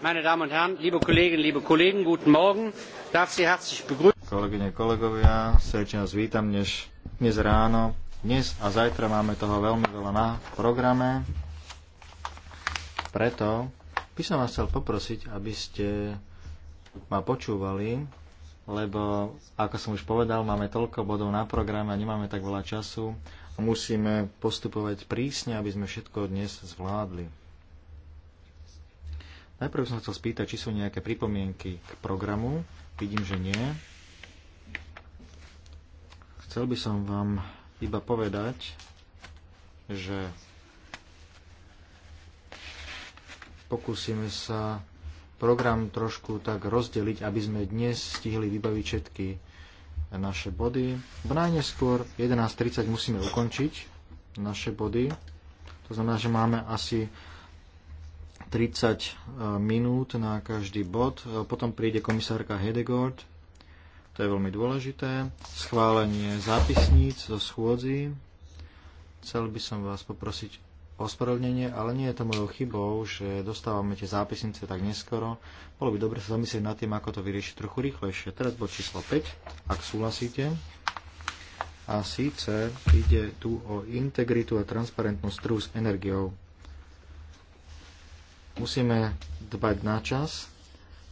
meine Damen und Herren, liebe Kolleginnen, liebe Kollegen, guten Morgen. Darf Sie herzlich begrüßen. Kolegyne, kolegovia, srdečne vás vítam dnes, dnes ráno. Dnes a zajtra máme toho veľmi veľa na programe. Preto by som vás chcel poprosiť, aby ste ma počúvali, lebo, ako som už povedal, máme toľko bodov na programe a nemáme tak veľa času a musíme postupovať prísne, aby sme všetko dnes zvládli. Najprv som chcel spýtať, či sú nejaké pripomienky k programu. Vidím, že nie. Chcel by som vám iba povedať, že pokúsime sa program trošku tak rozdeliť, aby sme dnes stihli vybaviť všetky naše body. Najneskôr 11.30 musíme ukončiť naše body. To znamená, že máme asi 30 e, minút na každý bod. E, potom príde komisárka Hedegord. To je veľmi dôležité. Schválenie zápisníc zo schôdzi. Chcel by som vás poprosiť ospravedlnenie, ale nie je to mojou chybou, že dostávame tie zápisnice tak neskoro. Bolo by dobre sa zamyslieť nad tým, ako to vyriešiť trochu rýchlejšie. Teraz bod číslo 5, ak súhlasíte. A síce ide tu o integritu a transparentnosť trhu s energiou. Musíme dbať na čas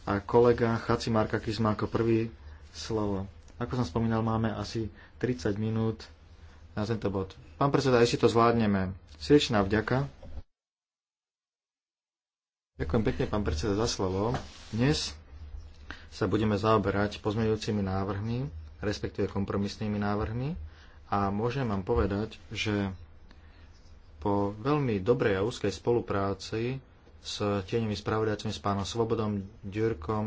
a kolega Chaci Markakis má ako prvý slovo. Ako som spomínal, máme asi 30 minút na tento bod. Pán predseda, ešte to zvládneme. Srdečná vďaka. Ďakujem pekne, pán predseda, za slovo. Dnes sa budeme zaoberať pozmeňujúcimi návrhmi, respektíve kompromisnými návrhmi a môžem vám povedať, že po veľmi dobrej a úzkej spolupráci s tieňovými spravodajcami, s pánom Svobodom, Ďurkom,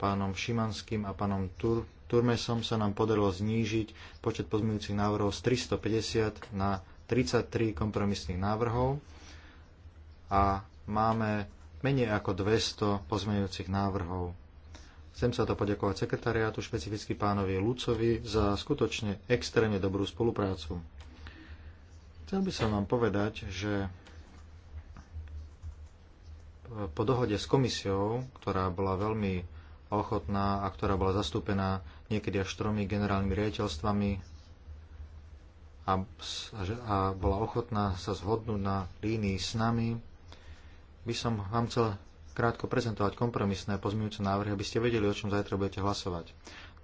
pánom Šimanským a pánom Tur- Turmesom sa nám podarilo znížiť počet pozmeňujúcich návrhov z 350 na 33 kompromisných návrhov a máme menej ako 200 pozmeňujúcich návrhov. Chcem sa to poďakovať sekretariátu, špecificky pánovi Lucovi, za skutočne extrémne dobrú spoluprácu. Chcel by som vám povedať, že po dohode s komisiou, ktorá bola veľmi ochotná a ktorá bola zastúpená niekedy až tromi generálnymi riaditeľstvami a, a bola ochotná sa zhodnúť na línii s nami, by som vám chcel krátko prezentovať kompromisné pozmeňujúce návrhy, aby ste vedeli, o čom zajtra budete hlasovať.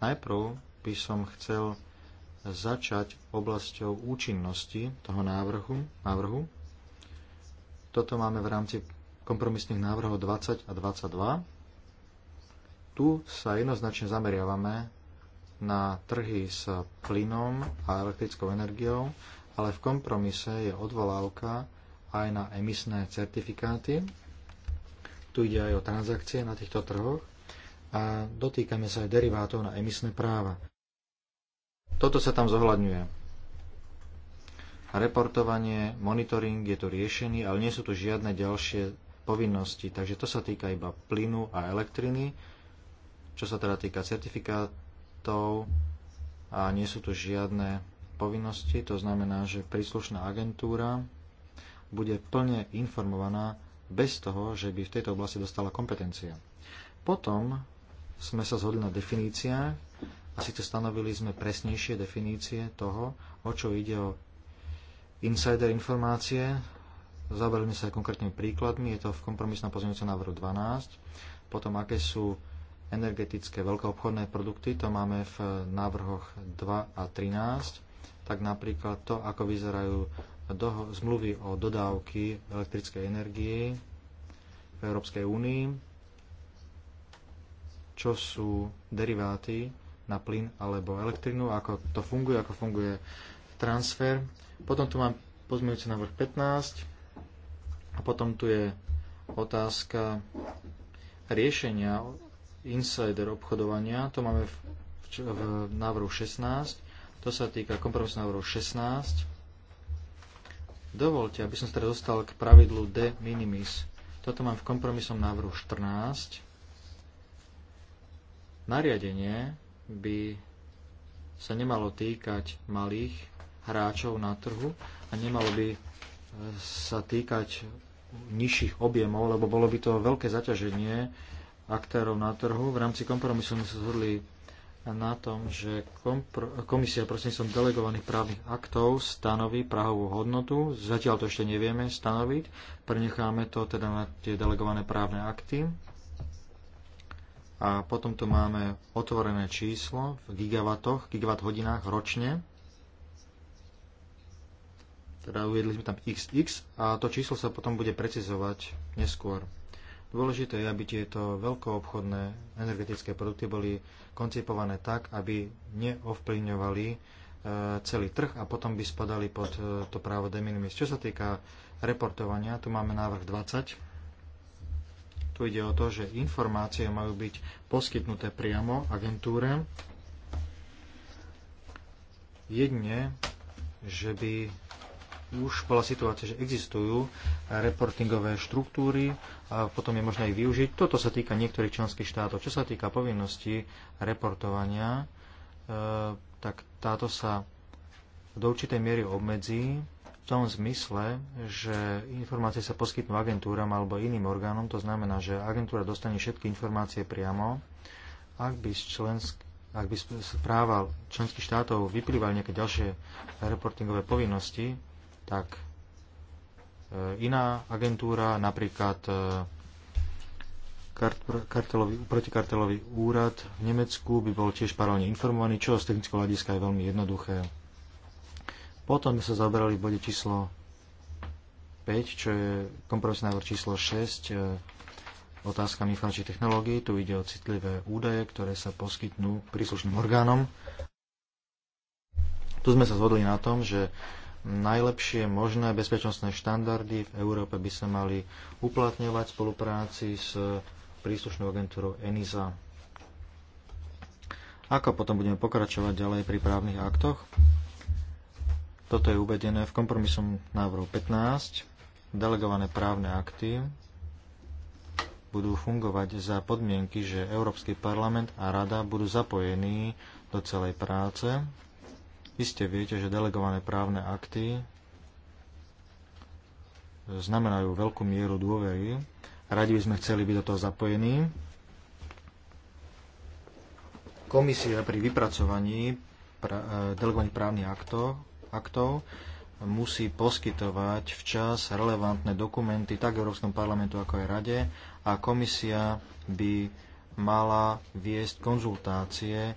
Najprv by som chcel začať oblasťou účinnosti toho návrhu. návrhu. Toto máme v rámci kompromisných návrhov 20 a 22. Tu sa jednoznačne zameriavame na trhy s plynom a elektrickou energiou, ale v kompromise je odvolávka aj na emisné certifikáty. Tu ide aj o transakcie na týchto trhoch a dotýkame sa aj derivátov na emisné práva. Toto sa tam zohľadňuje. Reportovanie, monitoring je tu riešený, ale nie sú tu žiadne ďalšie povinnosti, Takže to sa týka iba plynu a elektriny, čo sa teda týka certifikátov a nie sú tu žiadne povinnosti. To znamená, že príslušná agentúra bude plne informovaná bez toho, že by v tejto oblasti dostala kompetencia. Potom sme sa zhodli na definíciách a síce stanovili sme presnejšie definície toho, o čo ide o insider informácie, Zabrali sme sa aj konkrétnymi príkladmi, je to v kompromisnom pozornicu návrhu 12. Potom, aké sú energetické veľkoobchodné produkty, to máme v návrhoch 2 a 13. Tak napríklad to, ako vyzerajú doho- zmluvy o dodávky elektrickej energie v Európskej únii, čo sú deriváty na plyn alebo elektrinu, ako to funguje, ako funguje transfer. Potom tu mám pozmeňujúci návrh 15, a potom tu je otázka riešenia insider obchodovania. To máme v, v návrhu 16. To sa týka kompromisu návrhu 16. Dovolte, aby som sa teraz dostal k pravidlu de minimis. Toto mám v kompromisom návrhu 14. Nariadenie by sa nemalo týkať malých hráčov na trhu a nemalo by sa týkať nižších objemov, lebo bolo by to veľké zaťaženie aktérov na trhu. V rámci kompromisu sme sa zhodli na tom, že komisia prostredníctvom delegovaných právnych aktov stanoví prahovú hodnotu. Zatiaľ to ešte nevieme stanoviť. Prenecháme to teda na tie delegované právne akty. A potom tu máme otvorené číslo v gigawatoch, gigawatt hodinách ročne teda uviedli sme tam XX a to číslo sa potom bude precizovať neskôr. Dôležité je, aby tieto veľkoobchodné energetické produkty boli koncipované tak, aby neovplyvňovali e, celý trh a potom by spadali pod e, to právo de minimis. Čo sa týka reportovania, tu máme návrh 20. Tu ide o to, že informácie majú byť poskytnuté priamo agentúre. Jedne, že by už bola situácia, že existujú reportingové štruktúry a potom je možné ich využiť. Toto sa týka niektorých členských štátov. Čo sa týka povinnosti reportovania, e, tak táto sa do určitej miery obmedzí v tom zmysle, že informácie sa poskytnú agentúram alebo iným orgánom. To znamená, že agentúra dostane všetky informácie priamo. Ak by z členských ak by správa členských štátov vyplývali nejaké ďalšie reportingové povinnosti, tak e, iná agentúra, napríklad e, kartelový, protikartelový úrad v Nemecku by bol tiež paralelne informovaný, čo z technického hľadiska je veľmi jednoduché. Potom sme sa zaoberali v bode číslo 5, čo je kompromisný návrh číslo 6, e, otázka informačných technológií. Tu ide o citlivé údaje, ktoré sa poskytnú príslušným orgánom. Tu sme sa zhodli na tom, že najlepšie možné bezpečnostné štandardy v Európe by sa mali uplatňovať v spolupráci s príslušnou agentúrou ENISA. Ako potom budeme pokračovať ďalej pri právnych aktoch? Toto je uvedené v kompromisom návrhu 15. Delegované právne akty budú fungovať za podmienky, že Európsky parlament a Rada budú zapojení do celej práce Iste viete, že delegované právne akty znamenajú veľkú mieru dôvery. Radi by sme chceli byť do toho zapojení. Komisia pri vypracovaní e, delegovaných právnych aktov, aktov musí poskytovať včas relevantné dokumenty tak Európskom parlamentu, ako aj Rade a komisia by mala viesť konzultácie, e,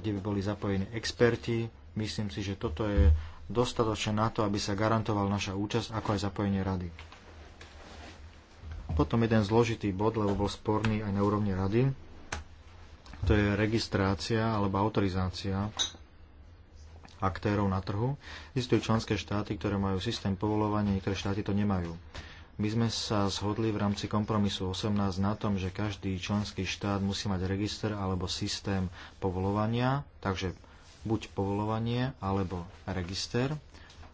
kde by boli zapojení experti Myslím si, že toto je dostatočné na to, aby sa garantovala naša účasť, ako aj zapojenie rady. Potom jeden zložitý bod, lebo bol sporný aj na úrovni rady, to je registrácia alebo autorizácia aktérov na trhu. Existujú členské štáty, ktoré majú systém povolovania, niektoré štáty to nemajú. My sme sa zhodli v rámci kompromisu 18 na tom, že každý členský štát musí mať register alebo systém povolovania, takže buď povolovanie alebo register.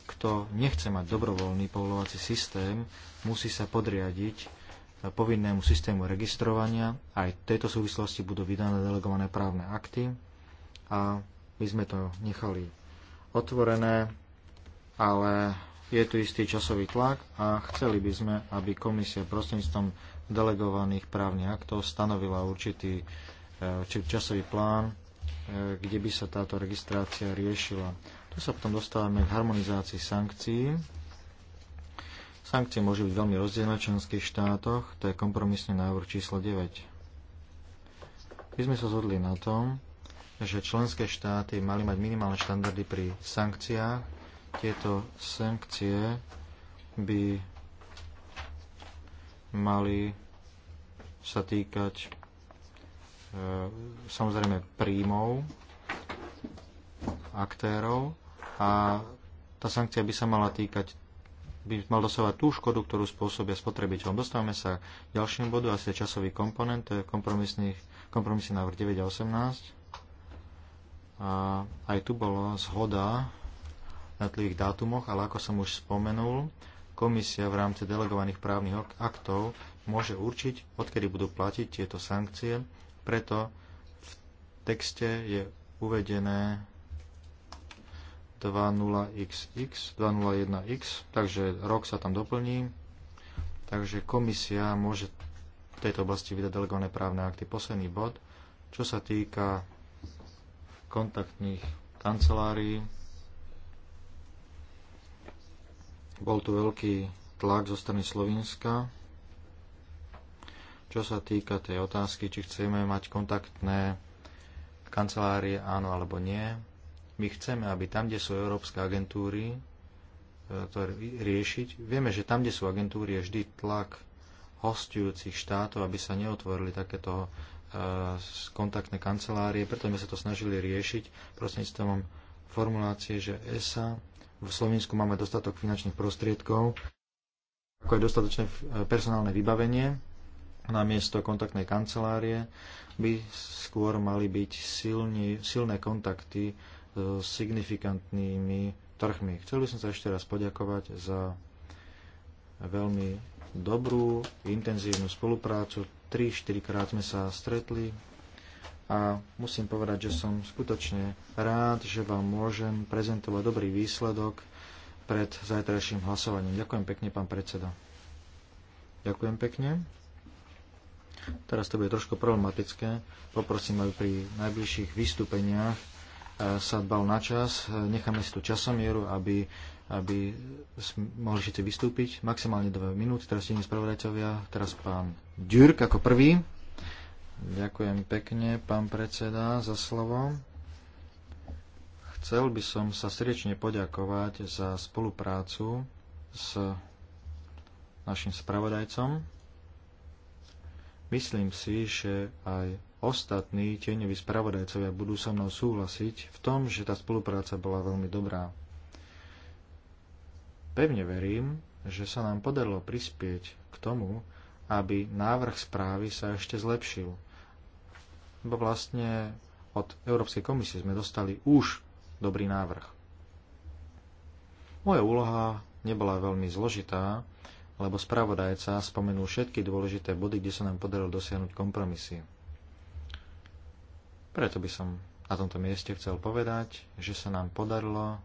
Kto nechce mať dobrovoľný povolovací systém, musí sa podriadiť povinnému systému registrovania. Aj v tejto súvislosti budú vydané delegované právne akty a my sme to nechali otvorené, ale je tu istý časový tlak a chceli by sme, aby komisia prostredníctvom delegovaných právnych aktov stanovila určitý e, časový plán E, kde by sa táto registrácia riešila. Tu sa potom dostávame k harmonizácii sankcií. Sankcie môžu byť veľmi rozdielne v členských štátoch, to je kompromisný návrh číslo 9. My sme sa zhodli na tom, že členské štáty mali mať minimálne štandardy pri sankciách. Tieto sankcie by mali sa týkať E, samozrejme príjmov aktérov a tá sankcia by sa mala týkať by mal dosovať tú škodu, ktorú spôsobia spotrebiteľom. Dostávame sa k ďalšiemu bodu, asi časový komponent, to je kompromisný, kompromisný návrh 9 a 18. A aj tu bola zhoda na tlivých dátumoch, ale ako som už spomenul, komisia v rámci delegovaných právnych aktov môže určiť, odkedy budú platiť tieto sankcie preto v texte je uvedené 20XX, 201X, takže rok sa tam doplní. Takže komisia môže v tejto oblasti vydať delegované právne akty. Posledný bod, čo sa týka kontaktných kancelárií, bol tu veľký tlak zo strany Slovenska čo sa týka tej otázky, či chceme mať kontaktné kancelárie, áno alebo nie, my chceme, aby tam, kde sú európske agentúry, e, to riešiť. Vieme, že tam, kde sú agentúry, je vždy tlak hostujúcich štátov, aby sa neotvorili takéto e, kontaktné kancelárie, preto sme sa to snažili riešiť prostredníctvom formulácie, že ESA v Slovensku máme dostatok finančných prostriedkov, ako aj dostatočné e, personálne vybavenie namiesto kontaktnej kancelárie by skôr mali byť silne, silné kontakty e, s signifikantnými trhmi. Chcel by som sa ešte raz poďakovať za veľmi dobrú, intenzívnu spoluprácu. 3-4 krát sme sa stretli a musím povedať, že som skutočne rád, že vám môžem prezentovať dobrý výsledok pred zajtrajším hlasovaním. Ďakujem pekne, pán predseda. Ďakujem pekne. Teraz to bude trošku problematické. Poprosím, aby pri najbližších vystúpeniach e, sa dbal na čas. E, necháme si tú časomieru, aby, aby mohli všetci vystúpiť. Maximálne 2 minúty. Teraz tie spravodajcovia. Teraz pán Ďurk ako prvý. Ďakujem pekne, pán predseda, za slovo. Chcel by som sa srdečne poďakovať za spoluprácu s našim spravodajcom. Myslím si, že aj ostatní tieňoví spravodajcovia budú so mnou súhlasiť v tom, že tá spolupráca bola veľmi dobrá. Pevne verím, že sa nám podarilo prispieť k tomu, aby návrh správy sa ešte zlepšil. Lebo vlastne od Európskej komisie sme dostali už dobrý návrh. Moja úloha nebola veľmi zložitá, lebo spravodajca spomenul všetky dôležité body, kde sa nám podarilo dosiahnuť kompromisy. Preto by som na tomto mieste chcel povedať, že sa nám podarilo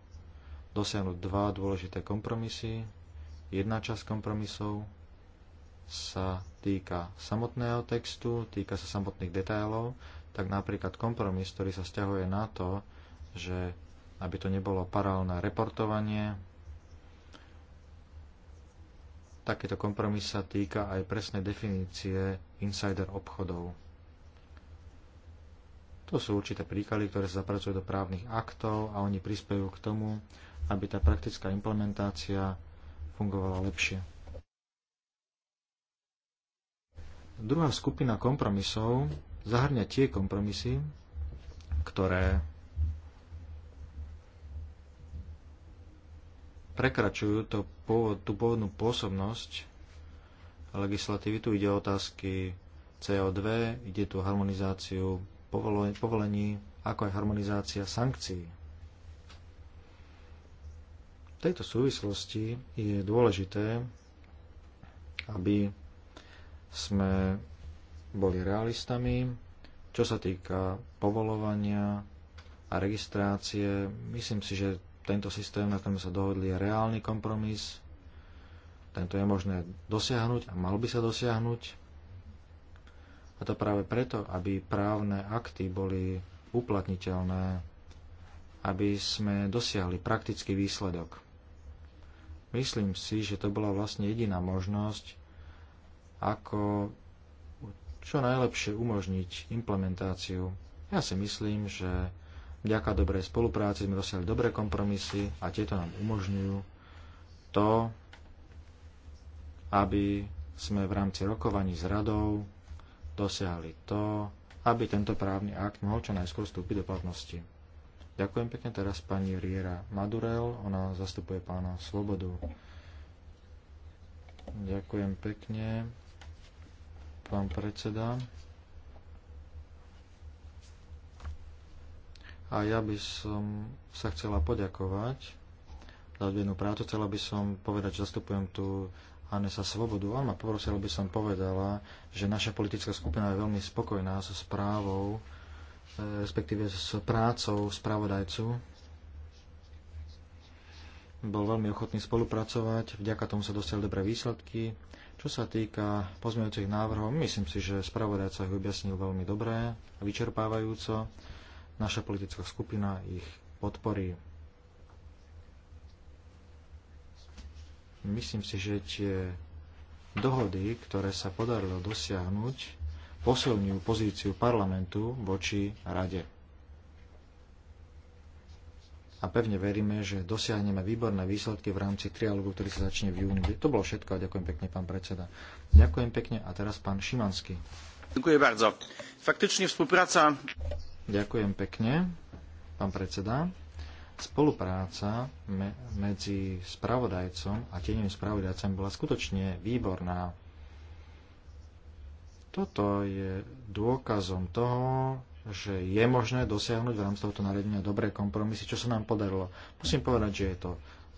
dosiahnuť dva dôležité kompromisy. Jedna časť kompromisov sa týka samotného textu, týka sa samotných detailov, tak napríklad kompromis, ktorý sa stiahuje na to, že aby to nebolo paralelné reportovanie, Takýto kompromis sa týka aj presnej definície insider obchodov. To sú určité príklady, ktoré sa zapracujú do právnych aktov a oni prispejú k tomu, aby tá praktická implementácia fungovala lepšie. Druhá skupina kompromisov zahrňa tie kompromisy, ktoré prekračujú to pôvod, tú pôvodnú pôsobnosť legislatívy. Tu ide o otázky CO2, ide tu harmonizáciu povolení, ako aj harmonizácia sankcií. V tejto súvislosti je dôležité, aby sme boli realistami, čo sa týka povolovania a registrácie. Myslím si, že tento systém, na ktorom sa dohodli, je reálny kompromis. Tento je možné dosiahnuť a mal by sa dosiahnuť. A to práve preto, aby právne akty boli uplatniteľné, aby sme dosiahli praktický výsledok. Myslím si, že to bola vlastne jediná možnosť, ako čo najlepšie umožniť implementáciu. Ja si myslím, že Vďaka dobrej spolupráci sme dosiahli dobré kompromisy a tieto nám umožňujú to, aby sme v rámci rokovaní s radou dosiahli to, aby tento právny akt mohol čo najskôr vstúpiť do platnosti. Ďakujem pekne teraz pani Riera Madurel, ona zastupuje pána Svobodu. Ďakujem pekne, pán predseda. a ja by som sa chcela poďakovať za odvedenú prácu. Chcela by som povedať, že zastupujem tu Anesa Svobodu. A ma poprosil, by som povedala, že naša politická skupina je veľmi spokojná so správou, e, respektíve s prácou spravodajcu. Bol veľmi ochotný spolupracovať, vďaka tomu sa dostali dobré výsledky. Čo sa týka pozmeňujúcich návrhov, myslím si, že spravodajca ich objasnil veľmi dobre, vyčerpávajúco naša politická skupina ich podporí. Myslím si, že tie dohody, ktoré sa podarilo dosiahnuť, posilňujú pozíciu parlamentu voči rade. A pevne veríme, že dosiahneme výborné výsledky v rámci trialógu, ktorý sa začne v júni. To bolo všetko a ďakujem pekne, pán predseda. Ďakujem pekne a teraz pán Šimanský. Ďakujem bardzo. Faktycznie współpraca Ďakujem pekne, pán predseda. Spolupráca me- medzi spravodajcom a tieňovým spravodajcom bola skutočne výborná. Toto je dôkazom toho, že je možné dosiahnuť v rámci tohto nariadenia dobré kompromisy, čo sa nám podarilo. Musím povedať, že je to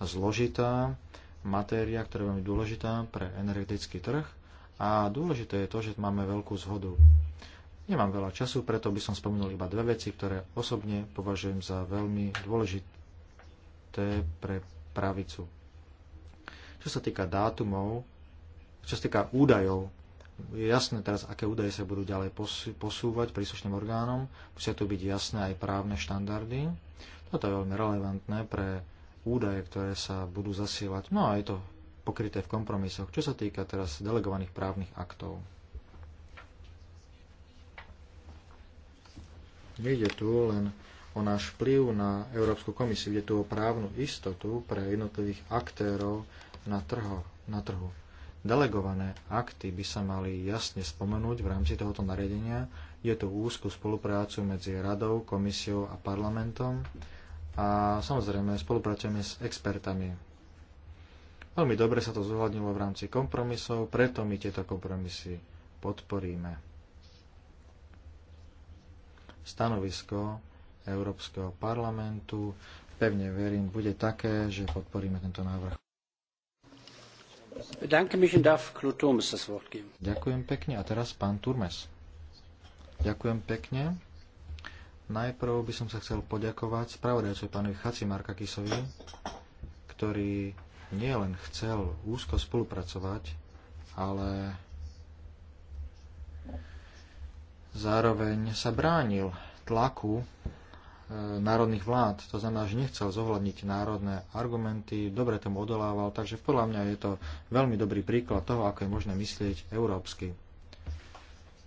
zložitá matéria, ktorá je veľmi dôležitá pre energetický trh a dôležité je to, že máme veľkú zhodu. Nemám veľa času, preto by som spomenul iba dve veci, ktoré osobne považujem za veľmi dôležité pre pravicu. Čo sa týka dátumov, čo sa týka údajov, je jasné teraz, aké údaje sa budú ďalej posúvať príslušným orgánom, musia tu byť jasné aj právne štandardy. Toto je veľmi relevantné pre údaje, ktoré sa budú zasielať. No a je to pokryté v kompromisoch, čo sa týka teraz delegovaných právnych aktov. Nejde tu len o náš vplyv na Európsku komisiu, ide tu o právnu istotu pre jednotlivých aktérov na, trho, na trhu. Delegované akty by sa mali jasne spomenúť v rámci tohoto nariadenia. Je tu úzku spoluprácu medzi radou, komisiou a parlamentom a samozrejme spolupracujeme s expertami. Veľmi dobre sa to zohľadnilo v rámci kompromisov, preto my tieto kompromisy podporíme stanovisko Európskeho parlamentu, pevne verím, bude také, že podporíme tento návrh. Ďakujem pekne. A teraz pán Turmes. Ďakujem pekne. Najprv by som sa chcel poďakovať spravodajcovi pánovi Marka Kisovi, ktorý nielen chcel úzko spolupracovať, ale zároveň sa bránil tlaku e, národných vlád. To znamená, že nechcel zohľadniť národné argumenty, dobre tomu odolával, takže podľa mňa je to veľmi dobrý príklad toho, ako je možné myslieť európsky.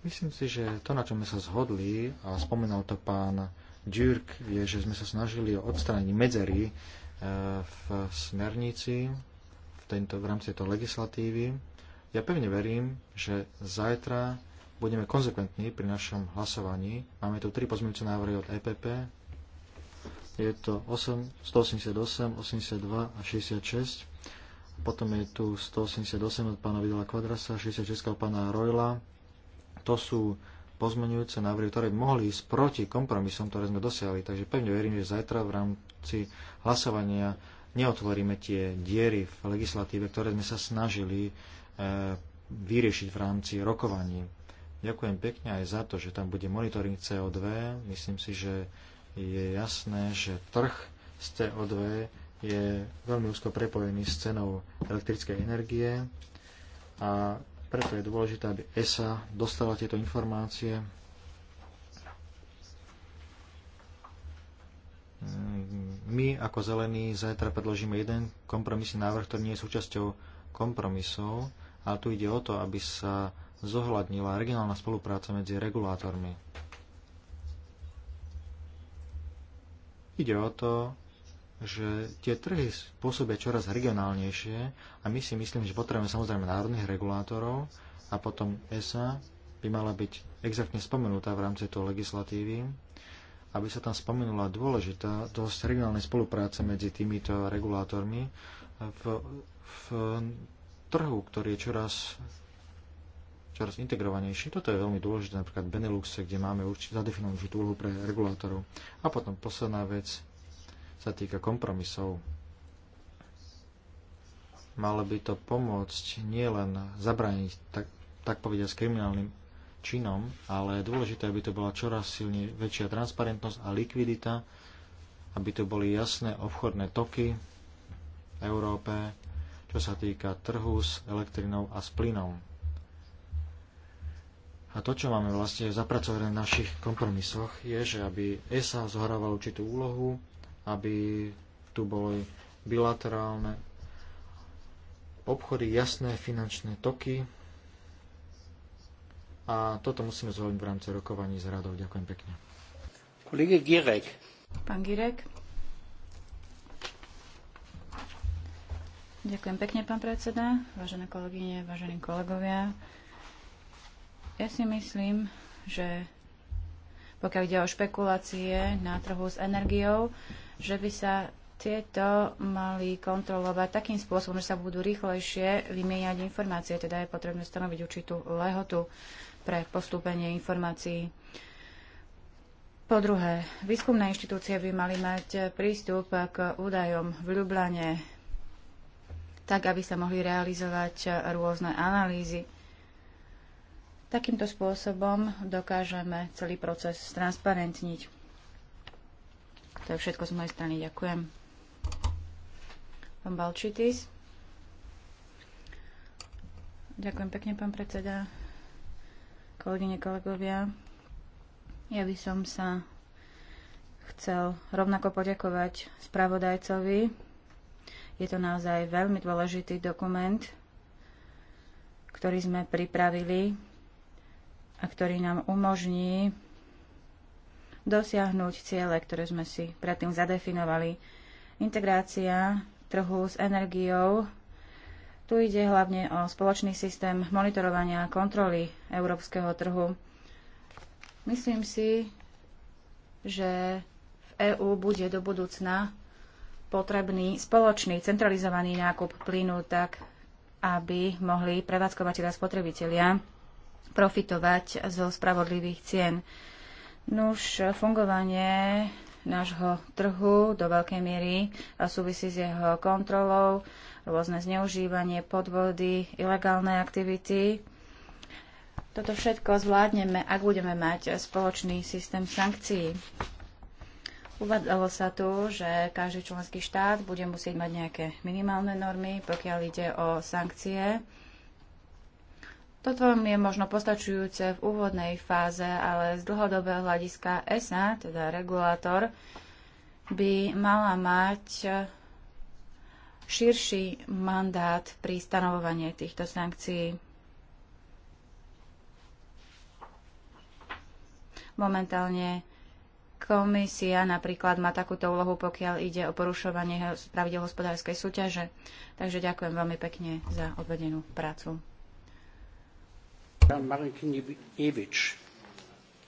Myslím si, že to, na čo sme sa zhodli, a spomenal to pán Dürk, je, že sme sa snažili o odstranení medzery e, v smernici v, tento, v rámci tejto legislatívy. Ja pevne verím, že zajtra budeme konzekventní pri našom hlasovaní. Máme tu tri pozmeňujúce návrhy od EPP. Je to 8, 188, 82 a 66. Potom je tu 188 od pána Vidala Kvadrasa, 66 od pána Rojla. To sú pozmeňujúce návrhy, ktoré by mohli ísť proti kompromisom, ktoré sme dosiahli. Takže pevne verím, že zajtra v rámci hlasovania neotvoríme tie diery v legislatíve, ktoré sme sa snažili e, vyriešiť v rámci rokovaní. Ďakujem pekne aj za to, že tam bude monitoring CO2. Myslím si, že je jasné, že trh z CO2 je veľmi úzko prepojený s cenou elektrickej energie a preto je dôležité, aby ESA dostala tieto informácie. My ako zelení zajtra predložíme jeden kompromisný návrh, ktorý nie je súčasťou kompromisov, ale tu ide o to, aby sa zohľadnila regionálna spolupráca medzi regulátormi. Ide o to, že tie trhy pôsobia čoraz regionálnejšie a my si myslím, že potrebujeme samozrejme národných regulátorov a potom ESA by mala byť exaktne spomenutá v rámci toho legislatívy, aby sa tam spomenula dôležitá dosť regionálnej spolupráce medzi týmito regulátormi v, v trhu, ktorý je čoraz čoraz integrovanejšie, Toto je veľmi dôležité napríklad v Beneluxe, kde máme určite zadefinovanú určitú úlohu pre regulátorov. A potom posledná vec sa týka kompromisov. Malo by to pomôcť nielen zabrániť tak, tak povediať s kriminálnym činom, ale je dôležité, aby to bola čoraz silne väčšia transparentnosť a likvidita, aby to boli jasné obchodné toky v Európe, čo sa týka trhu s elektrinou a s plynom a to, čo máme vlastne zapracované v našich kompromisoch, je, že aby ESA zohrávala určitú úlohu, aby tu boli bilaterálne obchody, jasné finančné toky. A toto musíme zvoliť v rámci rokovaní s radou. Ďakujem pekne. Kolega Girek. Pán Girek. Ďakujem pekne, pán predseda, vážené kolegyne, vážení kolegovia. Ja si myslím, že pokiaľ ide o špekulácie na trhu s energiou, že by sa tieto mali kontrolovať takým spôsobom, že sa budú rýchlejšie vymieňať informácie, teda je potrebné stanoviť určitú lehotu pre postúpenie informácií. Po druhé, výskumné inštitúcie by mali mať prístup k údajom v Ljubljane, tak aby sa mohli realizovať rôzne analýzy. Takýmto spôsobom dokážeme celý proces transparentniť. To je všetko z mojej strany. Ďakujem. Pán Balčitis. Ďakujem pekne, pán predseda. Kolegyne, kolegovia. Ja by som sa chcel rovnako poďakovať spravodajcovi. Je to naozaj veľmi dôležitý dokument, ktorý sme pripravili ktorý nám umožní dosiahnuť ciele, ktoré sme si predtým zadefinovali. Integrácia trhu s energiou. Tu ide hlavne o spoločný systém monitorovania a kontroly európskeho trhu. Myslím si, že v EÚ bude do budúcna potrebný spoločný centralizovaný nákup plynu tak, aby mohli prevádzkovateľia a spotrebitelia profitovať zo spravodlivých cien. Nuž fungovanie nášho trhu do veľkej miery súvisí s jeho kontrolou, rôzne zneužívanie, podvody, ilegálne aktivity. Toto všetko zvládneme, ak budeme mať spoločný systém sankcií. Uvádzalo sa tu, že každý členský štát bude musieť mať nejaké minimálne normy, pokiaľ ide o sankcie toto je možno postačujúce v úvodnej fáze, ale z dlhodobého hľadiska ESA, teda regulátor, by mala mať širší mandát pri stanovovaní týchto sankcií. Momentálne komisia napríklad má takúto úlohu, pokiaľ ide o porušovanie pravidel hospodárskej súťaže. Takže ďakujem veľmi pekne za odvedenú prácu. Pán Marinkiewicz.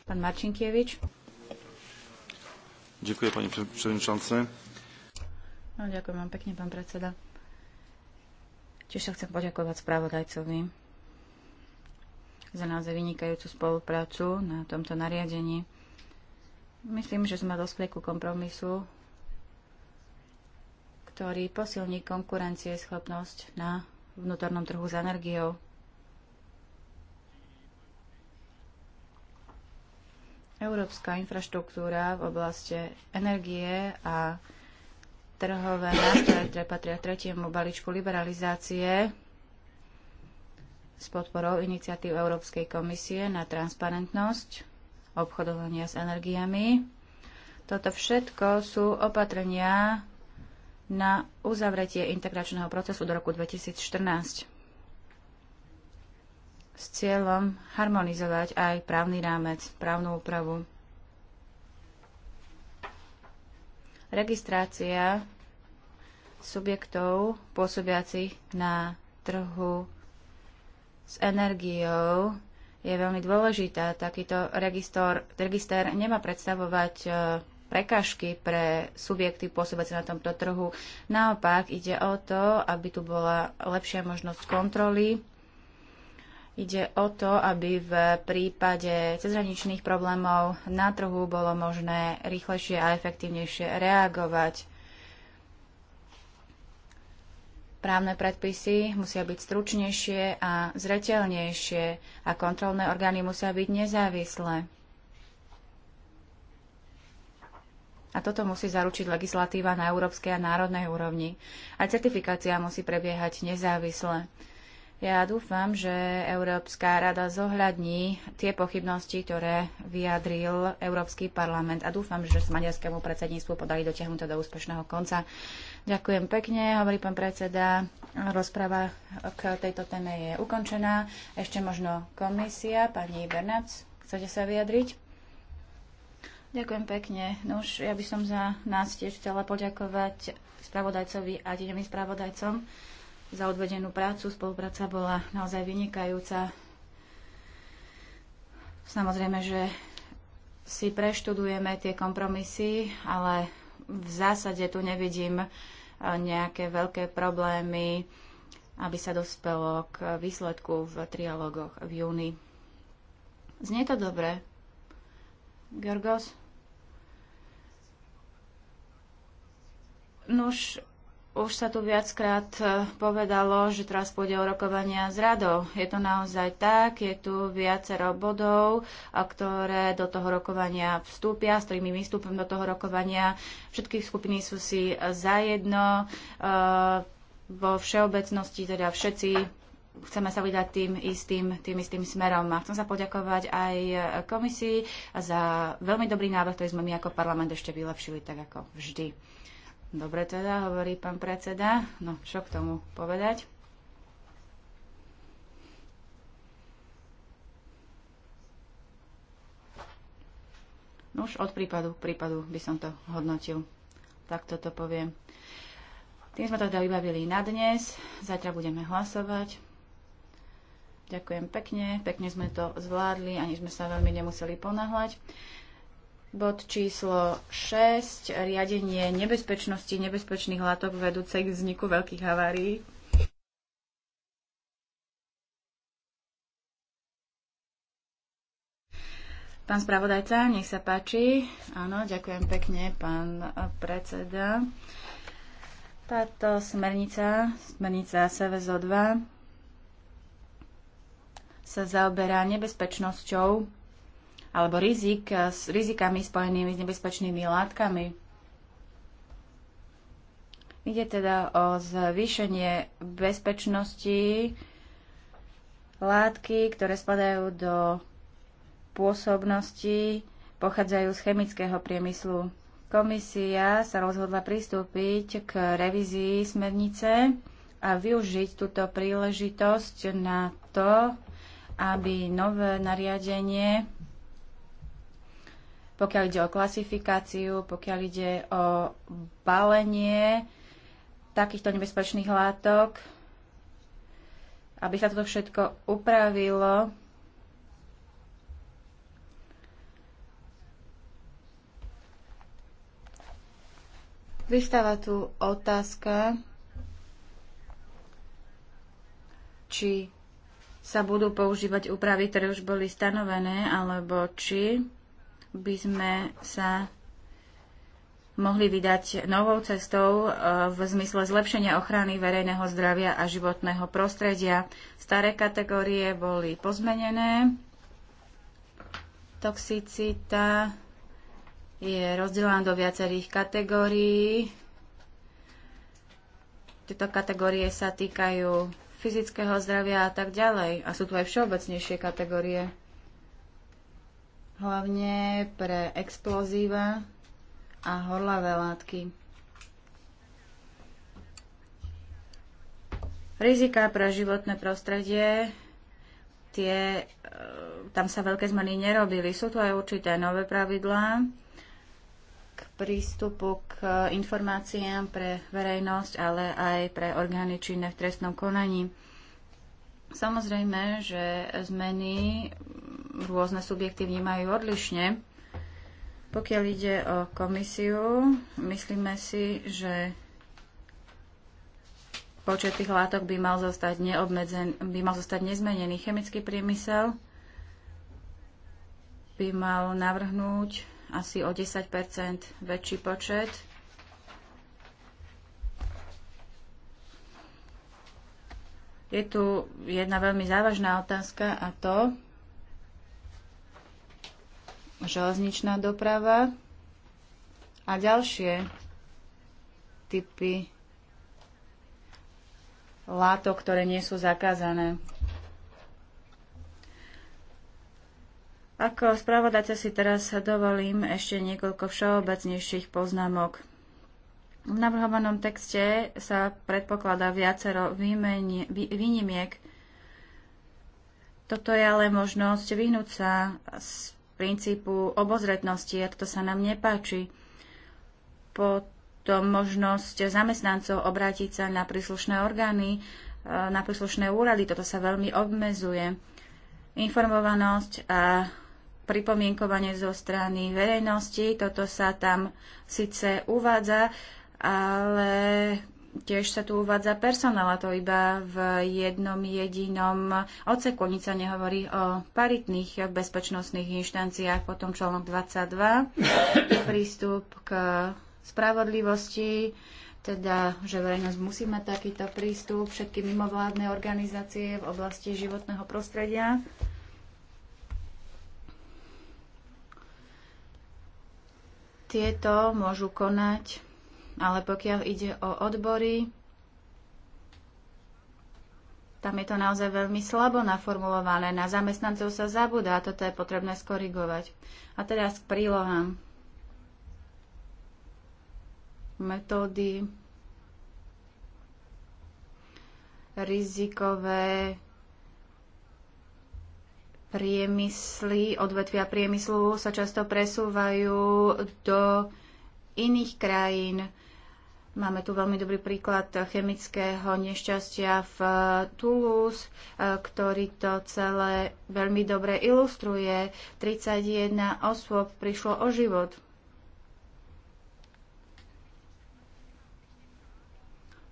Pán Marcinkiewicz. Ďakujem, pani predsedničance. No, ďakujem vám pekne, pán predseda. Tiež sa chcem poďakovať spravodajcovi za naozaj vynikajúcu spoluprácu na tomto nariadení. Myslím, že sme dospeli ku kompromisu, ktorý posilní schopnosť na vnútornom trhu s energiou. Európska infraštruktúra v oblasti energie a trhové nástroje, ktoré patria tretiemu balíčku liberalizácie s podporou iniciatív Európskej komisie na transparentnosť obchodovania s energiami. Toto všetko sú opatrenia na uzavretie integračného procesu do roku 2014 s cieľom harmonizovať aj právny rámec, právnu úpravu. Registrácia subjektov pôsobiacich na trhu s energiou je veľmi dôležitá. Takýto registor, register nemá predstavovať e, prekažky pre subjekty pôsobiace na tomto trhu. Naopak ide o to, aby tu bola lepšia možnosť kontroly Ide o to, aby v prípade cezhraničných problémov na trhu bolo možné rýchlejšie a efektívnejšie reagovať. Právne predpisy musia byť stručnejšie a zreteľnejšie a kontrolné orgány musia byť nezávislé. A toto musí zaručiť legislatíva na európskej a národnej úrovni. A certifikácia musí prebiehať nezávisle. Ja dúfam, že Európska rada zohľadní tie pochybnosti, ktoré vyjadril Európsky parlament a dúfam, že sa maďarskému predsedníctvu podali dotiahnuť to do úspešného konca. Ďakujem pekne, hovorí pán predseda. Rozpráva k tejto téme je ukončená. Ešte možno komisia, pani Bernac, chcete sa vyjadriť? Ďakujem pekne. No už ja by som za nás tiež chcela poďakovať spravodajcovi a tieňovým spravodajcom za odvedenú prácu. Spolupráca bola naozaj vynikajúca. Samozrejme, že si preštudujeme tie kompromisy, ale v zásade tu nevidím eh, nejaké veľké problémy, aby sa dospelo k výsledku v trialogoch v júni. Znie to dobre. Georgos? Nož, už sa tu viackrát e, povedalo, že teraz pôjde o rokovania s radou. Je to naozaj tak, je tu viacero bodov, e, ktoré do toho rokovania vstúpia, s ktorými vystúpim do toho rokovania. Všetky skupiny sú si e, zajedno. Vo všeobecnosti teda všetci chceme sa vydať tým istým, tým istým smerom. A chcem sa poďakovať aj komisii za veľmi dobrý návrh, ktorý sme my ako parlament ešte vylepšili, tak ako vždy. Dobre teda, hovorí pán predseda. No, čo k tomu povedať? No už od prípadu k prípadu by som to hodnotil. Tak toto poviem. Tým sme to teda vybavili na dnes. Zajtra budeme hlasovať. Ďakujem pekne. Pekne sme to zvládli, ani sme sa veľmi nemuseli ponáhľať. Bod číslo 6. Riadenie nebezpečnosti nebezpečných látok vedúcej k vzniku veľkých havárií. Pán spravodajca, nech sa páči. Áno, ďakujem pekne, pán predseda. Táto smernica, smernica SVZO 2, sa zaoberá nebezpečnosťou alebo rizik eh, s rizikami spojenými s nebezpečnými látkami. Ide teda o zvýšenie bezpečnosti látky, ktoré spadajú do pôsobnosti, pochádzajú z chemického priemyslu. Komisia sa rozhodla pristúpiť k revízii smernice a využiť túto príležitosť na to, aby nové nariadenie pokiaľ ide o klasifikáciu, pokiaľ ide o balenie takýchto nebezpečných látok, aby sa toto všetko upravilo. Vystáva tu otázka, či sa budú používať úpravy, ktoré už boli stanovené, alebo či by sme sa mohli vydať novou cestou e, v zmysle zlepšenia ochrany verejného zdravia a životného prostredia. Staré kategórie boli pozmenené. Toxicita je rozdelená do viacerých kategórií. Tieto kategórie sa týkajú fyzického zdravia a tak ďalej. A sú tu aj všeobecnejšie kategórie hlavne pre explozíva a horlavé látky. Rizika pre životné prostredie, tie, e, tam sa veľké zmeny nerobili. Sú tu aj určité nové pravidlá k prístupu k informáciám pre verejnosť, ale aj pre orgány činné v trestnom konaní. Samozrejme, že zmeny rôzne subjekty vnímajú odlišne. Pokiaľ ide o komisiu, myslíme si, že počet tých látok by mal zostať, neobmedzen, by mal zostať nezmenený. Chemický priemysel by mal navrhnúť asi o 10 väčší počet Je tu jedna veľmi závažná otázka a to, železničná doprava a ďalšie typy látok, ktoré nie sú zakázané. Ako spravodajca si teraz dovolím ešte niekoľko všeobecnejších poznámok. V navrhovanom texte sa predpokladá viacero výnimiek. Toto je ale možnosť vyhnúť sa z princípu obozretnosti a to sa nám nepáči. Potom možnosť zamestnancov obrátiť sa na príslušné orgány, e, na príslušné úrady, toto sa veľmi obmezuje. Informovanosť a pripomienkovanie zo strany verejnosti, toto sa tam síce uvádza, ale Tiež sa tu uvádza personál, a to iba v jednom jedinom odseku. Nič sa nehovorí o paritných bezpečnostných inštanciách, potom článok 22, prístup k spravodlivosti, teda, že verejnosť musí mať takýto prístup, všetky mimovládne organizácie v oblasti životného prostredia. Tieto môžu konať ale pokiaľ ide o odbory, tam je to naozaj veľmi slabo naformulované. Na zamestnancov sa zabudá a toto je potrebné skorigovať. A teraz k prílohám. Metódy rizikové priemysly, odvetvia priemyslu sa často presúvajú do iných krajín. Máme tu veľmi dobrý príklad chemického nešťastia v eh, Toulouse, eh, ktorý to celé veľmi dobre ilustruje. 31 osôb prišlo o život.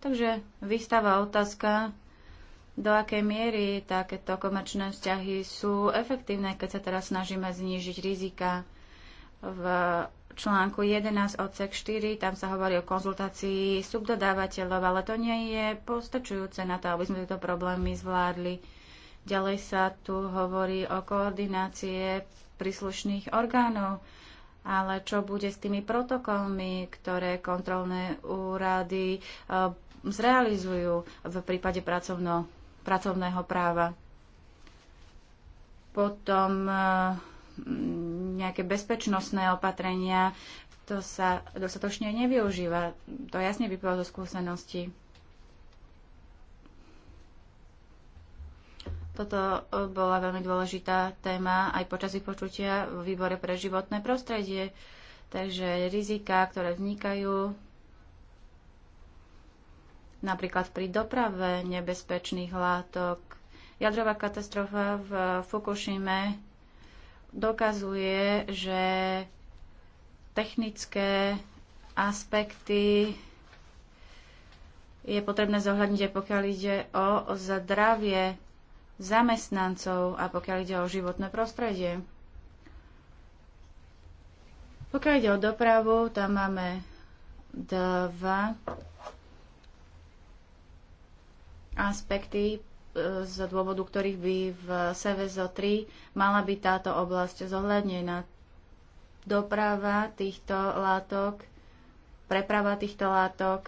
Takže vystáva otázka, do akej miery takéto komerčné vzťahy sú efektívne, keď sa teraz snažíme znížiť rizika v článku 11 odsek 4, tam sa hovorí o konzultácii subdodávateľov, ale to nie je postačujúce na to, aby sme tieto problémy zvládli. Ďalej sa tu hovorí o koordinácie príslušných orgánov, ale čo bude s tými protokolmi, ktoré kontrolné úrady e, zrealizujú v prípade pracovno, pracovného práva. Potom e, nejaké bezpečnostné opatrenia, to sa dostatočne nevyužíva. To jasne vyplýva zo skúsenosti. Toto eh, bola veľmi dôležitá téma aj počas vypočutia v výbore pre životné prostredie. Takže rizika, ktoré vznikajú napríklad pri doprave nebezpečných látok, jadrová katastrofa v Fukushime dokazuje, že technické aspekty je potrebné zohľadniť aj pokiaľ ide o zdravie zamestnancov a pokiaľ ide o životné prostredie. Pokiaľ ide o dopravu, tam máme dva aspekty z dôvodu ktorých by v SEVEZO 3 mala byť táto oblasť zohľadnená. Doprava týchto látok, preprava týchto látok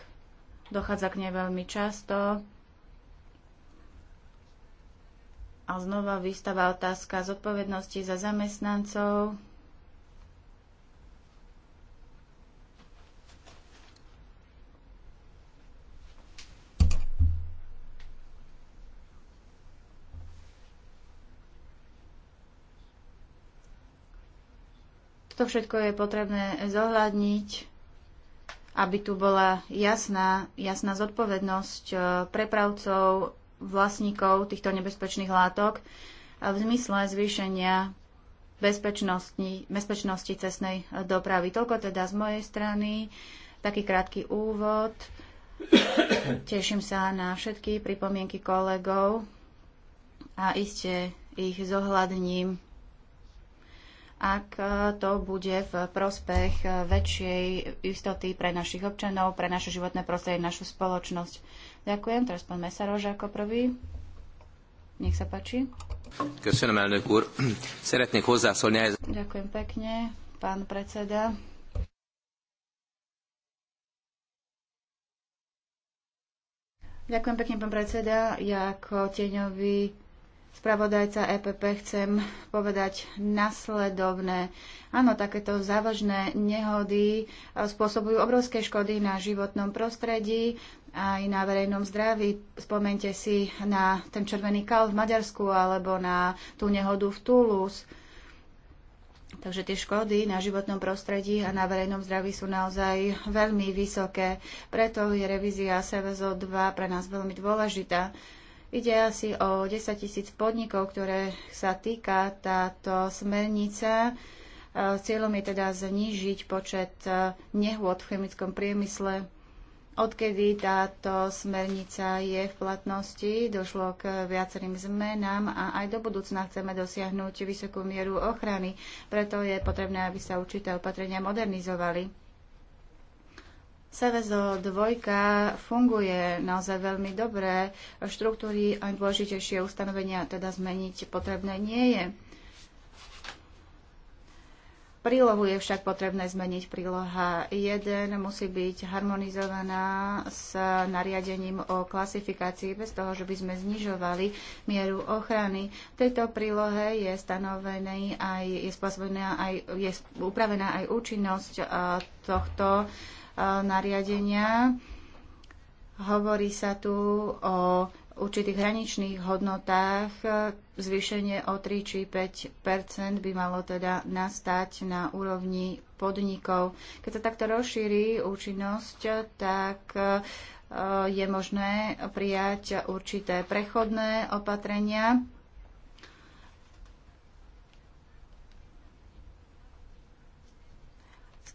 dochádza k nej veľmi často. A znova výstava otázka zodpovednosti za zamestnancov, To všetko je potrebné zohľadniť, aby tu bola jasná, jasná zodpovednosť e, prepravcov, vlastníkov týchto nebezpečných látok v zmysle zvýšenia bezpečnosti, bezpečnosti cestnej dopravy. Toľko teda z mojej strany, taký krátky úvod. Teším sa na všetky pripomienky kolegov a iste ich zohľadním ak e, to bude v prospech e, väčšej istoty pre našich občanov, pre naše životné prostredie, našu spoločnosť. Ďakujem. Teraz pán Mesarož ako prvý. Nech sa páči. Ďakujem pekne, pán predseda. Ďakujem pekne, pán predseda. Ja ako tieňový spravodajca EPP chcem povedať nasledovné. Áno, takéto závažné nehody e, spôsobujú obrovské škody na životnom prostredí, aj na verejnom zdraví. Spomente si na ten červený kal v Maďarsku alebo na tú nehodu v Toulouse. Takže tie škody na životnom prostredí a na verejnom zdraví sú naozaj veľmi vysoké. Preto je revízia SVZO 2 pre nás veľmi dôležitá. Ide asi o 10 tisíc podnikov, ktoré sa týka táto smernica. E, cieľom je teda znížiť počet e, nehôd v chemickom priemysle. Odkedy táto smernica je v platnosti, došlo k viacerým zmenám a aj do budúcna chceme dosiahnuť vysokú mieru ochrany. Preto je potrebné, aby sa určité opatrenia modernizovali. Sevezo 2 funguje naozaj veľmi dobre. Štruktúry aj dôležitejšie ustanovenia teda zmeniť potrebné nie je. Prílohu je však potrebné zmeniť. Príloha 1 musí byť harmonizovaná s nariadením o klasifikácii bez toho, že by sme znižovali mieru ochrany. V tejto prílohe je stanovený aj, je, aj, je upravená aj účinnosť eh, tohto nariadenia. Hovorí sa tu o určitých hraničných hodnotách zvýšenie o 3 či 5 by malo teda nastať na úrovni podnikov. Keď sa takto rozšíri účinnosť, tak e, je možné prijať určité prechodné opatrenia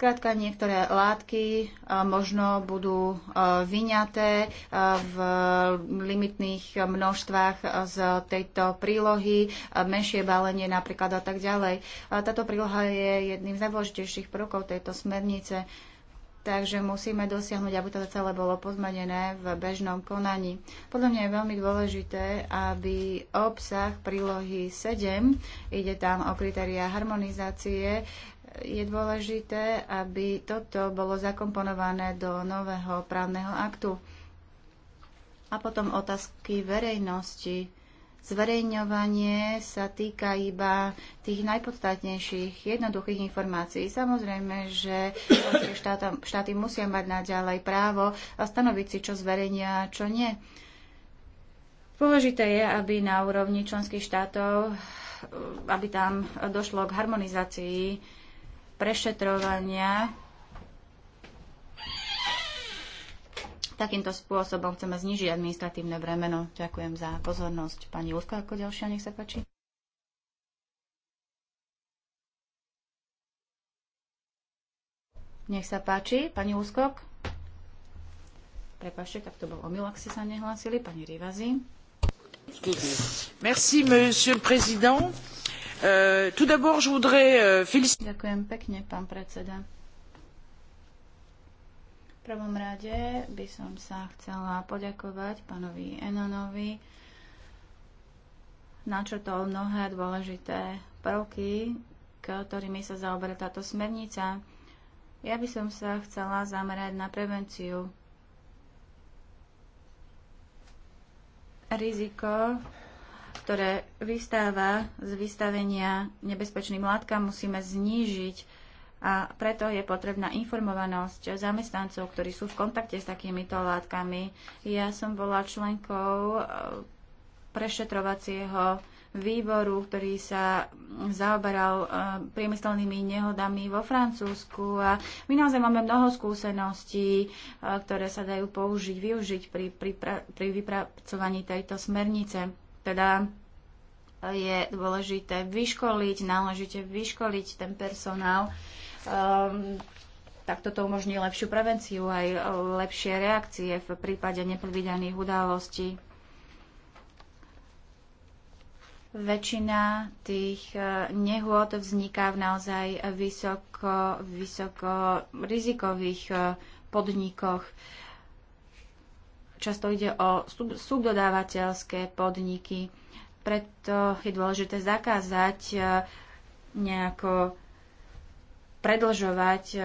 Skrátka, niektoré látky možno budú vyňaté v limitných množstvách z tejto prílohy, menšie balenie napríklad a tak ďalej. Táto príloha je jedným z najdôležitejších prvkov tejto smernice, takže musíme dosiahnuť, aby to celé bolo pozmenené v bežnom konaní. Podľa mňa je veľmi dôležité, aby obsah prílohy 7, ide tam o kritériá harmonizácie, je dôležité, aby toto bolo zakomponované do nového právneho aktu. A potom otázky verejnosti. Zverejňovanie sa týka iba tých najpodstatnejších, jednoduchých informácií. Samozrejme, že štáty, musia mať naďalej právo a stanoviť si, čo zverejnia a čo nie. Dôležité je, aby na úrovni členských štátov, aby tam došlo k harmonizácii prešetrovania. Takýmto spôsobom chceme znižiť administratívne bremeno. Ďakujem za pozornosť. Pani Úrko, ako ďalšia, nech sa páči. Nech sa páči, pani Úskok. Prepašte, tak to bol omyl, ak ste sa nehlásili. Pani Rivazi. Merci, monsieur président. Euh, tout d'abord, je voudrais euh, féliciter. Ďakujem pekne, pán predseda. V prvom rade by som sa chcela poďakovať pánovi Enonovi. Načrtol mnohé dôležité prvky, ktorými sa zaoberá táto smernica. Ja by som sa chcela zamerať na prevenciu. Riziko, ktoré vystáva z vystavenia nebezpečným látkam, musíme znížiť a preto je potrebná informovanosť zamestnancov, ktorí sú v kontakte s takýmito látkami. Ja som bola členkou eh, prešetrovacieho výboru, ktorý sa zaoberal eh, priemyselnými nehodami vo Francúzsku a my naozaj máme mnoho skúseností, eh, ktoré sa dajú použiť, využiť pri, pri, pri vypracovaní tejto smernice. Teda eh, je dôležité vyškoliť, náležite vyškoliť ten personál. Um, ehm, tak toto umožní lepšiu prevenciu aj eh, lepšie reakcie v prípade nepredvídaných udalostí. Väčšina tých eh, nehôd vzniká v naozaj vysoko, vysoko rizikových podnikoch. Uh, Často ide o subdodávateľské podniky, preto je dôležité zakázať e, nejako predlžovať e,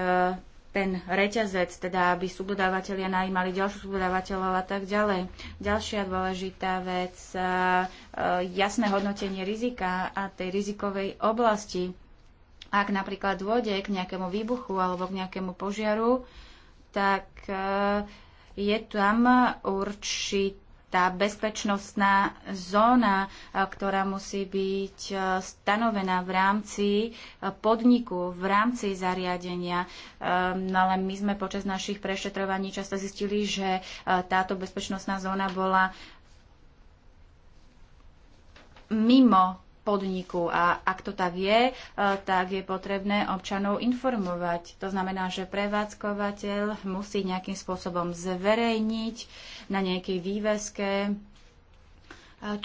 ten reťazec, teda aby subdodávateľia najímali ďalšiu subdodávateľov a tak ďalej. Ďalšia dôležitá vec, e, jasné hodnotenie rizika a tej rizikovej oblasti. Ak napríklad dôjde k nejakému výbuchu alebo k nejakému požiaru, tak je tam určitá bezpečnostná zóna, ktorá musí byť stanovená v rámci podniku, v rámci zariadenia. Ehm, no ale my sme počas našich prešetrovaní často zistili, že táto bezpečnostná zóna bola mimo podniku. A ak to tak je, e, tak je potrebné občanov informovať. To znamená, že prevádzkovateľ musí nejakým spôsobom zverejniť na nejakej výveske, e,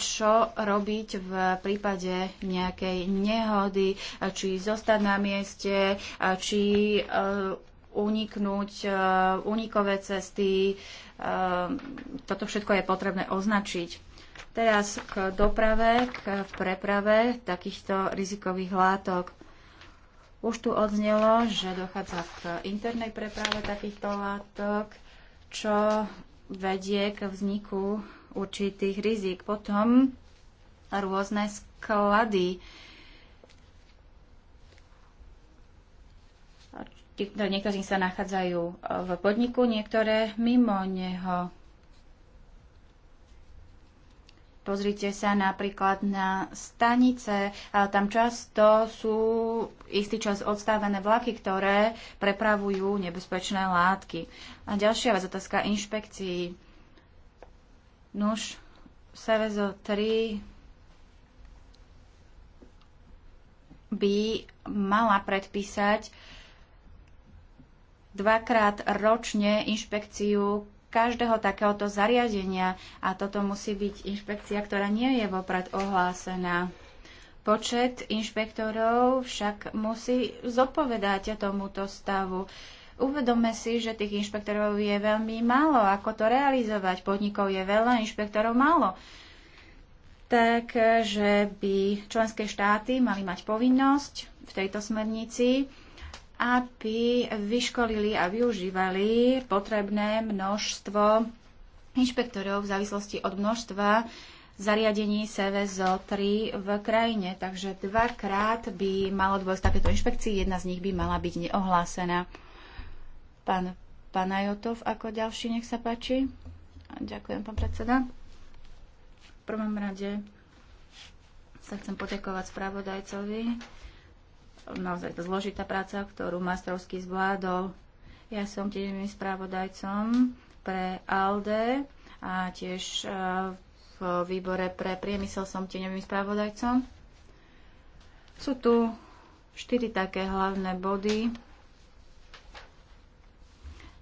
čo robiť v prípade nejakej nehody, e, či zostať na mieste, či uniknúť, unikové cesty. Toto všetko je potrebné označiť. Teraz k doprave, k preprave takýchto rizikových látok. Už tu odznelo, že dochádza k internej preprave takýchto látok, čo vedie k vzniku určitých rizik. Potom rôzne sklady. Niektorí sa nachádzajú v podniku, niektoré mimo neho. Pozrite sa napríklad na stanice. Tam často sú istý čas odstavené vlaky, ktoré prepravujú nebezpečné látky. A ďalšia vec, otázka inšpekcií. Nuž, Sevezo 3 by mala predpísať dvakrát ročne inšpekciu každého takéhoto zariadenia a toto musí byť inšpekcia, ktorá nie je vopred ohlásená. Počet inšpektorov však musí zodpovedať tomuto stavu. Uvedome si, že tých inšpektorov je veľmi málo. Ako to realizovať? Podnikov je veľa, inšpektorov málo. Takže by členské štáty mali mať povinnosť v tejto smernici aby vyškolili a využívali potrebné množstvo inšpektorov v závislosti od množstva zariadení CVZO 3 v krajine. Takže dvakrát by malo dôjsť takéto inšpekcii, jedna z nich by mala byť neohlásená. Pán Panajotov ako ďalší, nech sa páči. Ďakujem, pán predseda. V prvom rade sa chcem poďakovať spravodajcovi naozaj to zložitá práca, ktorú Mastrovský zvládol. Ja som tiež správodajcom pre ALDE a tiež e, v výbore pre priemysel som tieňovým správodajcom. Sú tu štyri také hlavné body.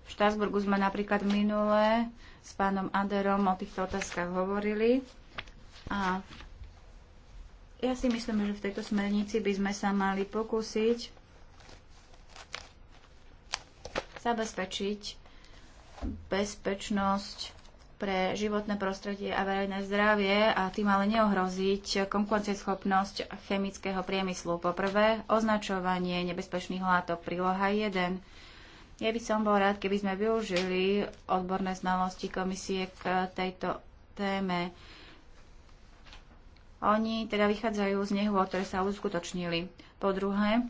V Štásburgu sme napríklad minule s pánom Aderom o týchto otázkach hovorili a ja si myslím, že v tejto smernici by sme sa mali pokúsiť zabezpečiť bezpečnosť pre životné prostredie a verejné zdravie a tým ale neohroziť konkurencieschopnosť chemického priemyslu. Po prvé, označovanie nebezpečných látok príloha 1. Ja by som bol rád, keby sme využili odborné znalosti komisie k tejto téme. Oni teda vychádzajú z nehôd, ktoré sa uskutočnili. Po druhé,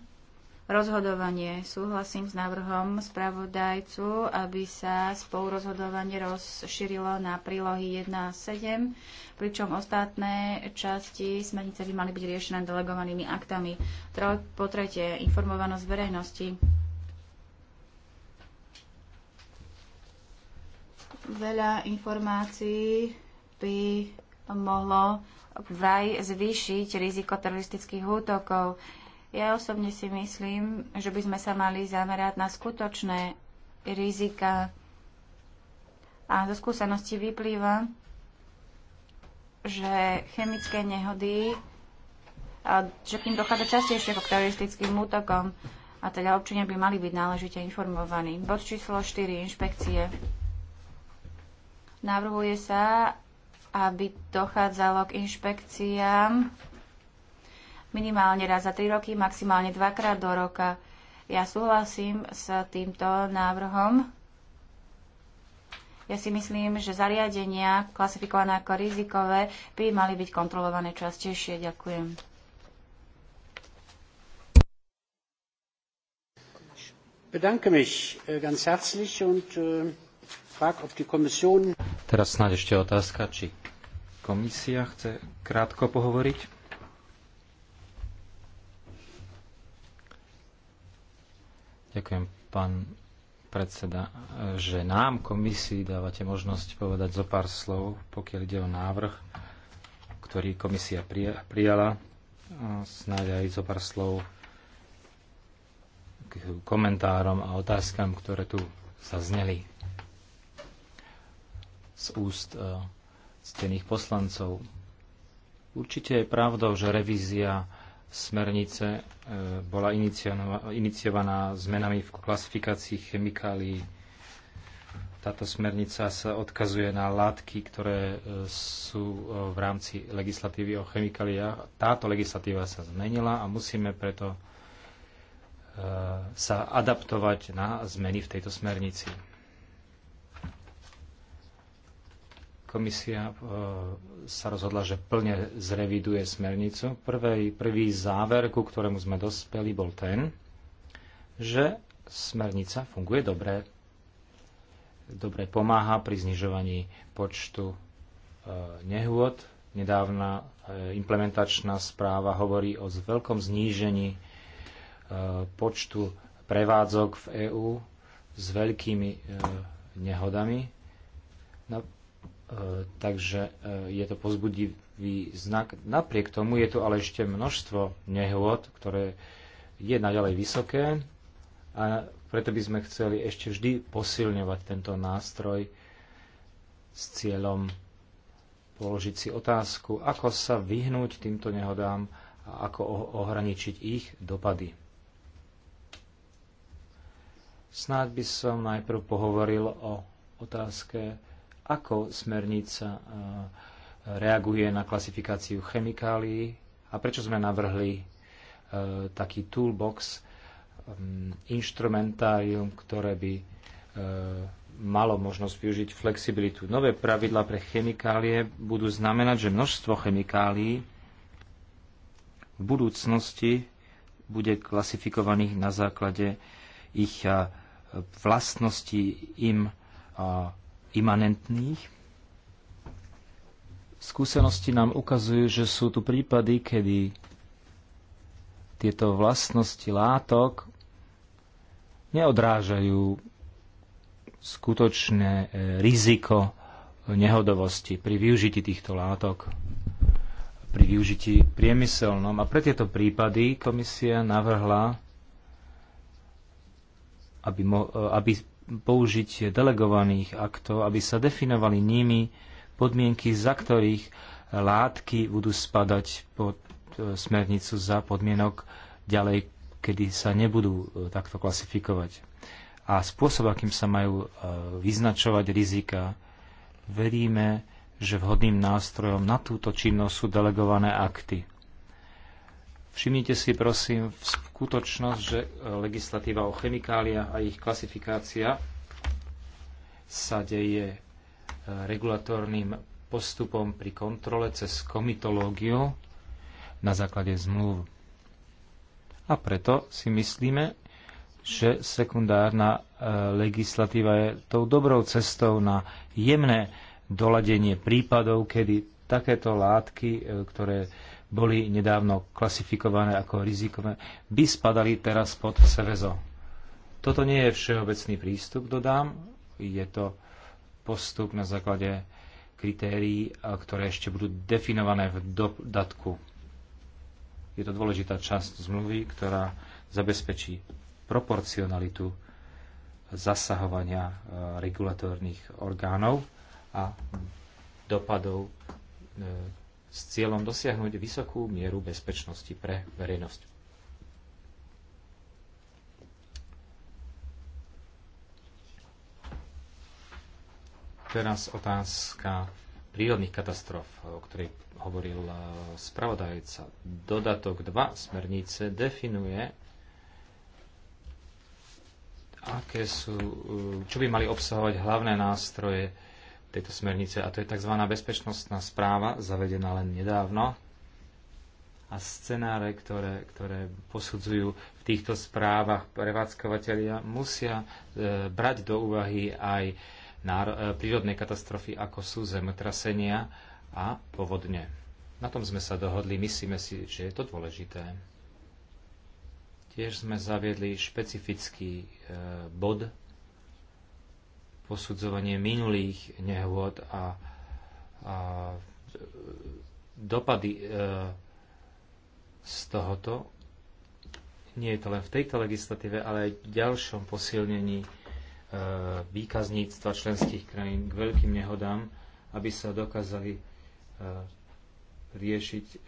rozhodovanie. Súhlasím s návrhom spravodajcu, aby sa spolurozhodovanie rozšírilo na prílohy 1 a 7, pričom ostatné časti smernice by mali byť riešené delegovanými aktami. Po tretie, informovanosť verejnosti. Veľa informácií by mohlo vraj zvýšiť riziko teroristických útokov. Ja osobne si myslím, že by sme sa mali zamerať na skutočné rizika. A zo skúsenosti vyplýva, že chemické nehody, že k ním dochádza častejšie ako k teroristickým útokom a teda občania by mali byť náležite informovaní. Bod číslo 4. Inšpekcie. Navrhuje sa, aby dochádzalo k inšpekciám minimálne raz za 3 roky, maximálne dvakrát do roka. Ja súhlasím s týmto návrhom. Ja si myslím, že zariadenia klasifikované ako rizikové by mali byť kontrolované častejšie. Ďakujem. Bedanke mich äh, ganz herzlich und äh, frag, ob die Kommission... Teraz snáď ešte otázka, či Komisia chce krátko pohovoriť. Ďakujem, pán predseda, že nám, komisii, dávate možnosť povedať zo pár slov, pokiaľ ide o návrh, ktorý komisia prijala. Snáď aj zo pár slov k komentárom a otázkam, ktoré tu zazneli z úst e, stených poslancov. Určite je pravdou, že revízia smernice e, bola iniciovaná zmenami v klasifikácii chemikálií. Táto smernica sa odkazuje na látky, ktoré e, sú e, v rámci legislatívy o chemikáliách. Táto legislatíva sa zmenila a musíme preto sa adaptovať na zmeny v tejto smernici. Komisia e, sa rozhodla, že plne zreviduje smernicu. Prvý, prvý záver, ku ktorému sme dospeli, bol ten, že smernica funguje dobre. Dobre pomáha pri znižovaní počtu e, nehôd. Nedávna e, implementačná správa hovorí o veľkom znížení počtu prevádzok v EÚ s veľkými nehodami. No, E, takže e, je to pozbudivý znak. Napriek tomu je tu ale ešte množstvo nehôd, ktoré je naďalej vysoké a preto by sme chceli ešte vždy posilňovať tento nástroj s cieľom položiť si otázku, ako sa vyhnúť týmto nehodám a ako ohraničiť ich dopady. Snáď by som najprv pohovoril o otázke ako smernica e, reaguje na klasifikáciu chemikálií a prečo sme navrhli e, taký toolbox, mm, inštrumentárium, ktoré by e, malo možnosť využiť flexibilitu. Nové pravidla pre chemikálie budú znamenať, že množstvo chemikálií v budúcnosti bude klasifikovaných na základe ich vlastností im imanentných. Skúsenosti nám ukazujú, že sú tu prípady, kedy tieto vlastnosti látok neodrážajú skutočné e, riziko nehodovosti pri využití týchto látok, pri využití priemyselnom. A pre tieto prípady komisia navrhla, aby, mo, e, aby použitie delegovaných aktov, aby sa definovali nimi podmienky, za ktorých látky budú spadať pod e, smernicu za podmienok ďalej, kedy sa nebudú e, takto klasifikovať. A spôsob, akým sa majú e, vyznačovať rizika, veríme, že vhodným nástrojom na túto činnosť sú delegované akty Všimnite si prosím v skutočnosť, že e, legislatíva o chemikáliách a ich klasifikácia sa deje e, regulatorným postupom pri kontrole cez komitológiu na základe zmluv. A preto si myslíme, že sekundárna e, legislatíva je tou dobrou cestou na jemné doladenie prípadov, kedy takéto látky, ktoré boli nedávno klasifikované ako rizikové, by spadali teraz pod SEVEZO. Toto nie je všeobecný prístup, dodám. Je to postup na základe kritérií, ktoré ešte budú definované v dodatku. Je to dôležitá časť zmluvy, ktorá zabezpečí proporcionalitu zasahovania e, regulatórnych orgánov a dopadov e, s cieľom dosiahnuť vysokú mieru bezpečnosti pre verejnosť. Teraz otázka prírodných katastrof, o ktorej hovoril e, spravodajca. Dodatok 2 smernice definuje, aké sú, e, čo by mali obsahovať hlavné nástroje tejto smernice a to je tzv. bezpečnostná správa, zavedená len nedávno a scenáre, ktoré, ktoré posudzujú v týchto správach prevádzkovateľia, musia e, brať do úvahy aj náro- e, prírodné katastrofy, ako sú zemetrasenia a povodne. Na tom sme sa dohodli, myslíme si, že je to dôležité. Tiež sme zaviedli špecifický e, bod posudzovanie minulých nehôd a, a dopady e, z tohoto. Nie je to len v tejto legislatíve, ale aj v ďalšom posilnení e, výkazníctva členských krajín k veľkým nehodám, aby sa dokázali e, riešiť e,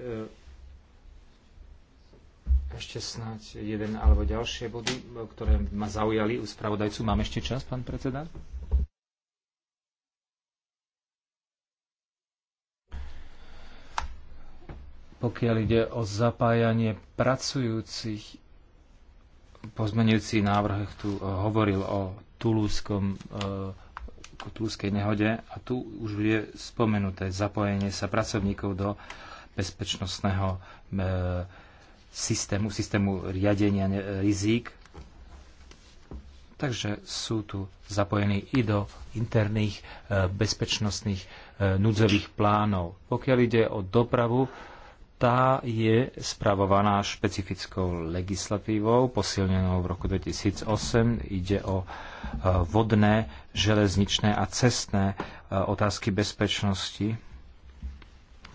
ešte snáď jeden alebo ďalšie body, ktoré ma zaujali u spravodajcu. Mám ešte čas, pán predseda? pokiaľ ide o zapájanie pracujúcich, pozmenujúci návrh tu e, hovoril o tulúskom e, tulúskej nehode a tu už je spomenuté zapojenie sa pracovníkov do bezpečnostného e, systému, systému riadenia rizík. Takže sú tu zapojení i do interných bezpečnostných núdzových plánov. Pokiaľ ide o dopravu, tá je spravovaná špecifickou legislatívou posilnenou v roku 2008. Ide o e, vodné, železničné a cestné e, otázky bezpečnosti.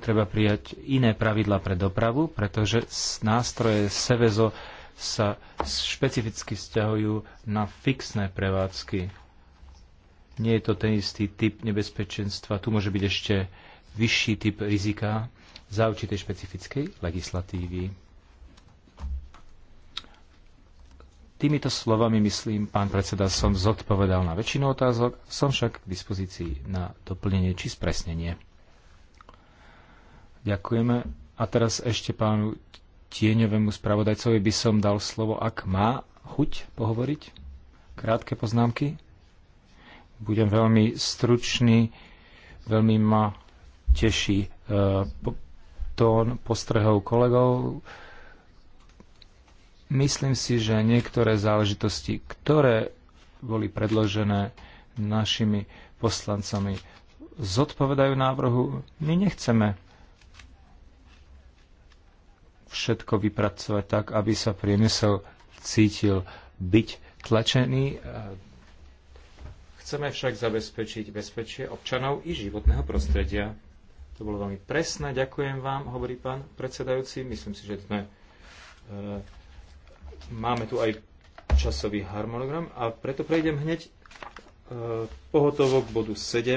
Treba prijať iné pravidla pre dopravu, pretože nástroje Sevezo sa špecificky vzťahujú na fixné prevádzky. Nie je to ten istý typ nebezpečenstva. Tu môže byť ešte vyšší typ rizika, za určitej špecifickej legislatívy. Týmito slovami, myslím, pán predseda, som zodpovedal na väčšinu otázok, som však k dispozícii na doplnenie či spresnenie. Ďakujeme. A teraz ešte pánu tieňovému spravodajcovi by som dal slovo, ak má chuť pohovoriť. Krátke poznámky. Budem veľmi stručný. Veľmi ma teší e, tón postrehov kolegov. Myslím si, že niektoré záležitosti, ktoré boli predložené našimi poslancami, zodpovedajú návrhu. My nechceme všetko vypracovať tak, aby sa priemysel cítil byť tlačený. Chceme však zabezpečiť bezpečie občanov i životného prostredia. To bolo veľmi presné. Ďakujem vám, hovorí pán predsedajúci. Myslím si, že sme, e, máme tu aj časový harmonogram a preto prejdem hneď e, pohotovo k bodu 7, e,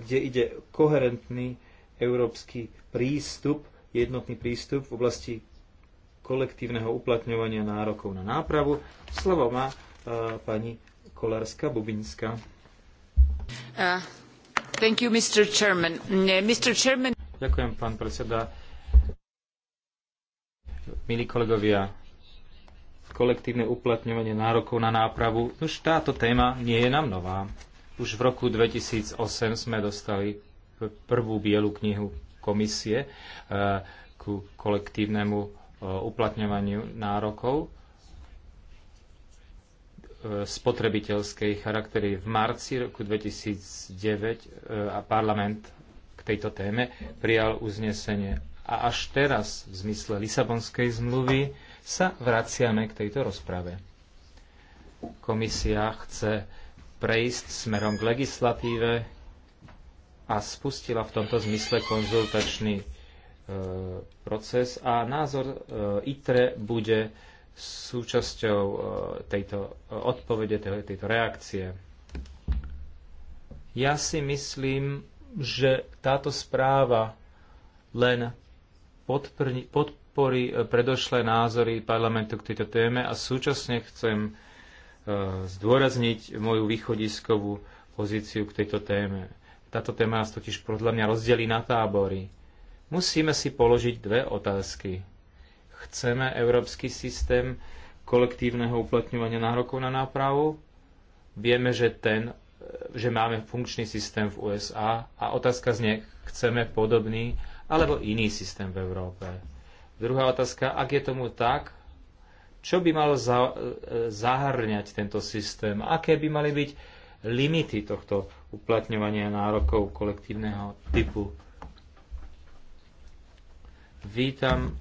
kde ide koherentný európsky prístup, jednotný prístup v oblasti kolektívneho uplatňovania nárokov na nápravu. Slovo má e, pani Kolárska Bubinská. E, Eh, Ďakujem, pán predseda. Milí kolegovia, kolektívne uplatňovanie nárokov na nápravu. Už táto téma nie je nám nová. Už v roku 2008 sme dostali prvú bielu knihu komisie eh, ku kolektívnemu eh, uplatňovaniu nárokov E, spotrebiteľskej charaktery. V marci roku 2009 e, a parlament k tejto téme prijal uznesenie. A až teraz v zmysle Lisabonskej zmluvy sa vraciame k tejto rozprave. Komisia chce prejsť smerom k legislatíve a spustila v tomto zmysle konzultačný e, proces a názor ITRE bude súčasťou e, tejto e, odpovede, tejto reakcie. Ja si myslím, že táto správa len podporí e, predošlé názory parlamentu k tejto téme a súčasne chcem zdôrazniť moju východiskovú pozíciu k tejto téme. Táto téma nás totiž podľa mňa rozdelí na tábory. Musíme si položiť dve otázky. Chceme európsky systém kolektívneho uplatňovania nárokov na nápravu. Vieme, že, ten, že máme funkčný systém v USA a otázka znie, chceme podobný alebo iný systém v Európe. Druhá otázka, ak je tomu tak, čo by malo za, zahrňať tento systém? Aké by mali byť limity tohto uplatňovania nárokov kolektívneho typu? Vítam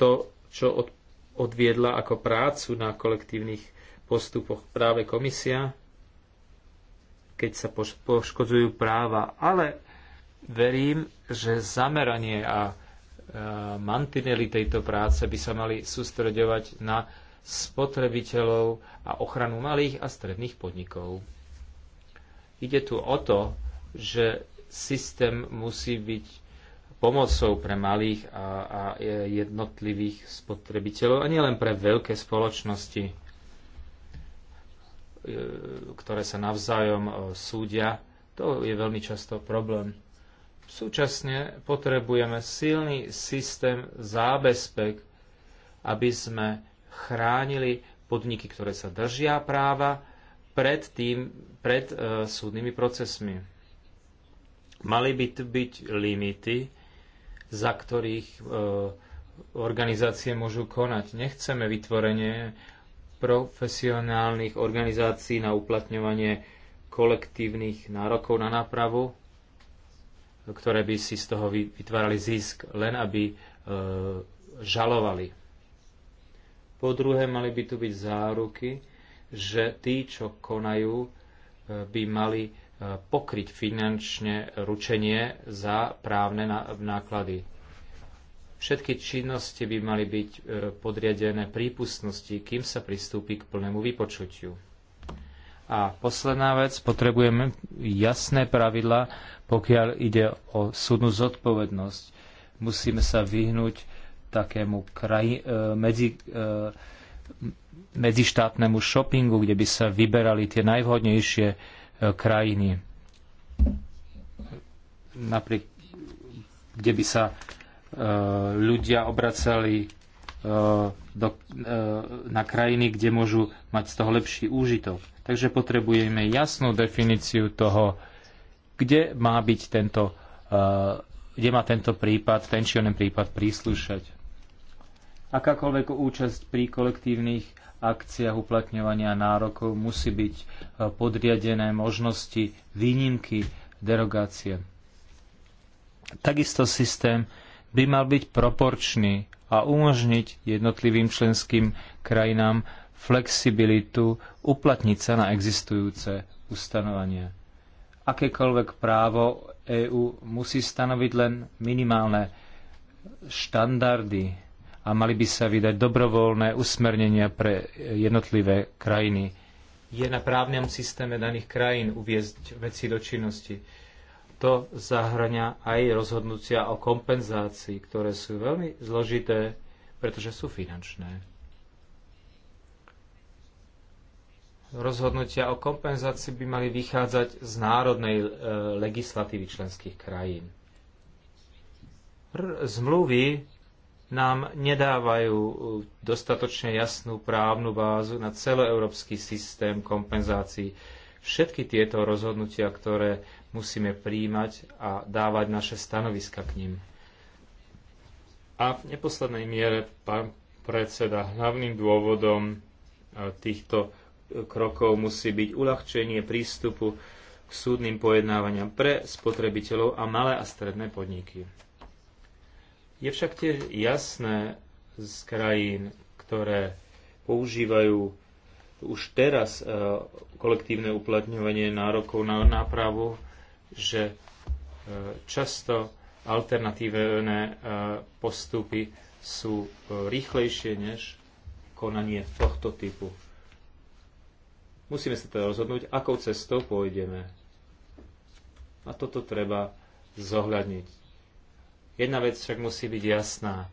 to, čo od, odviedla ako prácu na kolektívnych postupoch práve komisia, keď sa poškodzujú práva. Ale verím, že zameranie a e, mantinely tejto práce by sa mali sústreďovať na spotrebiteľov a ochranu malých a stredných podnikov. Ide tu o to, že systém musí byť pomocou pre malých a, a jednotlivých spotrebiteľov a nielen pre veľké spoločnosti, e, ktoré sa navzájom e, súdia. To je veľmi často problém. Súčasne potrebujeme silný systém zábezpek, aby sme chránili podniky, ktoré sa držia práva pred, tým, pred e, súdnymi procesmi. Mali by tu byť limity, za ktorých e, organizácie môžu konať. Nechceme vytvorenie profesionálnych organizácií na uplatňovanie kolektívnych nárokov na nápravu, ktoré by si z toho vytvárali zisk, len aby e, žalovali. Po druhé, mali by tu byť záruky, že tí, čo konajú, e, by mali pokryť finančne ručenie za právne náklady. Všetky činnosti by mali byť e, podriadené prípustnosti, kým sa pristúpi k plnému vypočutiu. A posledná vec, potrebujeme jasné pravidla, pokiaľ ide o súdnu zodpovednosť. Musíme sa vyhnúť takému kraj, e, medzi, e, medzištátnemu shoppingu, kde by sa vyberali tie najvhodnejšie krajiny. Napriek, kde by sa e, ľudia obracali e, do, e, na krajiny, kde môžu mať z toho lepší úžitok. Takže potrebujeme jasnú definíciu toho, kde má byť tento, kde má tento prípad, ten či onen prípad príslušať. Akákoľvek účasť pri kolektívnych akciách uplatňovania nárokov musí byť e, podriadené možnosti výnimky derogácie. Takisto systém by mal byť proporčný a umožniť jednotlivým členským krajinám flexibilitu uplatniť sa na existujúce ustanovanie. Akékoľvek právo EÚ musí stanoviť len minimálne štandardy a mali by sa vydať dobrovoľné usmernenia pre jednotlivé krajiny. Je na právnom systéme daných krajín uviezť veci do činnosti. To zahŕňa aj rozhodnutia o kompenzácii, ktoré sú veľmi zložité, pretože sú finančné. Rozhodnutia o kompenzácii by mali vychádzať z národnej e, legislatívy členských krajín. zmluvy nám nedávajú uh, dostatočne jasnú právnu bázu na celoeurópsky systém kompenzácií. Všetky tieto rozhodnutia, ktoré musíme príjmať a dávať naše stanoviska k ním. A v neposlednej miere, pán predseda, hlavným dôvodom uh, týchto uh, krokov musí byť uľahčenie prístupu k súdnym pojednávaniam pre spotrebiteľov a malé a stredné podniky. Je však tiež jasné z krajín, ktoré používajú už teraz e, kolektívne uplatňovanie nárokov na nápravu, že e, často alternatívne e, postupy sú rýchlejšie než konanie tohto typu. Musíme sa teda rozhodnúť, akou cestou pôjdeme. A toto treba zohľadniť. Jedna vec však musí byť jasná.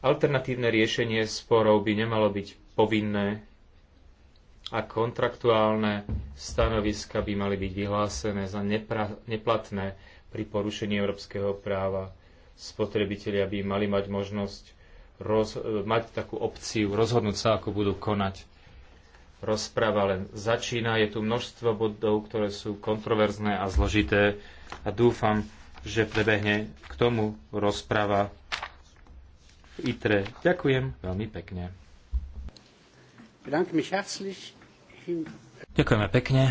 Alternatívne riešenie sporov by nemalo byť povinné a kontraktuálne stanoviska by mali byť vyhlásené za neplatné pri porušení európskeho práva. Spotrebitelia by mali mať možnosť mať takú opciu, rozhodnúť sa, ako budú konať. Rozpráva len začína, je tu množstvo bodov, ktoré sú kontroverzné a zložité a dúfam, že prebehne k tomu rozprava v ITRE. Ďakujem veľmi pekne. Ďakujeme pekne.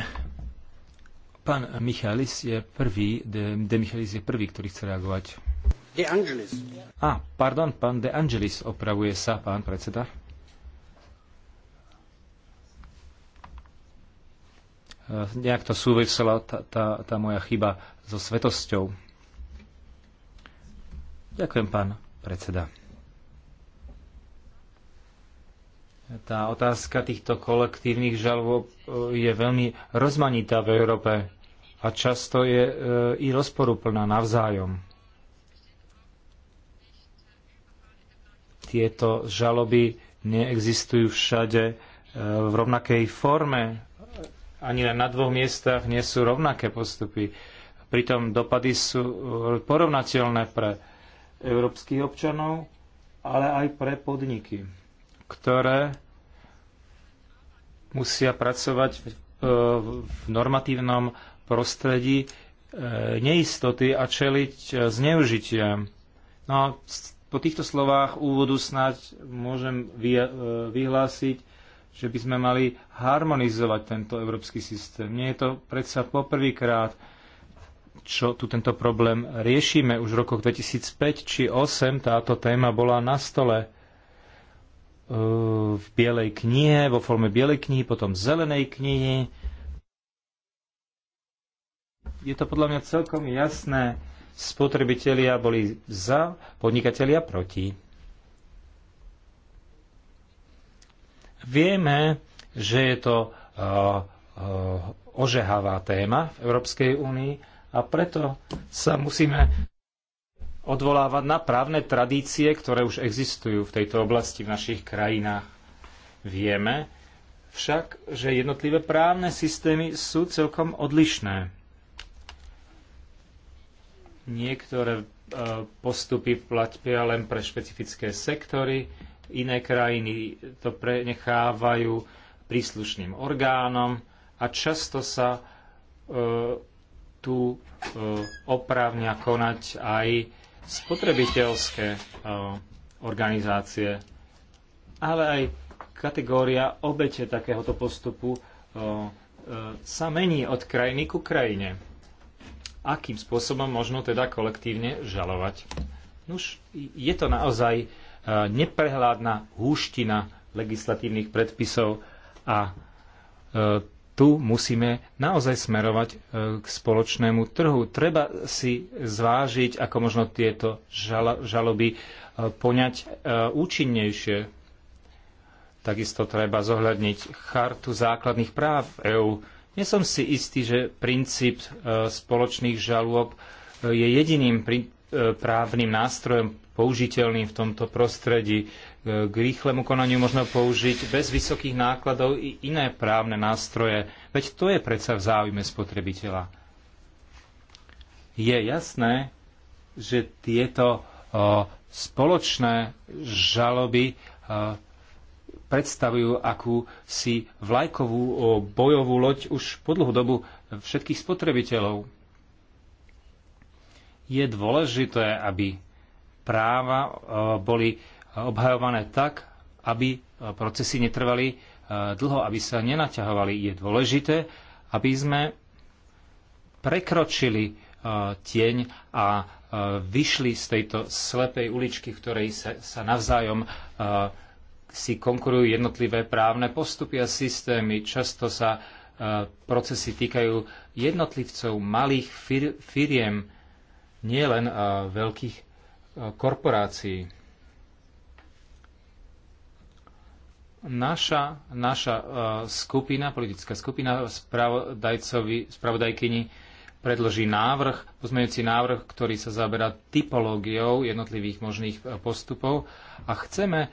Pán Michalis je prvý, de, de Michalis je prvý, ktorý chce reagovať. De Angelis. A, pardon, pán De Angelis, opravuje sa pán predseda. E, nejak to súvisela tá, tá, tá moja chyba so svetosťou. Ďakujem, pán predseda. Tá otázka týchto kolektívnych žalob e, je veľmi rozmanitá v Európe a často je e, i rozporúplná navzájom. Tieto žaloby neexistujú všade e, v rovnakej forme. Ani len na dvoch miestach nie sú rovnaké postupy. Pritom dopady sú porovnateľné pre európskych občanov, ale aj pre podniky, ktoré musia pracovať v normatívnom prostredí e, neistoty a čeliť e, zneužitiam. No a po týchto slovách úvodu snáď môžem e, vyhlásiť, že by sme mali harmonizovať tento európsky systém. Nie je to predsa poprvýkrát, čo tu tento problém riešime. Už v rokoch 2005 či 2008 táto téma bola na stole e, v bielej knihe, vo forme bielej knihy, potom zelenej knihy. Je to podľa mňa celkom jasné. Spotrebitelia boli za, podnikatelia proti. Vieme, že je to e, e, ožehavá téma v Európskej únii, a preto sa musíme odvolávať na právne tradície, ktoré už existujú v tejto oblasti v našich krajinách. Vieme však, že jednotlivé právne systémy sú celkom odlišné. Niektoré e, postupy platia len pre špecifické sektory, iné krajiny to prenechávajú príslušným orgánom a často sa e, tu e, oprávňa konať aj spotrebiteľské e, organizácie, ale aj kategória obete takéhoto postupu e, sa mení od krajiny ku krajine. Akým spôsobom možno teda kolektívne žalovať? Nuž, je to naozaj neprehľadná húština legislatívnych predpisov a tu musíme naozaj smerovať e, k spoločnému trhu. Treba si zvážiť, ako možno tieto žaloby e, poňať e, účinnejšie. Takisto treba zohľadniť chartu základných práv EÚ. Nie som si istý, že princíp spoločných žalôb je jediným právnym nástrojom použiteľným v tomto prostredí k rýchlemu konaniu možno použiť bez vysokých nákladov i iné právne nástroje. Veď to je predsa v záujme spotrebiteľa. Je jasné, že tieto spoločné žaloby predstavujú akú si vlajkovú bojovú loď už po dlhú dobu všetkých spotrebiteľov. Je dôležité, aby práva boli obhajované tak, aby e, procesy netrvali e, dlho, aby sa nenaťahovali. Je dôležité, aby sme prekročili e, tieň a vyšli z tejto slepej uličky, v ktorej sa, sa navzájom si konkurujú jednotlivé právne postupy a systémy. Často sa procesy týkajú jednotlivcov, malých fir, firiem, nielen veľkých korporácií. Naša, naša e, skupina, politická skupina spravodajcovi, spravodajkyni predloží návrh, pozmeňujúci návrh, ktorý sa zaberá typológiou jednotlivých možných e, postupov a chceme, e,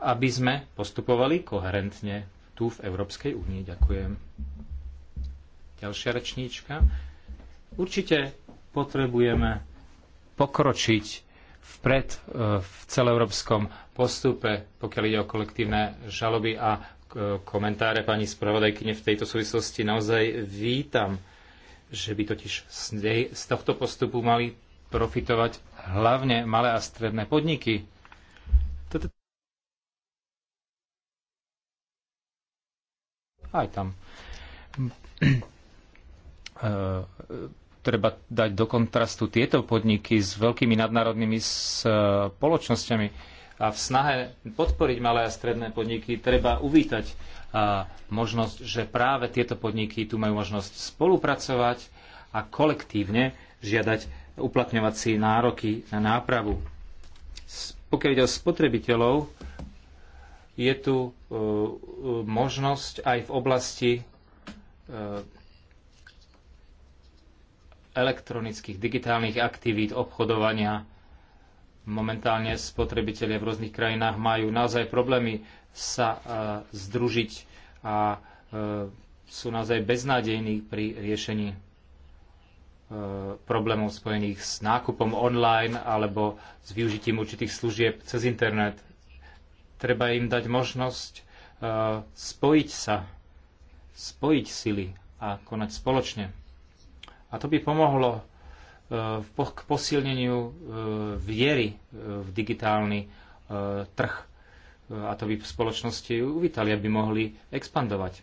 aby sme postupovali koherentne tu v Európskej únii. Ďakujem. Ďalšia rečníčka. Určite potrebujeme pokročiť vpred e, v celoeurópskom postupe, pokiaľ ide o kolektívne žaloby a e, komentáre pani spravodajkyne v tejto súvislosti naozaj vítam, že by totiž z tohto postupu mali profitovať hlavne malé a stredné podniky. Aj tam e, treba dať do kontrastu tieto podniky s veľkými nadnárodnými e, spoločnosťami. A v snahe podporiť malé a stredné podniky treba uvítať e, možnosť, že práve tieto podniky tu majú možnosť spolupracovať a kolektívne žiadať uplatňovať si nároky na nápravu. Pokiaľ ide o spotrebiteľov, je tu e, možnosť aj v oblasti elektronických digitálnych aktivít obchodovania. Momentálne spotrebitelia v rôznych krajinách majú naozaj problémy sa e, združiť a e, sú naozaj beznádejní pri riešení e, problémov spojených s nákupom online alebo s využitím určitých služieb cez internet. Treba im dať možnosť spojiť sa, spojiť sily a konať spoločne. A to by pomohlo e, k posilneniu e, viery e, v digitálny trh. A to by v spoločnosti uvítali, aby mohli expandovať.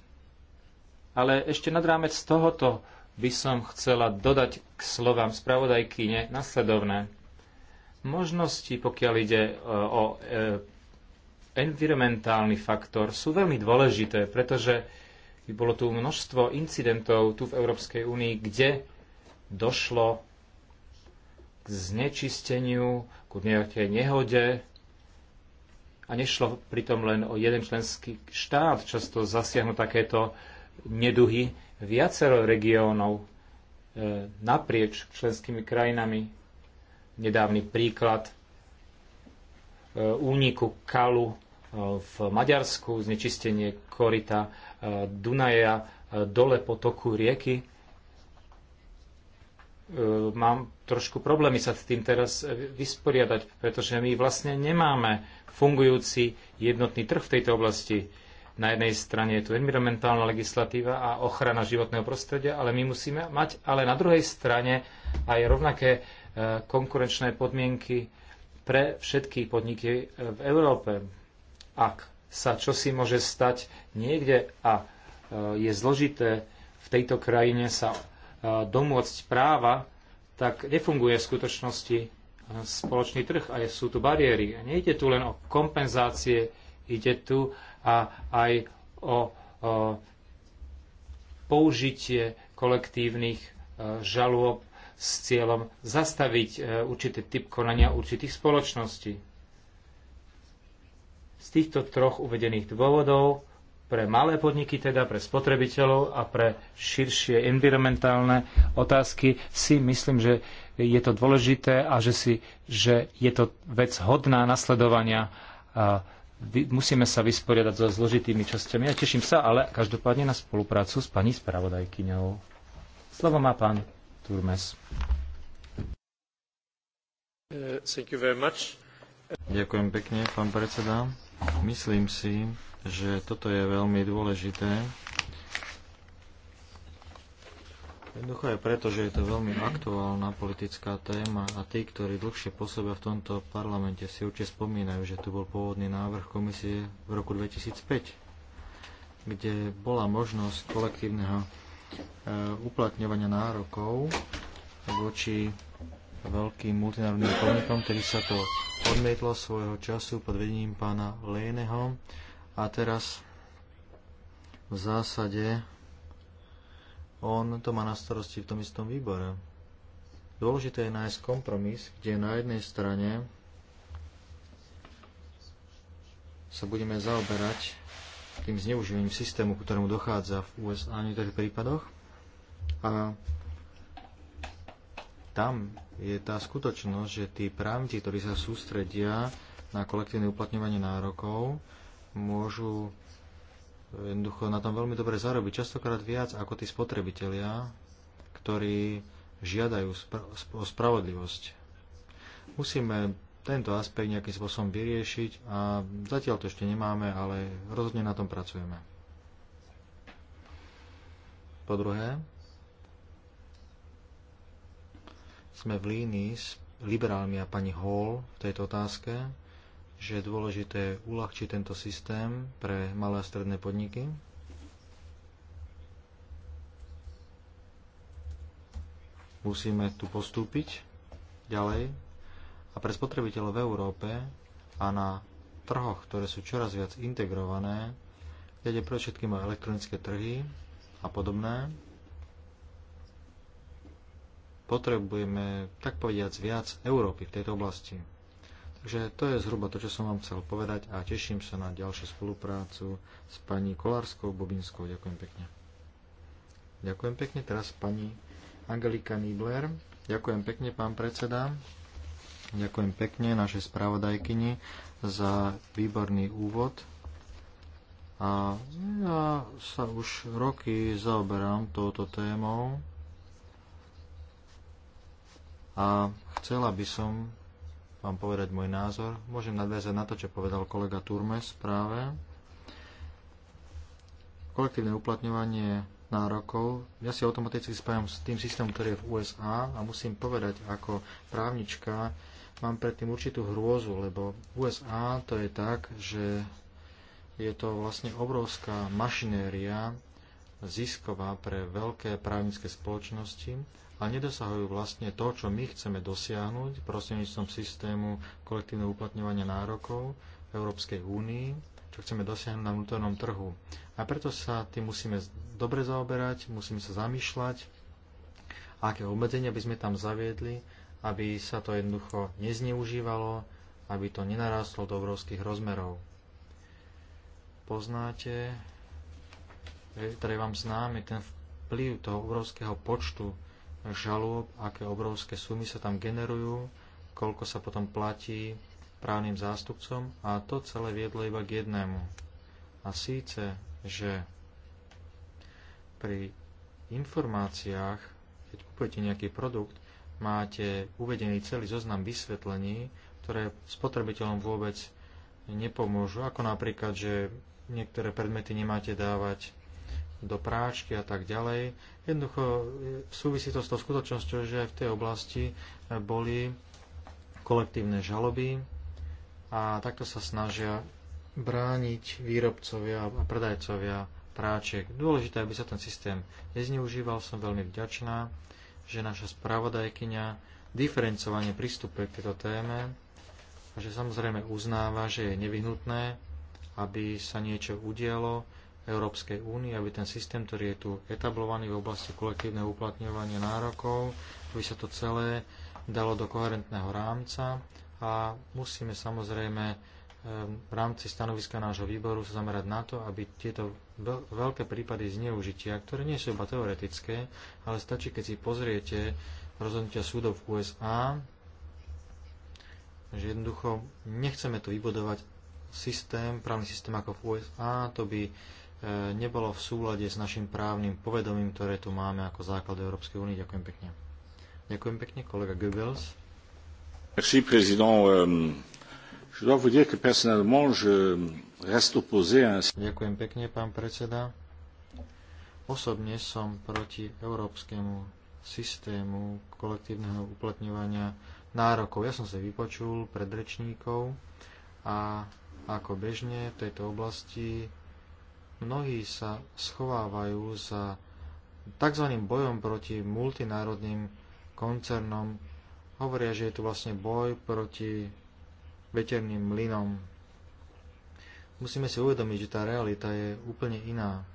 Ale ešte nad rámec tohoto by som chcela dodať k slovám spravodajkyne nasledovné. Možnosti, pokiaľ ide o environmentálny faktor, sú veľmi dôležité, pretože bolo tu množstvo incidentov tu v Európskej únii, kde došlo k znečisteniu, k nejakej nehode a nešlo pritom len o jeden členský štát, často zasiahnu takéto neduhy viacero regiónov e, naprieč členskými krajinami. Nedávny príklad e, úniku kalu e, v Maďarsku, znečistenie korita e, Dunaja dole po toku rieky E, mám trošku problémy sa s tým teraz e, vysporiadať, pretože my vlastne nemáme fungujúci jednotný trh v tejto oblasti. Na jednej strane je tu environmentálna legislatíva a ochrana životného prostredia, ale my musíme mať ale na druhej strane aj rovnaké e, konkurenčné podmienky pre všetky podniky v Európe. Ak sa čosi môže stať niekde a je zložité v tejto krajine sa E, domôcť práva, tak nefunguje v skutočnosti e, spoločný trh a sú tu bariéry. A nejde tu len o kompenzácie, ide tu a aj o, o použitie kolektívnych e, žalôb s cieľom zastaviť určitý typ konania určitých spoločností. Z týchto troch uvedených dôvodov pre malé podniky, teda pre spotrebiteľov a pre širšie environmentálne otázky si myslím, že je to dôležité a že, si, že je to vec hodná nasledovania. A musíme sa vysporiadať so zložitými časťami. Ja teším sa, ale každopádne na spoluprácu s pani spravodajkyňou. Slovo má pán Turmes. Ďakujem pekne, pán predseda. Myslím si, že toto je veľmi dôležité. Jednoducho aj preto, že je to veľmi aktuálna politická téma a tí, ktorí dlhšie pôsobia v tomto parlamente, si určite spomínajú, že tu bol pôvodný návrh komisie v roku 2005, kde bola možnosť kolektívneho e, uplatňovania nárokov voči veľkým multinárodným podnikom, ktorý sa to odmietlo svojho času pod vedením pána Léneho. A teraz v zásade on to má na starosti v tom istom výbore. Dôležité je nájsť kompromis, kde na jednej strane sa budeme zaoberať tým zneužívaním systému, ktorému dochádza v USA v niektorých prípadoch. A tam je tá skutočnosť, že tí právnici, ktorí sa sústredia na kolektívne uplatňovanie nárokov, môžu eh, jednoducho na tom veľmi dobre zarobiť, častokrát viac ako tí spotrebitelia, ktorí žiadajú spra- o spravodlivosť. Musíme tento aspekt nejakým spôsobom vyriešiť a zatiaľ to ešte nemáme, ale rozhodne na tom pracujeme. Po druhé, sme v línii s liberálmi a pani Hall v tejto otázke že je dôležité uľahčiť tento systém pre malé a stredné podniky. Musíme tu postúpiť ďalej a pre spotrebiteľov v Európe a na trhoch, ktoré sú čoraz viac integrované, kde pre všetkým o elektronické trhy a podobné, potrebujeme, tak povediac, viac Európy v tejto oblasti. Takže to je zhruba to, čo som vám chcel povedať a teším sa na ďalšiu spoluprácu s pani Kolárskou Bobinskou. Ďakujem pekne. Ďakujem pekne teraz pani Angelika Nibler. Ďakujem pekne, pán predseda. Ďakujem pekne našej spravodajkyni za výborný úvod. A ja sa už roky zaoberám touto témou a chcela by som vám povedať môj názor. Môžem nadviazať na to, čo povedal kolega Turmes práve. Kolektívne uplatňovanie nárokov. Ja si automaticky spájam s tým systémom, ktorý je v USA a musím povedať ako právnička, mám predtým určitú hrôzu, lebo USA to je tak, že je to vlastne obrovská mašinéria zisková pre veľké právnické spoločnosti a nedosahujú vlastne to, čo my chceme dosiahnuť prostredníctvom systému kolektívneho uplatňovania nárokov v Európskej únii, čo chceme dosiahnuť na vnútornom trhu. A preto sa tým musíme dobre zaoberať, musíme sa zamýšľať, aké obmedzenia by sme tam zaviedli, aby sa to jednoducho nezneužívalo, aby to nenarástlo do obrovských rozmerov. Poznáte, e, ktorý vám známy, ten vplyv toho obrovského počtu žalob, aké obrovské sumy sa tam generujú, koľko sa potom platí právnym zástupcom a to celé viedlo iba k jednému. A síce, že pri informáciách, keď kupujete nejaký produkt, máte uvedený celý zoznam vysvetlení, ktoré spotrebiteľom vôbec nepomôžu, ako napríklad, že niektoré predmety nemáte dávať do práčky a tak ďalej. Jednoducho e, súvisí to s tou skutočnosťou, že aj v tej oblasti e, boli kolektívne žaloby a takto sa snažia brániť výrobcovia a predajcovia práček. Dôležité, aby sa ten systém nezneužíval. Som veľmi vďačná, že naša spravodajkyňa diferencovanie pristupuje k tejto téme a že samozrejme uznáva, že je nevyhnutné, aby sa niečo udialo, Európskej únie, aby ten systém, ktorý je tu etablovaný v oblasti kolektívneho uplatňovania nárokov, aby sa to celé dalo do koherentného rámca a musíme samozrejme e, v rámci stanoviska nášho výboru sa zamerať na to, aby tieto veľké prípady zneužitia, ktoré nie sú iba teoretické, ale stačí, keď si pozriete rozhodnutia súdov v USA, že jednoducho nechceme tu vybudovať systém, právny systém ako v USA, to by E, nebolo v súlade s našim právnym povedomím, ktoré tu máme ako základ Európskej únie. Ďakujem pekne. Ďakujem pekne, kolega Goebbels. Merci, président. Euh, je dois vous dire que personnellement, je reste opposé à... Ďakujem pekne, pán predseda. Osobne som proti európskemu systému kolektívneho uplatňovania nárokov. Ja som sa vypočul pred rečníkov a ako bežne v tejto oblasti Mnohí sa schovávajú za tzv. bojom proti multinárodným koncernom. Hovoria, že je tu vlastne boj proti veterným mlynom. Musíme si uvedomiť, že tá realita je úplne iná.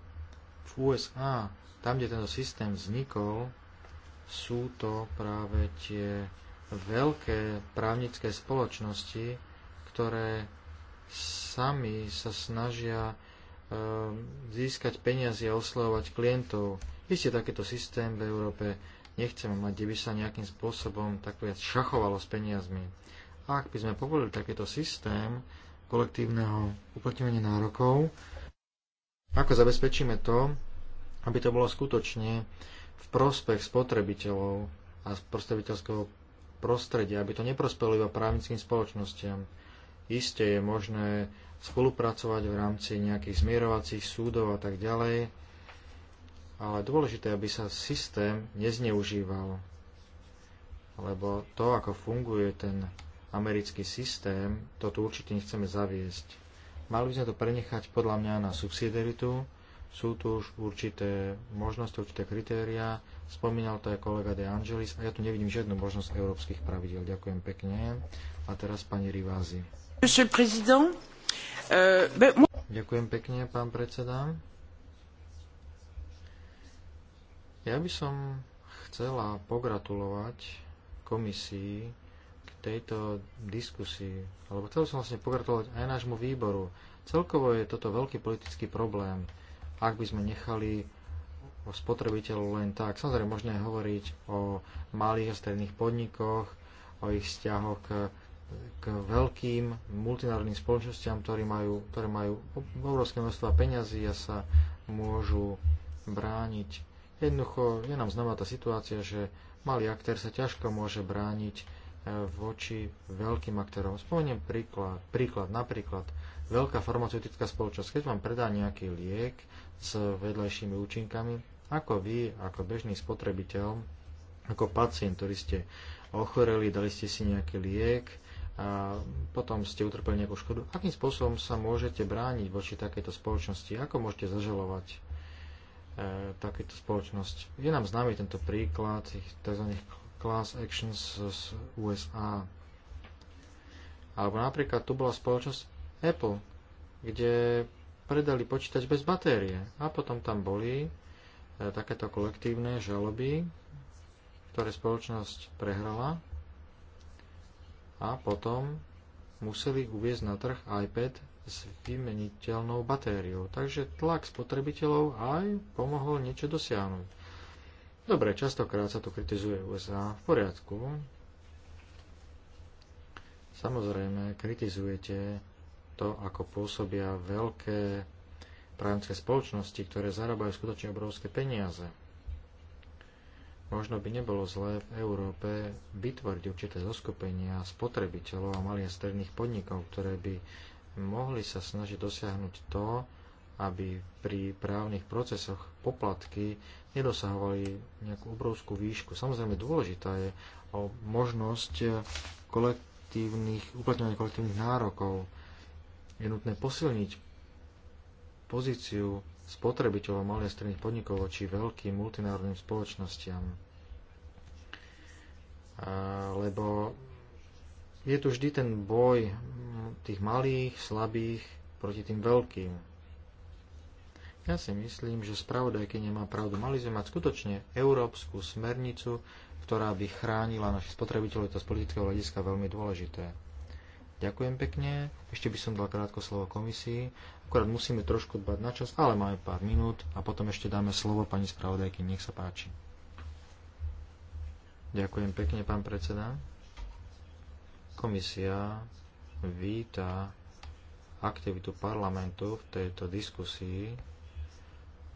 V USA, tam, kde tento systém vznikol, sú to práve tie veľké právnické spoločnosti, ktoré sami sa snažia získať peniaze a oslovovať klientov. Isté takýto systém v Európe nechceme mať, kde by sa nejakým spôsobom tak viac šachovalo s peniazmi. Ak by sme povolili takýto systém kolektívneho uplatňovania nárokov, ako zabezpečíme to, aby to bolo skutočne v prospech spotrebiteľov a spotrebiteľského prostredia, aby to neprospelo iba právnickým spoločnostiam. Isté je možné spolupracovať v rámci nejakých zmierovacích súdov a tak ďalej. Ale dôležité, aby sa systém nezneužíval, lebo to, ako funguje ten americký systém, to tu určite nechceme zaviesť. Mali by sme to prenechať podľa mňa na subsidiaritu, sú tu už určité možnosti, určité kritéria. Spomínal to aj kolega De Angelis a ja tu nevidím žiadnu možnosť európskych pravidel. Ďakujem pekne. A teraz pani Rivázi. Ďakujem pekne, pán predseda. Ja by som chcela pogratulovať komisii k tejto diskusii, alebo chcel som vlastne pogratulovať aj nášmu výboru. Celkovo je toto veľký politický problém, ak by sme nechali spotrebiteľov len tak. Samozrejme, možné hovoriť o malých a stredných podnikoch, o ich vzťahoch k k veľkým multinárodným spoločnosťam, ktoré majú, ktoré majú obrovské množstvo peňazí a sa môžu brániť. Jednoducho je nám známa tá situácia, že malý aktér sa ťažko môže brániť e, voči veľkým aktérom. Spomeniem príklad, príklad, napríklad veľká farmaceutická spoločnosť, keď vám predá nejaký liek s vedľajšími účinkami, ako vy, ako bežný spotrebiteľ, ako pacient, ktorý ste ochoreli, dali ste si nejaký liek, a potom ste utrpeli nejakú škodu. Akým spôsobom sa môžete brániť voči takejto spoločnosti? Ako môžete zažalovať e, takúto spoločnosť? Je nám známy tento príklad tzv. class actions z USA. Alebo napríklad tu bola spoločnosť Apple, kde predali počítač bez batérie. A potom tam boli e, takéto kolektívne žaloby, ktoré spoločnosť prehrala a potom museli uviezť na trh iPad s vymeniteľnou batériou. Takže tlak spotrebiteľov aj pomohol niečo dosiahnuť. Dobre, častokrát sa to kritizuje USA. V poriadku. Samozrejme, kritizujete to, ako pôsobia veľké právnické spoločnosti, ktoré zarábajú skutočne obrovské peniaze. Možno by nebolo zlé v Európe vytvoriť určité zoskupenia spotrebiteľov a malých a stredných podnikov, ktoré by mohli sa snažiť dosiahnuť to, aby pri právnych procesoch poplatky nedosahovali nejakú obrovskú výšku. Samozrejme dôležitá je o možnosť kolektívnych, uplatňovania kolektívnych nárokov. Je nutné posilniť pozíciu spotrebiteľov malých a stredných podnikov voči veľkým multinárodným spoločnostiam. Lebo je tu vždy ten boj tých malých, slabých proti tým veľkým. Ja si myslím, že spravodajky nemá pravdu. Mali sme mať skutočne európsku smernicu, ktorá by chránila našich spotrebiteľov. to z politického hľadiska veľmi dôležité. Ďakujem pekne. Ešte by som dal krátko slovo komisii, akurát musíme trošku dbať na čas, ale máme pár minút a potom ešte dáme slovo pani spravodajky. Nech sa páči. Ďakujem pekne, pán predseda. Komisia víta aktivitu parlamentu v tejto diskusii.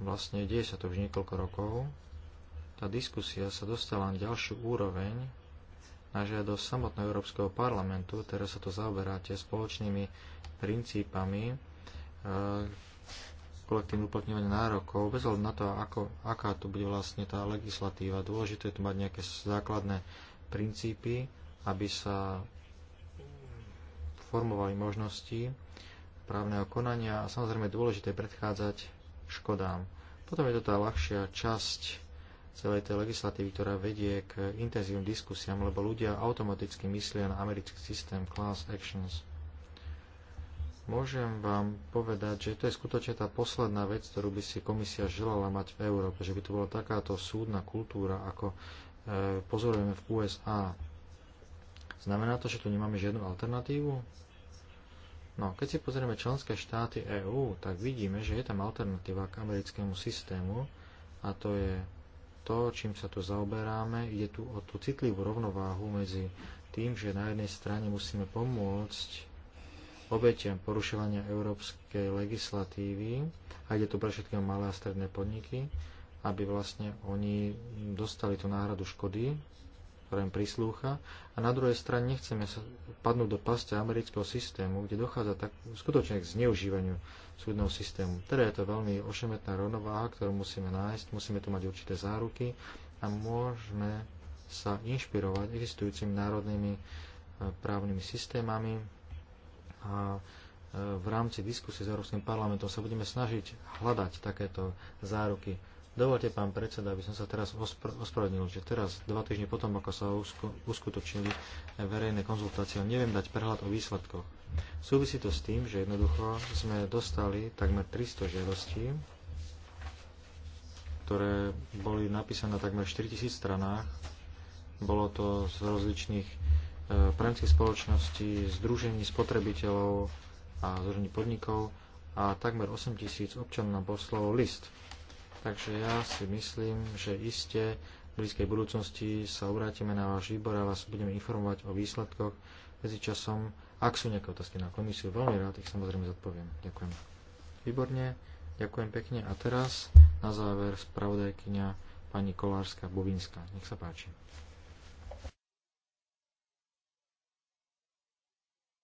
Vlastne deje sa to už niekoľko rokov. Tá diskusia sa dostala na ďalšiu úroveň na žiadosť samotného Európskeho parlamentu. Teraz sa to zaoberáte spoločnými princípami kolektívne uplatňovanie nárokov, bez na to, ako, aká to bude vlastne tá legislatíva. Dôležité je tu mať nejaké základné princípy, aby sa formovali možnosti právneho konania a samozrejme dôležité je predchádzať škodám. Potom je to tá ľahšia časť celej tej legislatívy, ktorá vedie k intenzívnym diskusiám, lebo ľudia automaticky myslia na americký systém class actions. Môžem vám povedať, že to je skutočne tá posledná vec, ktorú by si komisia želala mať v Európe, že by to bola takáto súdna kultúra, ako e, pozorujeme v USA. Znamená to, že tu nemáme žiadnu alternatívu? No, keď si pozrieme členské štáty EÚ, tak vidíme, že je tam alternatíva k americkému systému a to je to, čím sa tu zaoberáme. Ide tu o tú citlivú rovnováhu medzi tým, že na jednej strane musíme pomôcť obetiam porušovania európskej legislatívy, a ide tu pre všetkého malé a stredné podniky, aby vlastne oni dostali tú náhradu škody, ktorá im prislúcha. A na druhej strane nechceme sa padnúť do paste amerického systému, kde dochádza tak skutočne k zneužívaniu súdneho systému. Teda je to veľmi ošemetná rovnováha, ktorú musíme nájsť, musíme tu mať určité záruky a môžeme sa inšpirovať existujúcimi národnými eh, právnymi systémami, a e, v rámci diskusie s Európskym parlamentom sa budeme snažiť hľadať takéto záruky. Dovolte, pán predseda, aby som sa teraz ospr- ospravedlnil, že teraz, dva týždne potom, ako sa usko- uskutočnili verejné konzultácie, neviem dať prehľad o výsledkoch. Súvisí to s tým, že jednoducho sme dostali takmer 300 žiadostí, ktoré boli napísané na takmer 4000 stranách. Bolo to z rozličných právnických spoločnosti, združení spotrebiteľov a združení podnikov a takmer 8 tisíc občanov nám poslalo list. Takže ja si myslím, že iste v blízkej budúcnosti sa obrátime na váš výbor a vás budeme informovať o výsledkoch medzi časom, Ak sú nejaké otázky na komisiu, veľmi rád ich samozrejme zodpoviem. Ďakujem. Výborne, ďakujem pekne. A teraz na záver spravodajkyňa pani Kolárska Bobinská. Nech sa páči.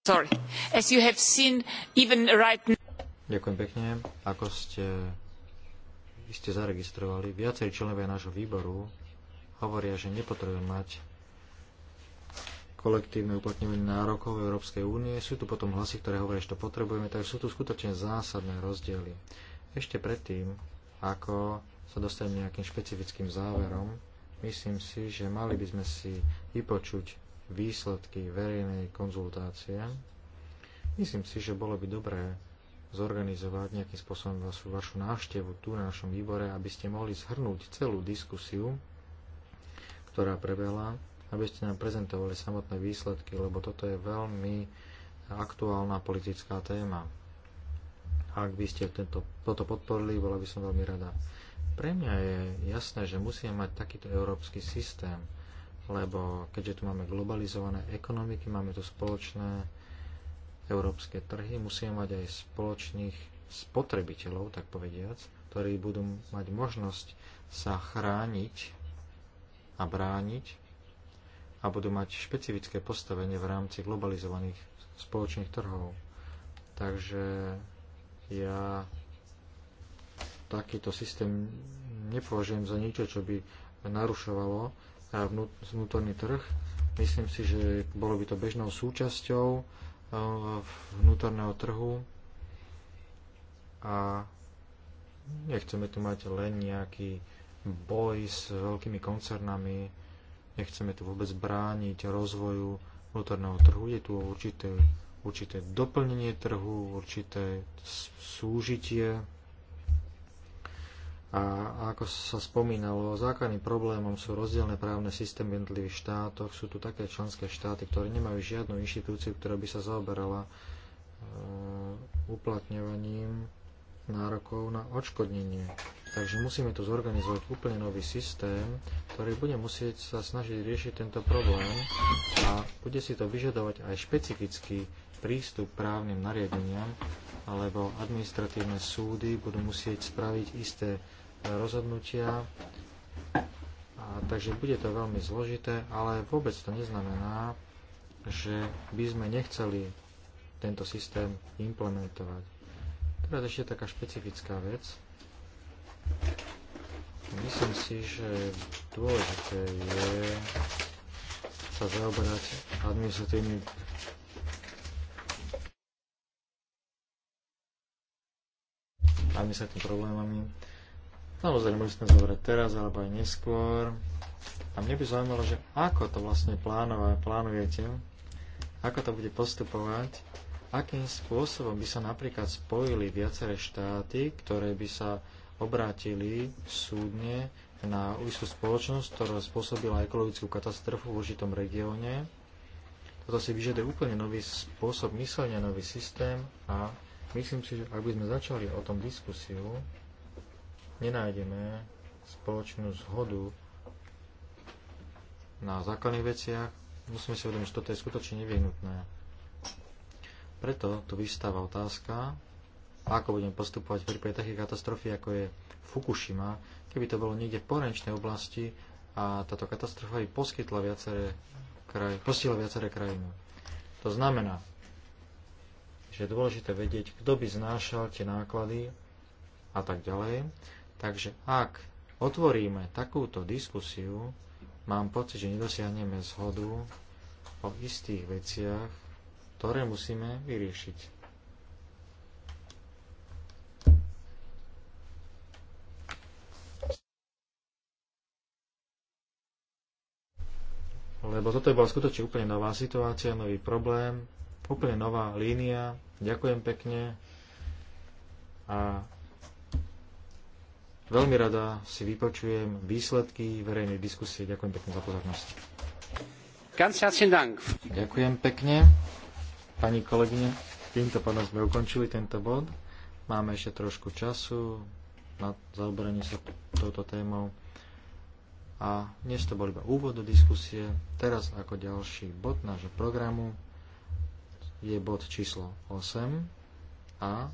Sorry. As you have seen, even right now... Ďakujem pekne. Ako ste iste zaregistrovali, viacerí členovia nášho výboru hovoria, že nepotrebujeme mať kolektívne uplatňovanie nárokov Európskej únie. Sú tu potom hlasy, ktoré hovoria, že to potrebujeme, tak sú tu skutočne zásadné rozdiely. Ešte predtým, ako sa dostanem nejakým špecifickým záverom, myslím si, že mali by sme si vypočuť výsledky verejnej konzultácie. Myslím si, že bolo by dobré zorganizovať nejakým spôsobom vašu, vašu návštevu tu na našom výbore, aby ste mohli zhrnúť celú diskusiu, ktorá prebehla, aby ste nám prezentovali samotné výsledky, lebo toto je veľmi aktuálna politická téma. Ak by ste tento, toto podporili, bola by som veľmi rada. Pre mňa je jasné, že musíme mať takýto európsky systém, lebo keďže tu máme globalizované ekonomiky, máme tu spoločné európske trhy, musíme mať aj spoločných spotrebiteľov, tak povediac, ktorí budú mať možnosť sa chrániť a brániť a budú mať špecifické postavenie v rámci globalizovaných spoločných trhov. Takže ja takýto systém nepovažujem za niečo, čo by narušovalo vnútorný trh. Myslím si, že bolo by to bežnou súčasťou vnútorného trhu a nechceme tu mať len nejaký boj s veľkými koncernami, nechceme tu vôbec brániť rozvoju vnútorného trhu. Je tu určité, určité doplnenie trhu, určité súžitie a ako sa spomínalo, základným problémom sú rozdielne právne systémy v jednotlivých štátoch. Sú tu také členské štáty, ktoré nemajú žiadnu inštitúciu, ktorá by sa zaoberala e, uplatňovaním nárokov na odškodnenie. Takže musíme tu zorganizovať úplne nový systém, ktorý bude musieť sa snažiť riešiť tento problém a bude si to vyžadovať aj špecifický prístup právnym nariadeniam, alebo administratívne súdy budú musieť spraviť isté rozhodnutia. A, takže bude to veľmi zložité, ale vôbec to neznamená, že by sme nechceli tento systém implementovať. Teraz ešte taká špecifická vec. Myslím si, že dôležité je sa zaoberať administratívnym administratívnym problémami Samozrejme, môžete sme zobrať teraz alebo aj neskôr. A mne by zaujímalo, že ako to vlastne plánova, plánujete, ako to bude postupovať, akým spôsobom by sa napríklad spojili viaceré štáty, ktoré by sa obrátili súdne na istú spoločnosť, ktorá spôsobila ekologickú katastrofu v určitom regióne. Toto si vyžaduje úplne nový spôsob myslenia, nový systém a myslím si, že ak by sme začali o tom diskusiu, nenájdeme spoločnú zhodu na základných veciach, musíme si uvedomiť, že toto je skutočne nevyhnutné. Preto tu vystáva otázka, ako budeme postupovať v prípade takých katastrofy, ako je Fukushima, keby to bolo niekde v porenčnej oblasti a táto katastrofa by poskytla viaceré kraj, postihla viaceré krajiny. To znamená, že je dôležité vedieť, kto by znášal tie náklady a tak ďalej. Takže ak otvoríme takúto diskusiu, mám pocit, že nedosiahneme zhodu o istých veciach, ktoré musíme vyriešiť. Lebo toto je bola skutočne úplne nová situácia, nový problém, úplne nová línia. Ďakujem pekne a Veľmi rada si vypočujem výsledky verejnej diskusie. Ďakujem pekne za pozornosť. Ďakujem pekne, pani kolegyne. Týmto pádom sme ukončili tento bod. Máme ešte trošku času na zaoberanie sa touto témou. A dnes to bol iba úvod do diskusie. Teraz ako ďalší bod nášho programu je bod číslo 8 a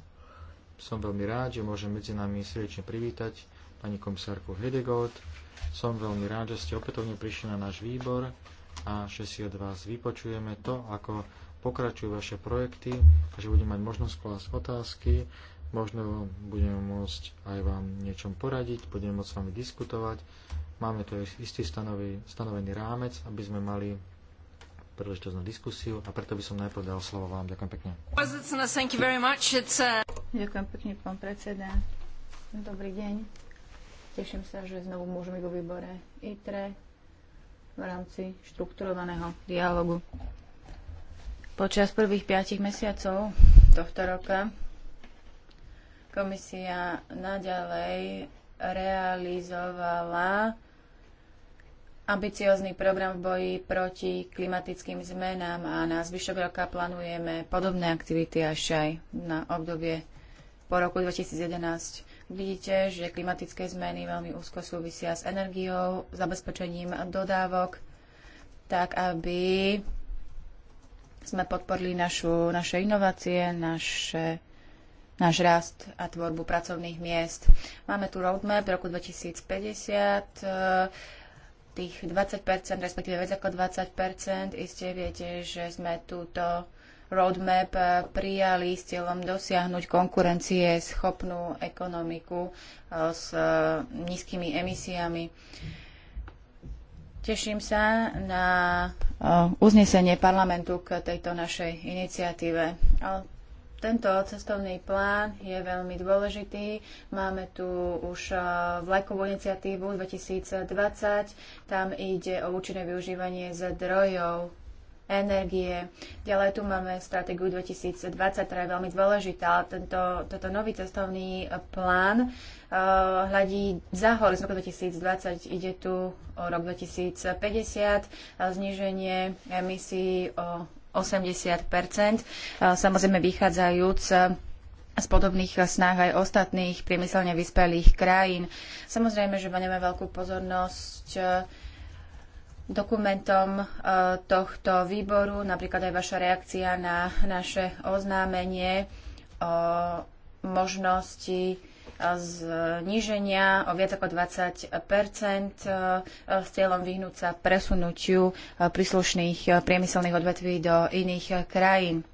som veľmi rád, že môžem medzi nami srdečne privítať pani komisárku Hedegaard. Som veľmi rád, že ste opätovne prišli na náš výbor a že si od vás vypočujeme to, ako pokračujú vaše projekty a že budeme mať možnosť klásť otázky. Možno budeme môcť aj vám niečom poradiť, budeme môcť s vami diskutovať. Máme tu istý stanovený rámec, aby sme mali príležitosť na diskusiu a preto by som najprv dal slovo vám. Ďakujem pekne. Uh, Ďakujem pekne, pán predseda. Dobrý deň. Teším sa, že znovu môžeme vo výbore ITRE v rámci štrukturovaného dialogu. Počas prvých piatich mesiacov tohto roka komisia naďalej realizovala ambiciózny program v boji proti klimatickým zmenám a na zvyšok roka plánujeme podobné aktivity až aj na obdobie po roku 2011. Vidíte, že klimatické zmeny veľmi úzko súvisia s energiou, zabezpečením dodávok, tak aby sme podporili našu, naše inovácie, naše náš rast a tvorbu pracovných miest. Máme tu roadmap roku 2050, tých 20%, respektíve viac ako 20%. Iste viete, že sme túto roadmap eh, prijali s cieľom dosiahnuť konkurencie schopnú ekonomiku eh, s eh, nízkymi emisiami. Teším sa na uznesenie parlamentu k tejto našej iniciatíve. Tento cestovný plán je veľmi dôležitý. Máme tu už e, vlajkovú iniciatívu 2020. Tam ide o účinné využívanie zdrojov energie. Ďalej tu máme stratégiu 2020, ktorá je veľmi dôležitá. Tento, toto nový cestovný plán uh, hľadí za horizont roku 2020. Ide tu o rok 2050, e, zníženie emisí o 80 samozrejme vychádzajúc e, z podobných snách aj ostatných priemyselne vyspelých krajín. Samozrejme, že venujeme veľkú pozornosť e, dokumentom e, tohto výboru, napríklad aj vaša reakcia na naše oznámenie o možnosti zníženia o viac ako 20 e, s cieľom vyhnúť sa presunutiu e, príslušných e, priemyselných odvetví do iných krajín.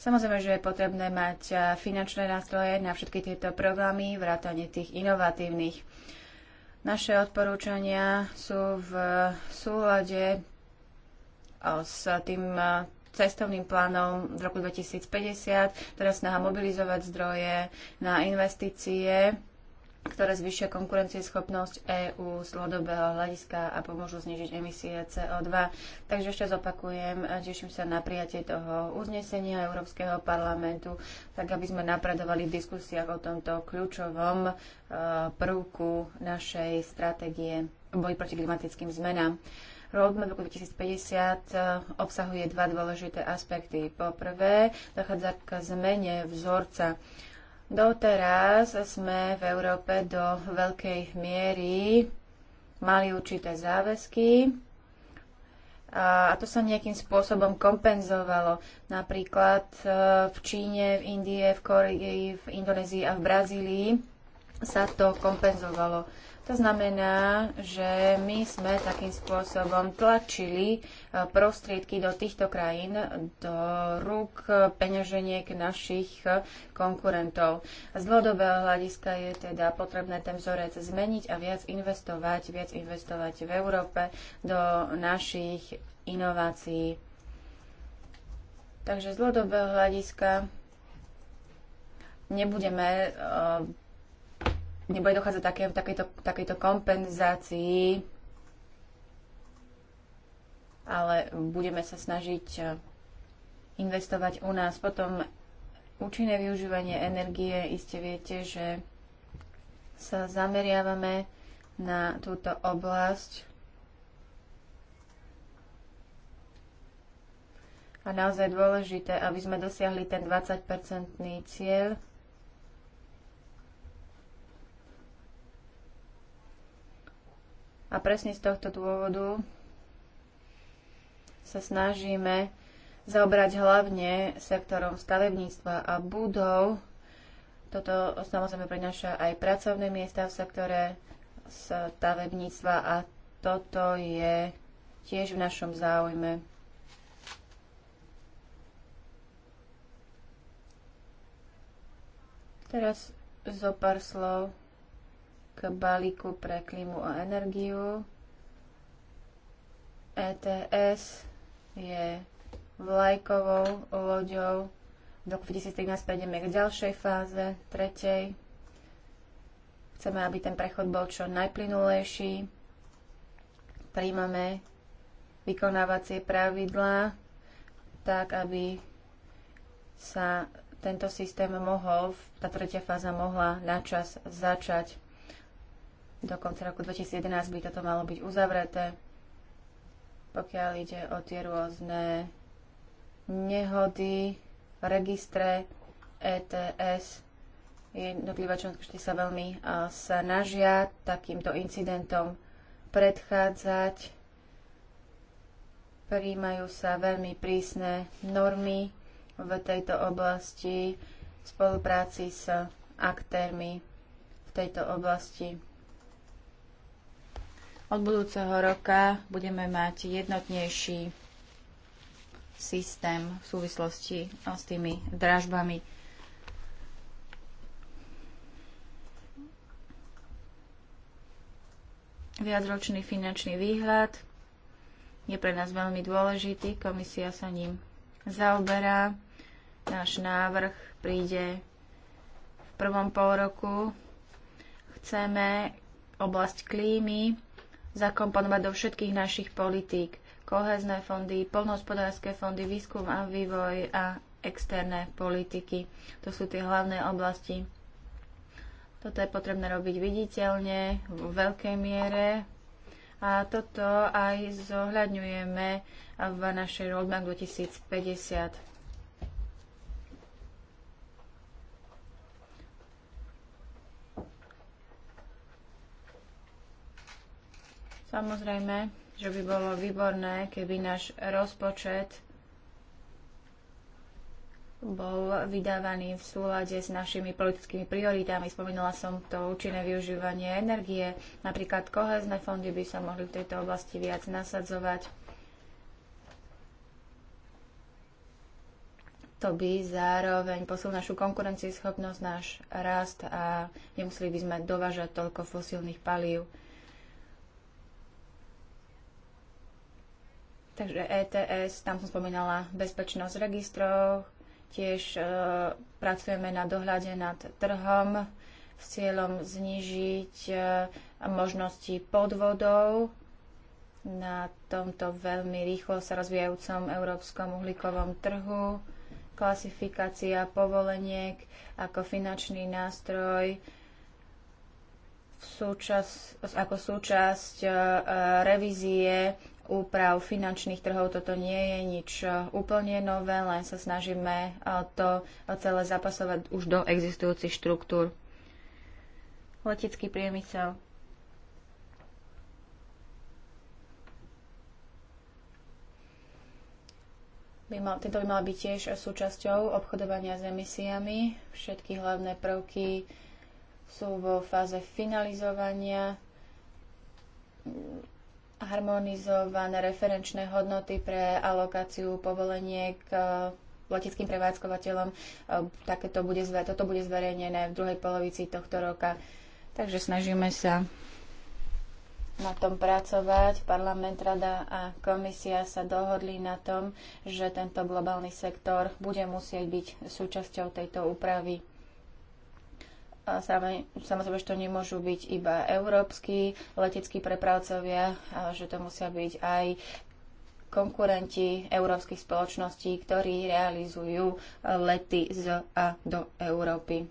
Samozrejme, že je potrebné mať finančné nástroje na všetky tieto programy, vrátane tých inovatívnych. Naše odporúčania sú v súlade s tým cestovným plánom z roku 2050, ktorá snaha mobilizovať zdroje na investície, ktoré zvyšia konkurencieschopnosť EÚ z dlhodobého hľadiska a pomôžu znižiť emisie CO2. Takže ešte zopakujem, teším sa na prijatie toho uznesenia Európskeho parlamentu, tak aby sme napredovali v diskusiách o tomto kľúčovom e, prvku našej stratégie boj proti klimatickým zmenám. Roadmap roku 2050 eh, obsahuje dva dôležité aspekty. Po prvé, dochádza k zmene vzorca. Doteraz sme v Európe do veľkej miery mali určité záväzky, a to sa nejakým spôsobom kompenzovalo. Napríklad eh, v Číne, v Indie, v Koreji, v Indonézii a v Brazílii sa to kompenzovalo. To znamená, že my sme takým spôsobom tlačili e, prostriedky do týchto krajín do rúk peňaženiek našich e, konkurentov. Z dlhodobého hľadiska je teda potrebné ten vzorec zmeniť a viac investovať, viac investovať v Európe do našich inovácií. Takže z dlhodobého hľadiska nebudeme e, nebude dochádzať také, takejto, takejto kompenzácii, ale budeme sa snažiť eh, investovať u nás. Potom účinné využívanie energie, iste viete, že sa zameriavame na túto oblasť a naozaj dôležité, aby sme dosiahli ten 20-percentný cieľ A presne z tohto dôvodu sa snažíme zaobrať hlavne sektorom stavebníctva a budov. Toto samozrejme prináša aj pracovné miesta v sektore stavebníctva a toto je tiež v našom záujme. Teraz zo pár slov k balíku pre klímu a energiu. ETS je vlajkovou loďou. Do 2013 prejdeme k ďalšej fáze, tretej. Chceme, aby ten prechod bol čo najplynulejší. Príjmame vykonávacie pravidlá, tak aby sa tento systém mohol, tá tretia fáza mohla načas začať. Do konca roku 2011 by toto malo byť uzavreté, pokiaľ ide o tie rôzne nehody, registre, ETS. Jednotlivé členské štáty sa veľmi snažia takýmto incidentom predchádzať. Prijímajú sa veľmi prísne normy v tejto oblasti v spolupráci s aktérmi v tejto oblasti. Od budúceho roka budeme mať jednotnejší systém v súvislosti s tými dražbami. Viacročný finančný výhľad je pre nás veľmi dôležitý. Komisia sa ním zaoberá. Náš návrh príde v prvom pol roku. Chceme oblasť klímy zakomponovať do všetkých našich politík. Kohezné fondy, polnohospodárske fondy, výskum a vývoj a externé politiky. To sú tie hlavné oblasti. Toto je potrebné robiť viditeľne, vo veľkej miere, a toto aj zohľadňujeme v našej roadmap 2050. Samozrejme, že by bolo výborné, keby náš rozpočet bol vydávaný v súlade s našimi politickými prioritami. Spomínala som to účinné využívanie energie. Napríklad kohezné fondy by sa mohli v tejto oblasti viac nasadzovať. To by zároveň posil našu konkurencieschopnosť, náš rast a nemuseli by sme dovážať toľko fosílnych palív. Takže ETS, tam som spomínala bezpečnosť registrov, tiež e, pracujeme na dohľade nad trhom s cieľom znižiť e, možnosti podvodov na tomto veľmi rýchlo sa rozvíjajúcom európskom uhlíkovom trhu, klasifikácia povoleniek ako finančný nástroj súčas, ako súčasť e, revízie úprav finančných trhov. Toto nie je nič e, úplne nové, len sa snažíme e, to e, celé zapasovať už do existujúcich štruktúr. Letecký priemysel. By mal, tento by mal byť tiež súčasťou obchodovania s emisiami. Všetky hlavné prvky sú vo fáze finalizovania harmonizované referenčné hodnoty pre alokáciu povoleniek e, leteckým prevádzkovateľom. E, takéto bude, toto bude zverejnené v druhej polovici tohto roka. Takže snažíme sa na tom pracovať. Parlament, rada a komisia sa dohodli na tom, že tento globálny sektor bude musieť byť súčasťou tejto úpravy. Samozrejme, že to nemôžu byť iba európsky leteckí prepravcovia, že to musia byť aj konkurenti európskych spoločností, ktorí realizujú e, lety z a do Európy.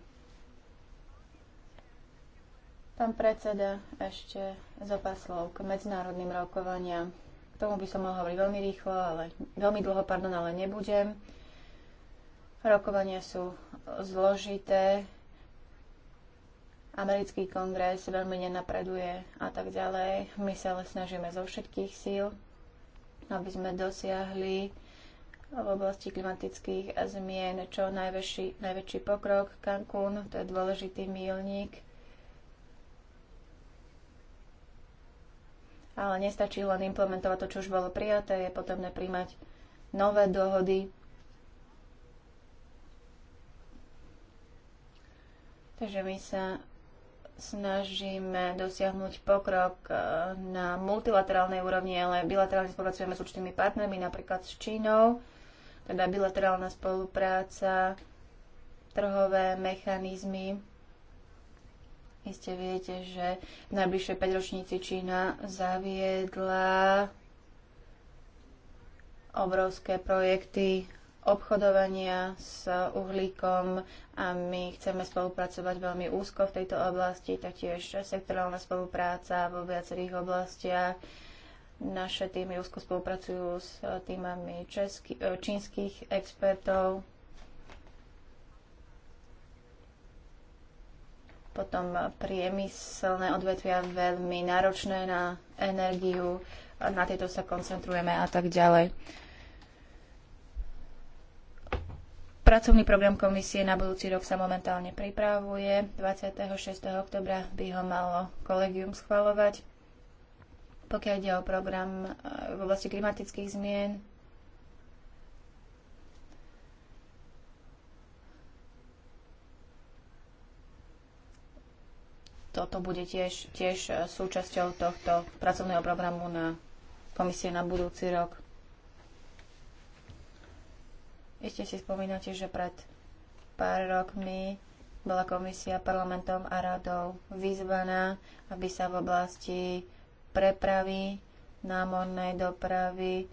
Pán predseda, ešte zopaslov k medzinárodným rokovaniam. K tomu by som mohla hovoriť veľmi rýchlo, ale veľmi dlho, pardon, ale nebudem. Rokovania sú zložité, americký kongres veľmi nenapreduje a tak ďalej. My sa ale snažíme zo všetkých síl, aby sme dosiahli v oblasti klimatických zmien čo najväčší, najväčší pokrok. Cancún, to je dôležitý mílnik. Ale nestačí len implementovať to, čo už bolo prijaté, je potrebné príjmať nové dohody. Takže my sa snažíme dosiahnuť pokrok e, na multilaterálnej úrovni, ale bilaterálne spolupracujeme s určitými partnermi, napríklad s Čínou, teda bilaterálna spolupráca, trhové mechanizmy. Iste viete, že v najbližšej 5 ročníci Čína zaviedla obrovské projekty obchodovania s uhlíkom a my chceme spolupracovať veľmi úzko v tejto oblasti, taktiež sektorálna spolupráca vo viacerých oblastiach. Naše týmy úzko spolupracujú s týmami česky, e, čínskych expertov. Potom priemyselné odvetvia veľmi náročné na energiu, na tieto sa koncentrujeme a tak ďalej. Pracovný program komisie na budúci rok sa momentálne pripravuje. 26. oktobra by ho malo kolegium schvalovať. Pokiaľ ide o program e, v oblasti klimatických zmien, toto bude tiež, tiež e, súčasťou tohto pracovného programu na komisie na budúci rok. Ešte si spomínate, že pred pár rokmi bola komisia parlamentom a radou vyzvaná, aby sa v oblasti prepravy, námornej dopravy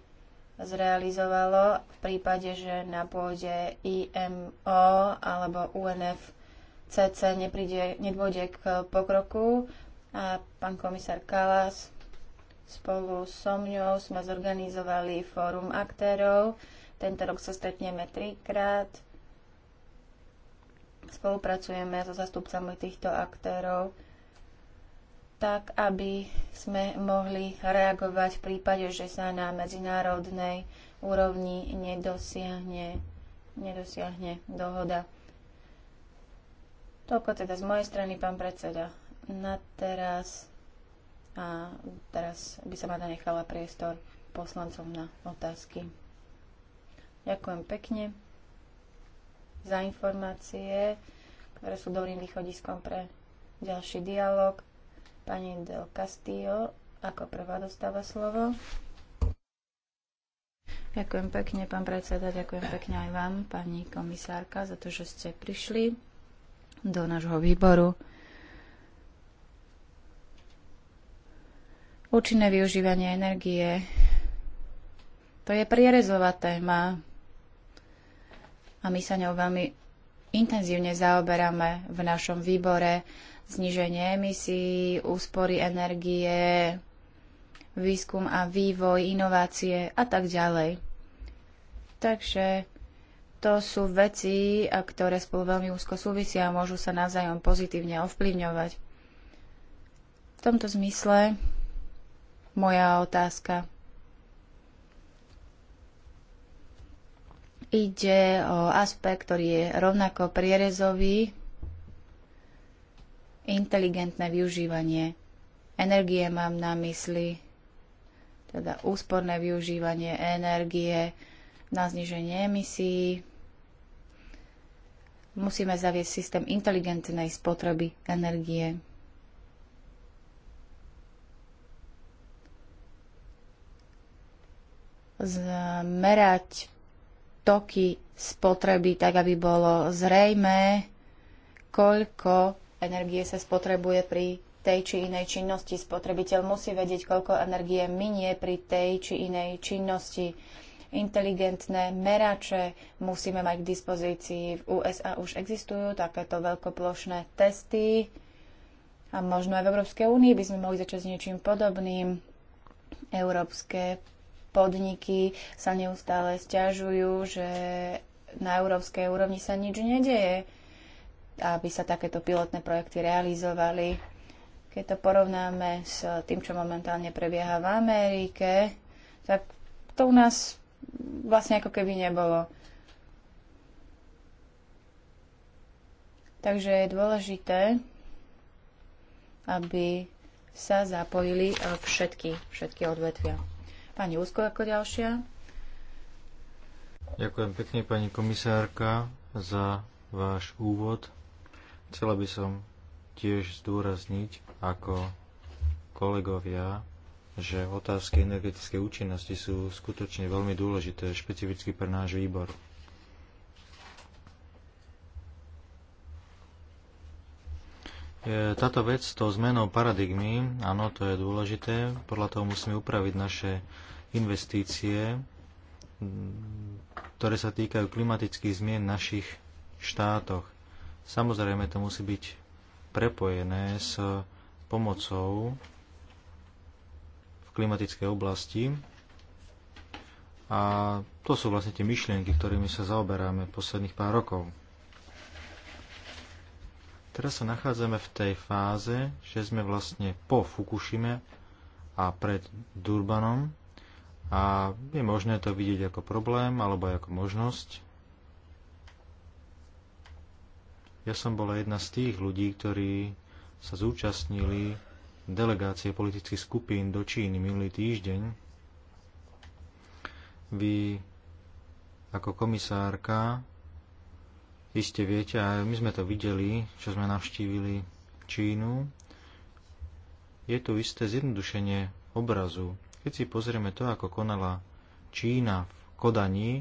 zrealizovalo v prípade, že na pôde IMO alebo UNFCC nepríde, nedôjde k pokroku. A pán komisár Kalas spolu so mňou sme zorganizovali fórum aktérov, tento rok sa stretneme trikrát. Spolupracujeme so zastupcami týchto aktérov tak, aby sme mohli reagovať v prípade, že sa na medzinárodnej úrovni nedosiahne, nedosiahne dohoda. Toľko teda z mojej strany, pán predseda. Na teraz a teraz by som ma nechala priestor poslancom na otázky. Ďakujem pekne za informácie, ktoré sú dobrým východiskom pre ďalší dialog. Pani Del Castillo ako prvá dostáva slovo. Ďakujem pekne, pán predseda, ďakujem pekne aj vám, pani komisárka, za to, že ste prišli do nášho výboru. Účinné využívanie energie. To je prierezová téma a my sa ňou veľmi intenzívne zaoberáme v našom výbore. Zníženie emisí, úspory energie, výskum a vývoj, inovácie a tak ďalej. Takže to sú veci, ktoré spolu veľmi úzko súvisia a môžu sa navzájom pozitívne ovplyvňovať. V tomto zmysle moja otázka. Ide o aspekt, ktorý je rovnako prierezový, inteligentné využívanie energie mám na mysli, teda úsporné využívanie energie na zniženie emisí. Musíme zaviesť systém inteligentnej spotreby energie. Zmerať toky spotreby, tak aby bolo zrejmé, koľko energie sa spotrebuje pri tej či inej činnosti. Spotrebiteľ musí vedieť, koľko energie minie pri tej či inej činnosti. Inteligentné merače musíme mať k dispozícii. V USA už existujú takéto veľkoplošné testy a možno aj v Európskej únii by sme mohli začať s niečím podobným. Európske podniky sa neustále stiažujú, že na európskej úrovni sa nič nedeje, aby sa takéto pilotné projekty realizovali. Keď to porovnáme s tým, čo momentálne prebieha v Amerike, tak to u nás vlastne ako keby nebolo. Takže je dôležité, aby sa zapojili všetky, všetky odvetvia. Pani Úzko ako ďalšia. Ďakujem pekne, pani komisárka, za váš úvod. Chcela by som tiež zdôrazniť, ako kolegovia, že otázky energetickej účinnosti sú skutočne veľmi dôležité, špecificky pre náš výbor. Táto vec s tou zmenou paradigmy, áno, to je dôležité, podľa toho musíme upraviť naše investície, ktoré sa týkajú klimatických zmien v našich štátoch. Samozrejme, to musí byť prepojené s pomocou v klimatickej oblasti. A to sú vlastne tie myšlienky, ktorými sa zaoberáme posledných pár rokov. Teraz sa nachádzame v tej fáze, že sme vlastne po Fukushime a pred Durbanom a je možné to vidieť ako problém alebo ako možnosť. Ja som bola jedna z tých ľudí, ktorí sa zúčastnili delegácie politických skupín do Číny minulý týždeň. Vy ako komisárka iste viete, a my sme to videli, čo sme navštívili Čínu, je tu isté zjednodušenie obrazu keď si pozrieme to, ako konala Čína v Kodani,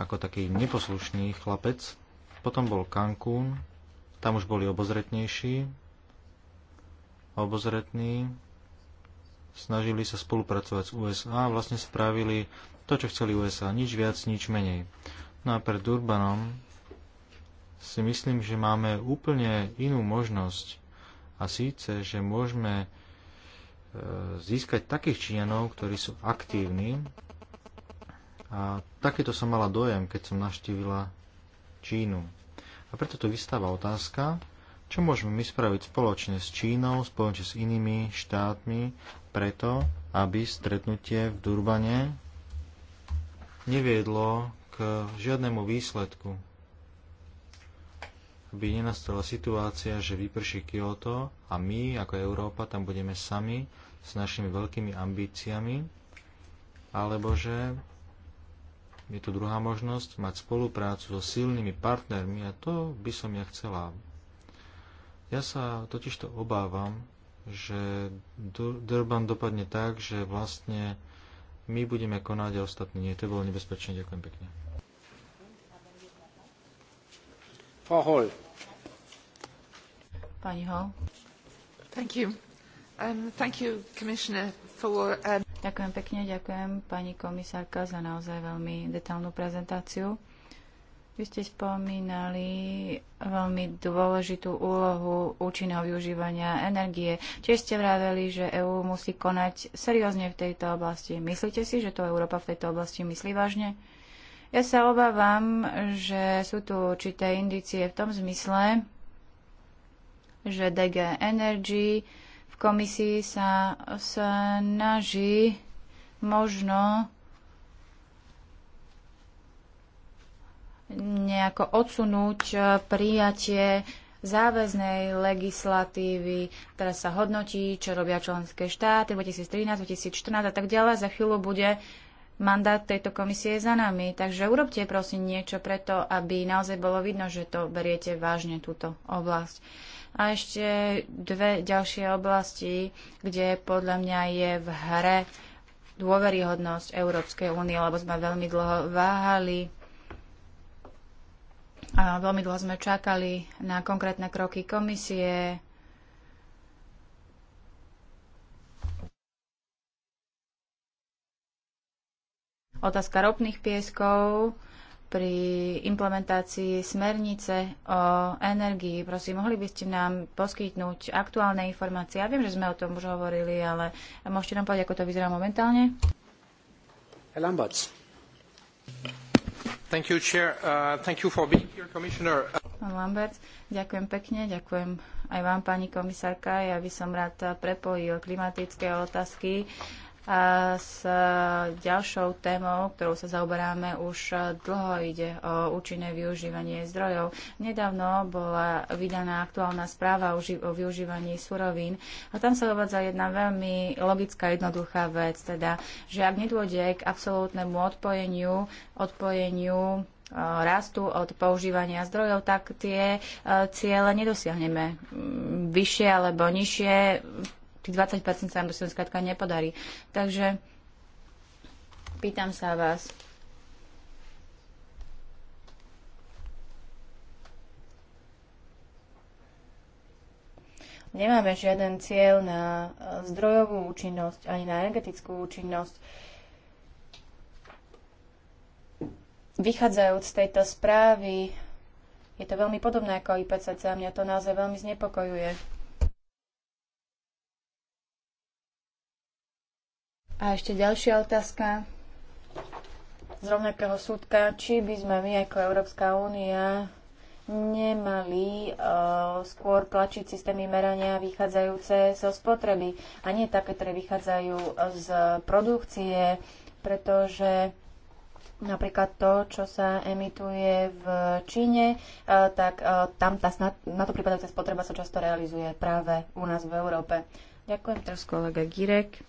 ako taký neposlušný chlapec, potom bol Cancún, tam už boli obozretnejší, obozretní, snažili sa spolupracovať s USA, vlastne spravili to, čo chceli USA, nič viac, nič menej. No a pred Durbanom si myslím, že máme úplne inú možnosť a síce, že môžeme E, získať takých Číňanov, ktorí sú aktívni. A takýto som mala dojem, keď som navštívila Čínu. A preto tu vystáva otázka, čo môžeme my spraviť spoločne s Čínou, spoločne s inými štátmi, preto, aby stretnutie v Durbane neviedlo k žiadnemu výsledku. Aby nenastala situácia, že vyprší Kyoto a my ako Európa tam budeme sami s našimi veľkými ambíciami, alebo že je tu druhá možnosť mať spoluprácu so silnými partnermi a to by som ja chcela. Ja sa totižto obávam, že Durban dopadne tak, že vlastne my budeme konať a ostatní nie. To bolo nebezpečné. Ďakujem pekne. Um, thank you. Commissioner, for... Um, ďakujem pekne, ďakujem pani komisárka za naozaj veľmi detálnu prezentáciu. Vy ste spomínali veľmi dôležitú úlohu účinného využívania energie. Tiež ste vraveli, že EÚ musí konať seriózne v tejto oblasti. Myslíte si, že to Európa v tejto oblasti myslí vážne? Ja sa obávam, že sú tu určité indície v tom zmysle, že DG Energy v komisii sa snaží možno nejako odsunúť eh, prijatie záväznej legislatívy. Teraz sa hodnotí, čo robia členské štáty 2013, 2014 a tak ďalej. Za chvíľu bude mandát tejto komisie je za nami. Takže urobte prosím niečo preto, aby naozaj bolo vidno, že to beriete vážne túto oblasť. A ešte dve ďalšie oblasti, kde podľa mňa je v hre dôveryhodnosť Európskej únie, lebo sme veľmi dlho váhali a veľmi dlho sme čakali na konkrétne kroky komisie, Otázka ropných pieskov pri implementácii smernice o energii. Prosím, mohli by ste nám poskytnúť aktuálne informácie? Ja viem, že sme o tom už hovorili, ale môžete nám povedať, ako to vyzerá momentálne? Lamberts. Uh, Pán Lambert, ďakujem pekne, ďakujem aj vám, pani komisárka. Ja by som rád prepojil klimatické otázky a s ďalšou témou, ktorou sa zaoberáme už dlho, ide o účinné využívanie zdrojov. Nedávno bola vydaná aktuálna správa o, využívaní surovín a tam sa uvádza jedna veľmi logická, jednoduchá vec, teda, že ak nedôjde k absolútnemu odpojeniu, odpojeniu e, rastu od používania zdrojov, tak tie e, ciele nedosiahneme vyššie alebo nižšie tých 20% sa nám dosť skrátka nepodarí. Takže pýtam sa vás, Nemáme žiaden cieľ na eh, zdrojovú účinnosť ani na energetickú účinnosť. Vychádzajúc z tejto správy, je to veľmi podobné ako IPCC a mňa to naozaj veľmi znepokojuje. A ešte ďalšia otázka z rovnakého súdka, či by sme my ako Európska únia nemali uh, skôr tlačiť systémy merania vychádzajúce zo spotreby a nie také, ktoré vychádzajú z produkcie, pretože napríklad to, čo sa emituje v Číne, uh, tak uh, tam tá, na to prípadajúca spotreba sa často realizuje práve u nás v Európe. Ďakujem teraz kolega Girek.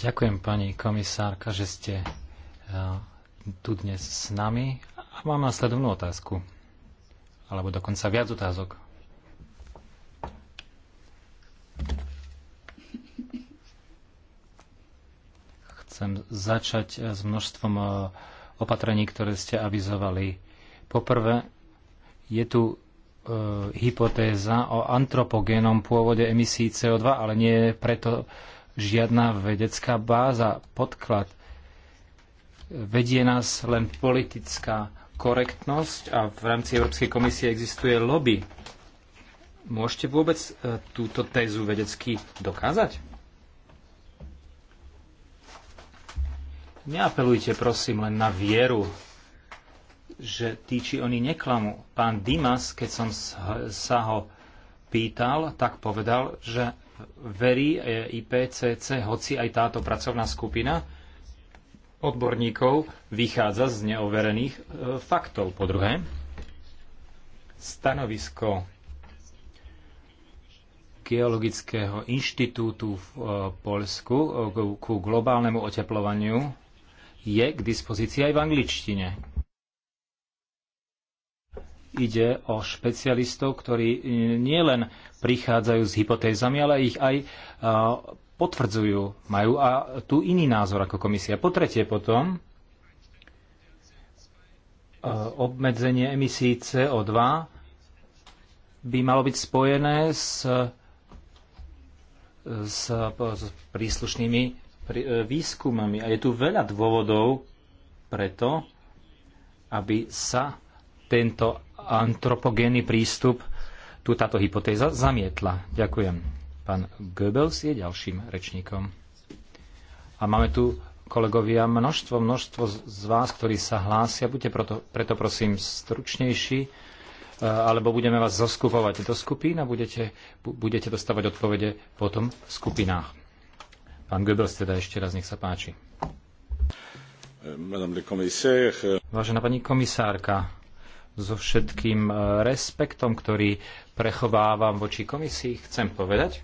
Ďakujem pani komisárka, že ste e, tu dnes s nami. A mám následovnú otázku. Alebo dokonca viac otázok. Chcem začať e, s množstvom e, opatrení, ktoré ste avizovali. Poprvé, je tu hypotéza o antropogénom pôvode emisí CO2, ale nie preto žiadna vedecká báza, podklad. Vedie nás len politická korektnosť a v rámci Európskej komisie existuje lobby. Môžete vôbec e, túto tézu vedecky dokázať? Neapelujte prosím len na vieru, že tí či oni neklamú. Pán Dimas, keď som sa ho pýtal, tak povedal, že verí IPCC, hoci aj táto pracovná skupina odborníkov vychádza z neoverených e, faktov. Po druhé, stanovisko Geologického inštitútu v e, Polsku e, ku globálnemu oteplovaniu je k dispozícii aj v angličtine ide o špecialistov, ktorí e, nielen prichádzajú s hypotézami, ale ich aj e, potvrdzujú, majú a tu iný názor ako komisia. Po tretie potom e, obmedzenie emisí CO2 by malo byť spojené s, s, s príslušnými výskumami. A je tu veľa dôvodov preto, aby sa tento antropogénny prístup tu táto hypotéza zamietla. Ďakujem. Pán Goebbels je ďalším rečníkom. A máme tu kolegovia množstvo, množstvo z vás, ktorí sa hlásia. Buďte preto, preto prosím stručnejší, e, alebo budeme vás zoskupovať do skupín a budete, budete dostávať odpovede potom v skupinách. Pán Goebbels teda ešte raz, nech sa páči. Vážená pani komisárka, so všetkým eh, respektom, ktorý prechovávam voči komisii, chcem povedať,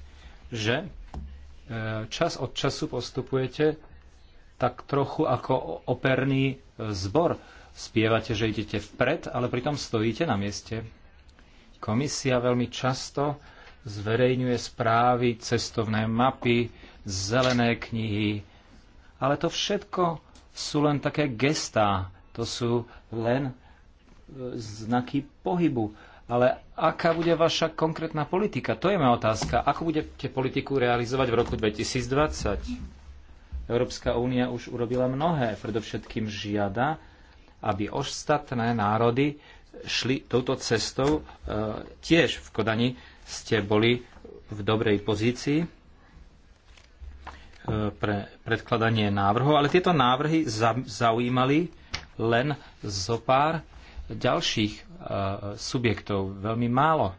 že eh, čas od času postupujete tak trochu ako operný eh, zbor. Spievate, že idete vpred, ale pritom stojíte na mieste. Komisia veľmi často zverejňuje správy, cestovné mapy, zelené knihy, ale to všetko sú len také gestá, to sú len znaky pohybu. Ale aká bude vaša konkrétna politika? To je moja otázka. Ako budete politiku realizovať v roku 2020? Európska únia už urobila mnohé. Predovšetkým žiada, aby ostatné národy šli touto cestou. E, tiež v Kodani ste boli v dobrej pozícii e, pre predkladanie návrhov, ale tieto návrhy zaujímali len zo pár ďalších e, subjektov, veľmi málo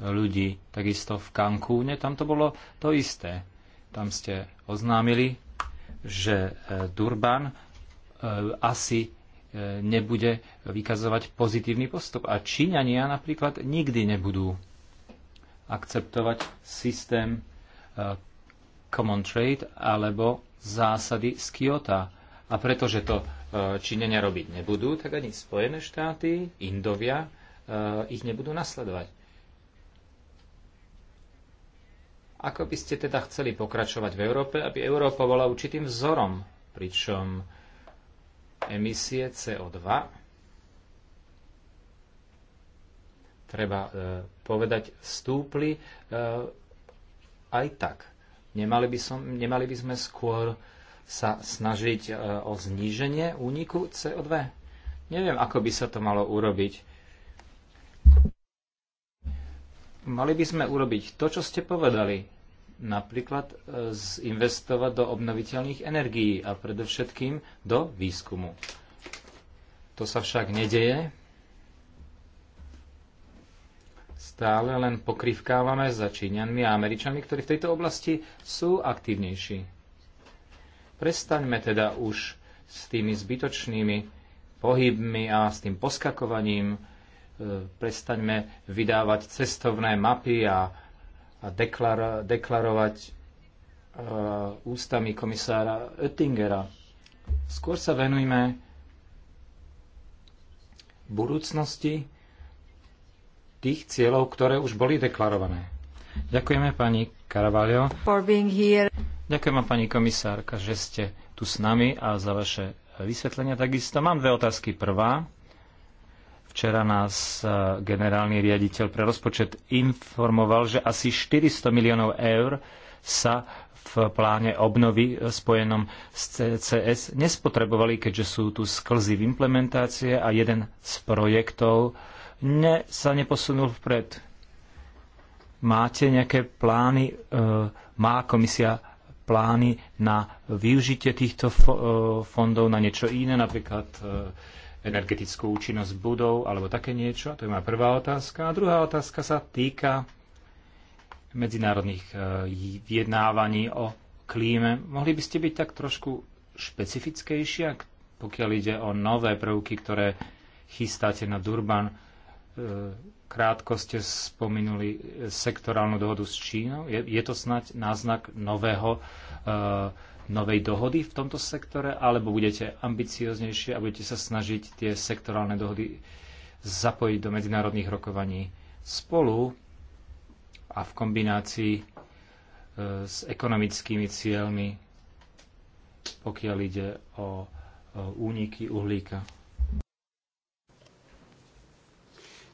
ľudí. Takisto v Cancúne tam to bolo to isté. Tam ste oznámili, že e, Durban e, asi nebude vykazovať pozitívny postup. A Číňania napríklad nikdy nebudú akceptovať systém Common Trade alebo zásady z Kyoto. A pretože to E, Číňania robiť nebudú, tak ani Spojené štáty, Indovia e, ich nebudú nasledovať. Ako by ste teda chceli pokračovať v Európe, aby Európa bola určitým vzorom, pričom emisie CO2 treba e, povedať stúpli e, aj tak. Nemali by, som, nemali by sme skôr e, sa snažiť e, o zníženie úniku CO2? Neviem, ako by sa to malo urobiť. Mali by sme urobiť to, čo ste povedali. Napríklad e, investovať do obnoviteľných energií a predovšetkým do výskumu. To sa však nedeje. Stále len pokrývkávame za Číňanmi a Američanmi, ktorí v tejto oblasti sú aktívnejší. Prestaňme teda už s tými zbytočnými pohybmi a s tým poskakovaním, e, prestaňme vydávať cestovné mapy a, a deklar, deklarovať uh, ústami komisára Oettingera. Skôr sa venujme budúcnosti tých cieľov, ktoré už boli deklarované. Ďakujeme pani Caravaglio Ďakujem vám, pani komisárka, že ste tu s nami a za vaše vysvetlenia. Takisto mám dve otázky. Prvá. Včera nás eh, generálny riaditeľ pre rozpočet informoval, že asi 400 miliónov eur sa v pláne obnovy eh, spojenom s CCS nespotrebovali, keďže sú tu sklzy v implementácie a jeden z projektov ne, sa neposunul vpred. Máte nejaké plány? Eh, má komisia plány na využitie týchto e, fondov na niečo iné, napríklad e, energetickú účinnosť budov alebo také niečo? To je moja prvá otázka. A druhá otázka sa týka medzinárodných e, vyjednávaní o klíme. Mohli by ste byť tak trošku špecifickejšia, pokiaľ ide o nové prvky, ktoré chystáte na Durban? Krátko ste spomenuli sektorálnu dohodu s Čínou. Je, je to snať náznak nového, uh, novej dohody v tomto sektore, alebo budete ambicioznejšie a budete sa snažiť tie sektorálne dohody zapojiť do medzinárodných rokovaní spolu a v kombinácii eh, s ekonomickými cieľmi, pokiaľ ide o úniky uhlíka.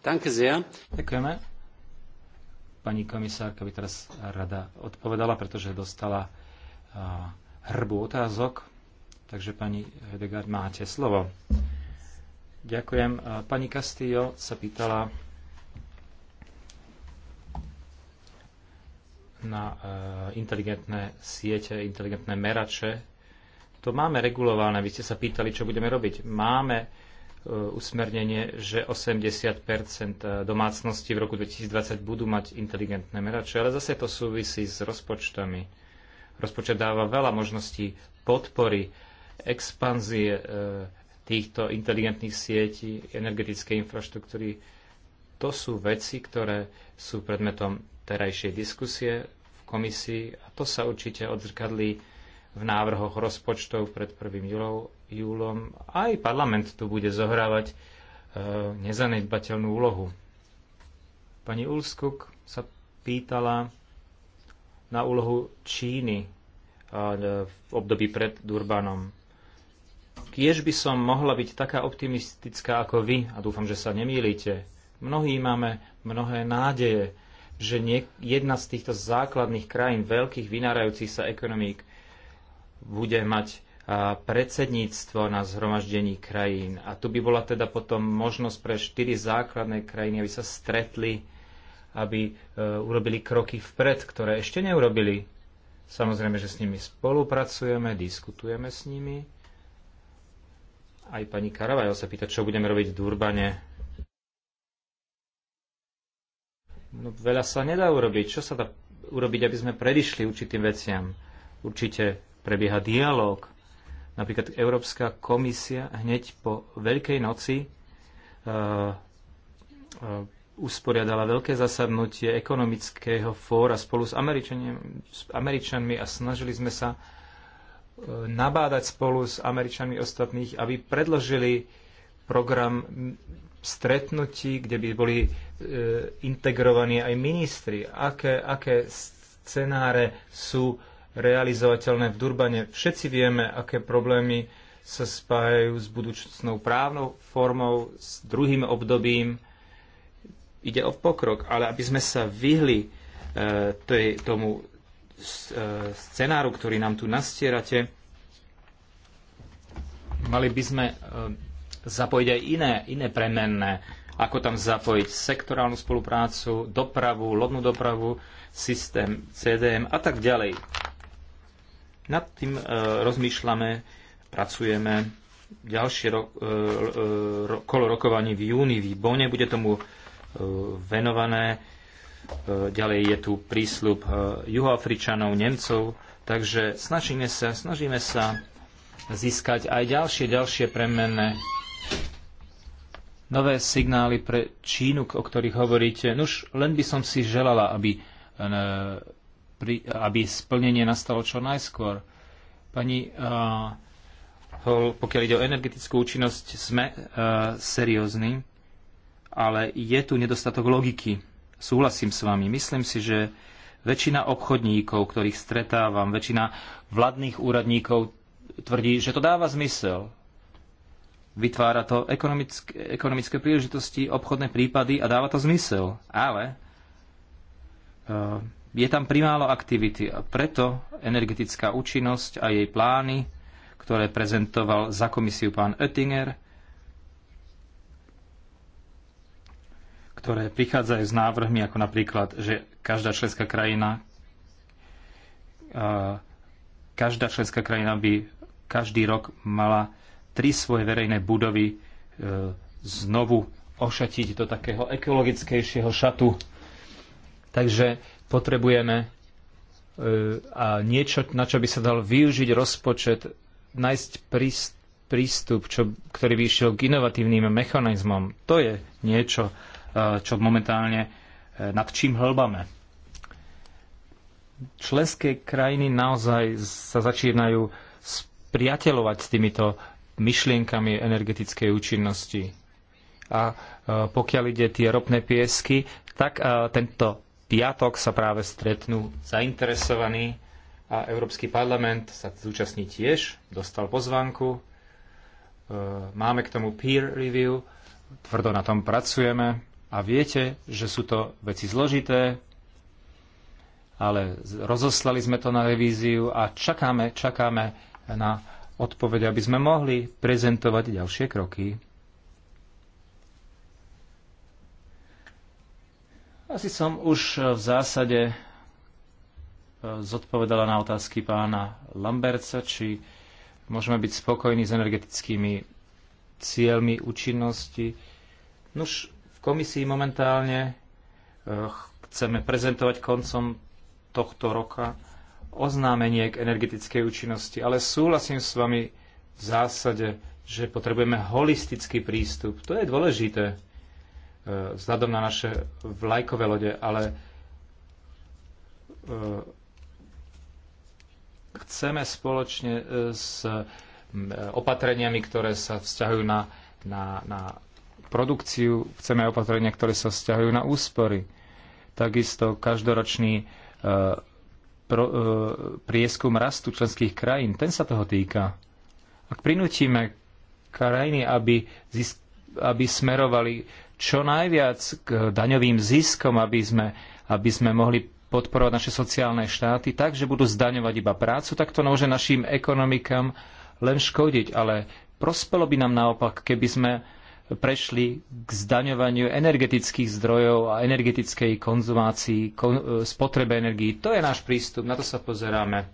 Ďakujeme. Pani komisárka by teraz rada odpovedala, pretože dostala hrbu otázok. Takže pani Hedegaard, máte slovo. Ďakujem. Pani Castillo sa pýtala na e, inteligentné siete, inteligentné merače. To máme regulované. Vy ste sa pýtali, čo budeme robiť. Máme Eh, usmernenie, že 80 eh, domácností v roku 2020 budú mať inteligentné merače, ale zase to súvisí s rozpočtami. Rozpočet dáva veľa možností podpory, expanzie eh, týchto inteligentných sietí, energetickej infraštruktúry. To sú veci, ktoré sú predmetom terajšej diskusie v komisii a to sa určite odzrkadlí v návrhoch rozpočtov pred 1. júlom. Aj parlament tu bude zohrávať e, nezanedbateľnú úlohu. Pani Ulskuk sa pýtala na úlohu Číny e, v období pred Durbanom. Kiež by som mohla byť taká optimistická ako vy, a dúfam, že sa nemýlite, mnohí máme mnohé nádeje, že nie, jedna z týchto základných krajín veľkých vynárajúcich sa ekonomík bude mať predsedníctvo na zhromaždení krajín. A tu by bola teda potom možnosť pre štyri základné krajiny, aby sa stretli, aby e, urobili kroky vpred, ktoré ešte neurobili. Samozrejme, že s nimi spolupracujeme, diskutujeme s nimi. Aj pani Karavajo sa pýta, čo budeme robiť v Durbane. No, veľa sa nedá urobiť. Čo sa dá urobiť, aby sme predišli určitým veciam? Určite prebieha dialog. Napríklad Európska komisia hneď po Veľkej noci uh, uh, usporiadala veľké zasadnutie ekonomického fóra spolu s, s Američanmi a snažili sme sa e, nabádať spolu s Američanmi ostatných, aby predložili program stretnutí, kde by boli e, integrovaní aj ministri, aké, aké scenáre sú realizovateľné v Durbane. Všetci vieme, aké problémy sa spájajú s budúcnou právnou formou, s druhým obdobím. Ide o pokrok, ale aby sme sa vyhli e, tomu e, scenáru, ktorý nám tu nastierate, mali by sme e, zapojiť aj iné, iné premenné, ako tam zapojiť sektorálnu spoluprácu, dopravu, lodnú dopravu, systém CDM a tak ďalej. Nad tým e, rozmýšľame, pracujeme. Ďalšie e, e, ro- kolo rokovaní v júni v Bone bude tomu venované. Ďalej je tu prísľub juhoafričanov, Nemcov, takže snažíme sa, snažíme sa získať aj ďalšie, ďalšie premenné nové signály pre Čínu, o ktorých hovoríte. Nuž, len by som si želala, aby pri, aby splnenie nastalo čo najskôr. Pani uh, Hol, pokiaľ ide o energetickú účinnosť, sme uh, seriózni, ale je tu nedostatok logiky. Súhlasím s vami. Myslím si, že väčšina obchodníkov, ktorých stretávam, väčšina vládnych úradníkov tvrdí, že to dáva zmysel. Vytvára to ekonomické, ekonomické príležitosti, obchodné prípady a dáva to zmysel. Ale uh, je tam primálo aktivity a preto energetická účinnosť a jej plány, ktoré prezentoval za komisiu pán Oettinger, ktoré prichádzajú s návrhmi ako napríklad, že každá členská krajina každá členská krajina by každý rok mala tri svoje verejné budovy e, znovu ošatiť do takého ekologickejšieho šatu. Takže potrebujeme e, a niečo, na čo by sa dal využiť rozpočet, nájsť prístup, čo, ktorý by išiel k inovatívnym mechanizmom. To je niečo, e, čo momentálne e, nad čím hlbame. Členské krajiny naozaj sa začínajú spriateľovať s týmito myšlienkami energetickej účinnosti. A pokiaľ ide tie ropné piesky, tak tento piatok sa práve stretnú zainteresovaní a Európsky parlament sa zúčastní tiež, dostal pozvanku. E, máme k tomu peer review, tvrdo na tom pracujeme a viete, že sú to veci zložité, ale rozoslali sme to na revíziu a čakáme, čakáme na odpoveď, aby sme mohli prezentovať ďalšie kroky. Asi som už eh, v zásade eh, zodpovedala na otázky pána Lamberca, či môžeme byť spokojní s energetickými cieľmi účinnosti. Nuž, v komisii momentálne eh, chceme prezentovať koncom tohto roka oznámenie k energetickej účinnosti, ale súhlasím s vami v zásade, že potrebujeme holistický prístup. To je dôležité E, vzhľadom na naše vlajkové lode, ale e, chceme spoločne e, s opatreniami, ktoré sa vzťahujú na, na, na produkciu, chceme opatrenia, ktoré sa vzťahujú na úspory. Takisto každoročný pro, prieskum rastu členských krajín, ten sa toho týka. Ak prinútime krajiny, aby, aby smerovali čo najviac k daňovým ziskom, aby sme, aby sme mohli podporovať naše sociálne štáty tak, že budú zdaňovať iba prácu, tak to môže našim ekonomikám len škodiť. Ale prospelo by nám naopak, keby sme prešli k zdaňovaniu energetických zdrojov a energetickej konzumácii, kon, e, spotrebe energií. To je náš prístup, na to sa pozeráme.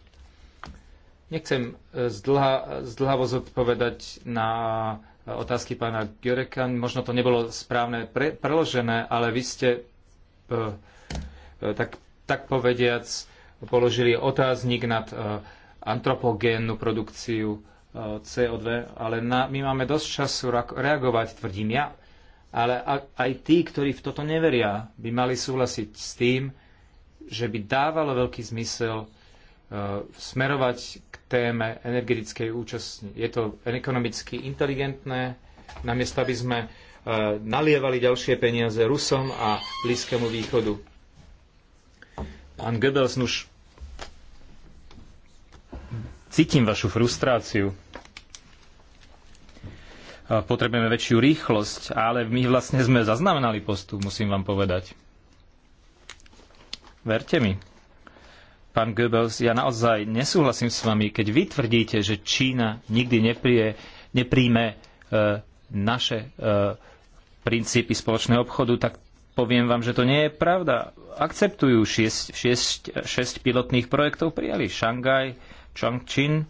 Nechcem e, zdlha, zdlhavo zodpovedať na otázky pána Gjoreka. Možno to nebolo správne pre, preložené, ale vy ste e, e, tak, tak povediac položili otáznik nad e, antropogénnu produkciu CO2, ale na, my máme dosť času reagovať, tvrdím ja. Ale aj tí, ktorí v toto neveria, by mali súhlasiť s tým, že by dávalo veľký zmysel smerovať téme energetickej účasti. Je to ekonomicky inteligentné, namiesto aby sme e, nalievali ďalšie peniaze Rusom a Blízkému východu. Pán Goebbels, už cítim vašu frustráciu. E, potrebujeme väčšiu rýchlosť, ale my vlastne sme zaznamenali postup, musím vám povedať. Verte mi. Pán Goebbels, ja naozaj nesúhlasím s vami, keď vy tvrdíte, že Čína nikdy neprie, nepríjme e, naše e, princípy spoločného obchodu, tak poviem vám, že to nie je pravda. Akceptujú 6, pilotných projektov, prijali Šangaj, Chongqing,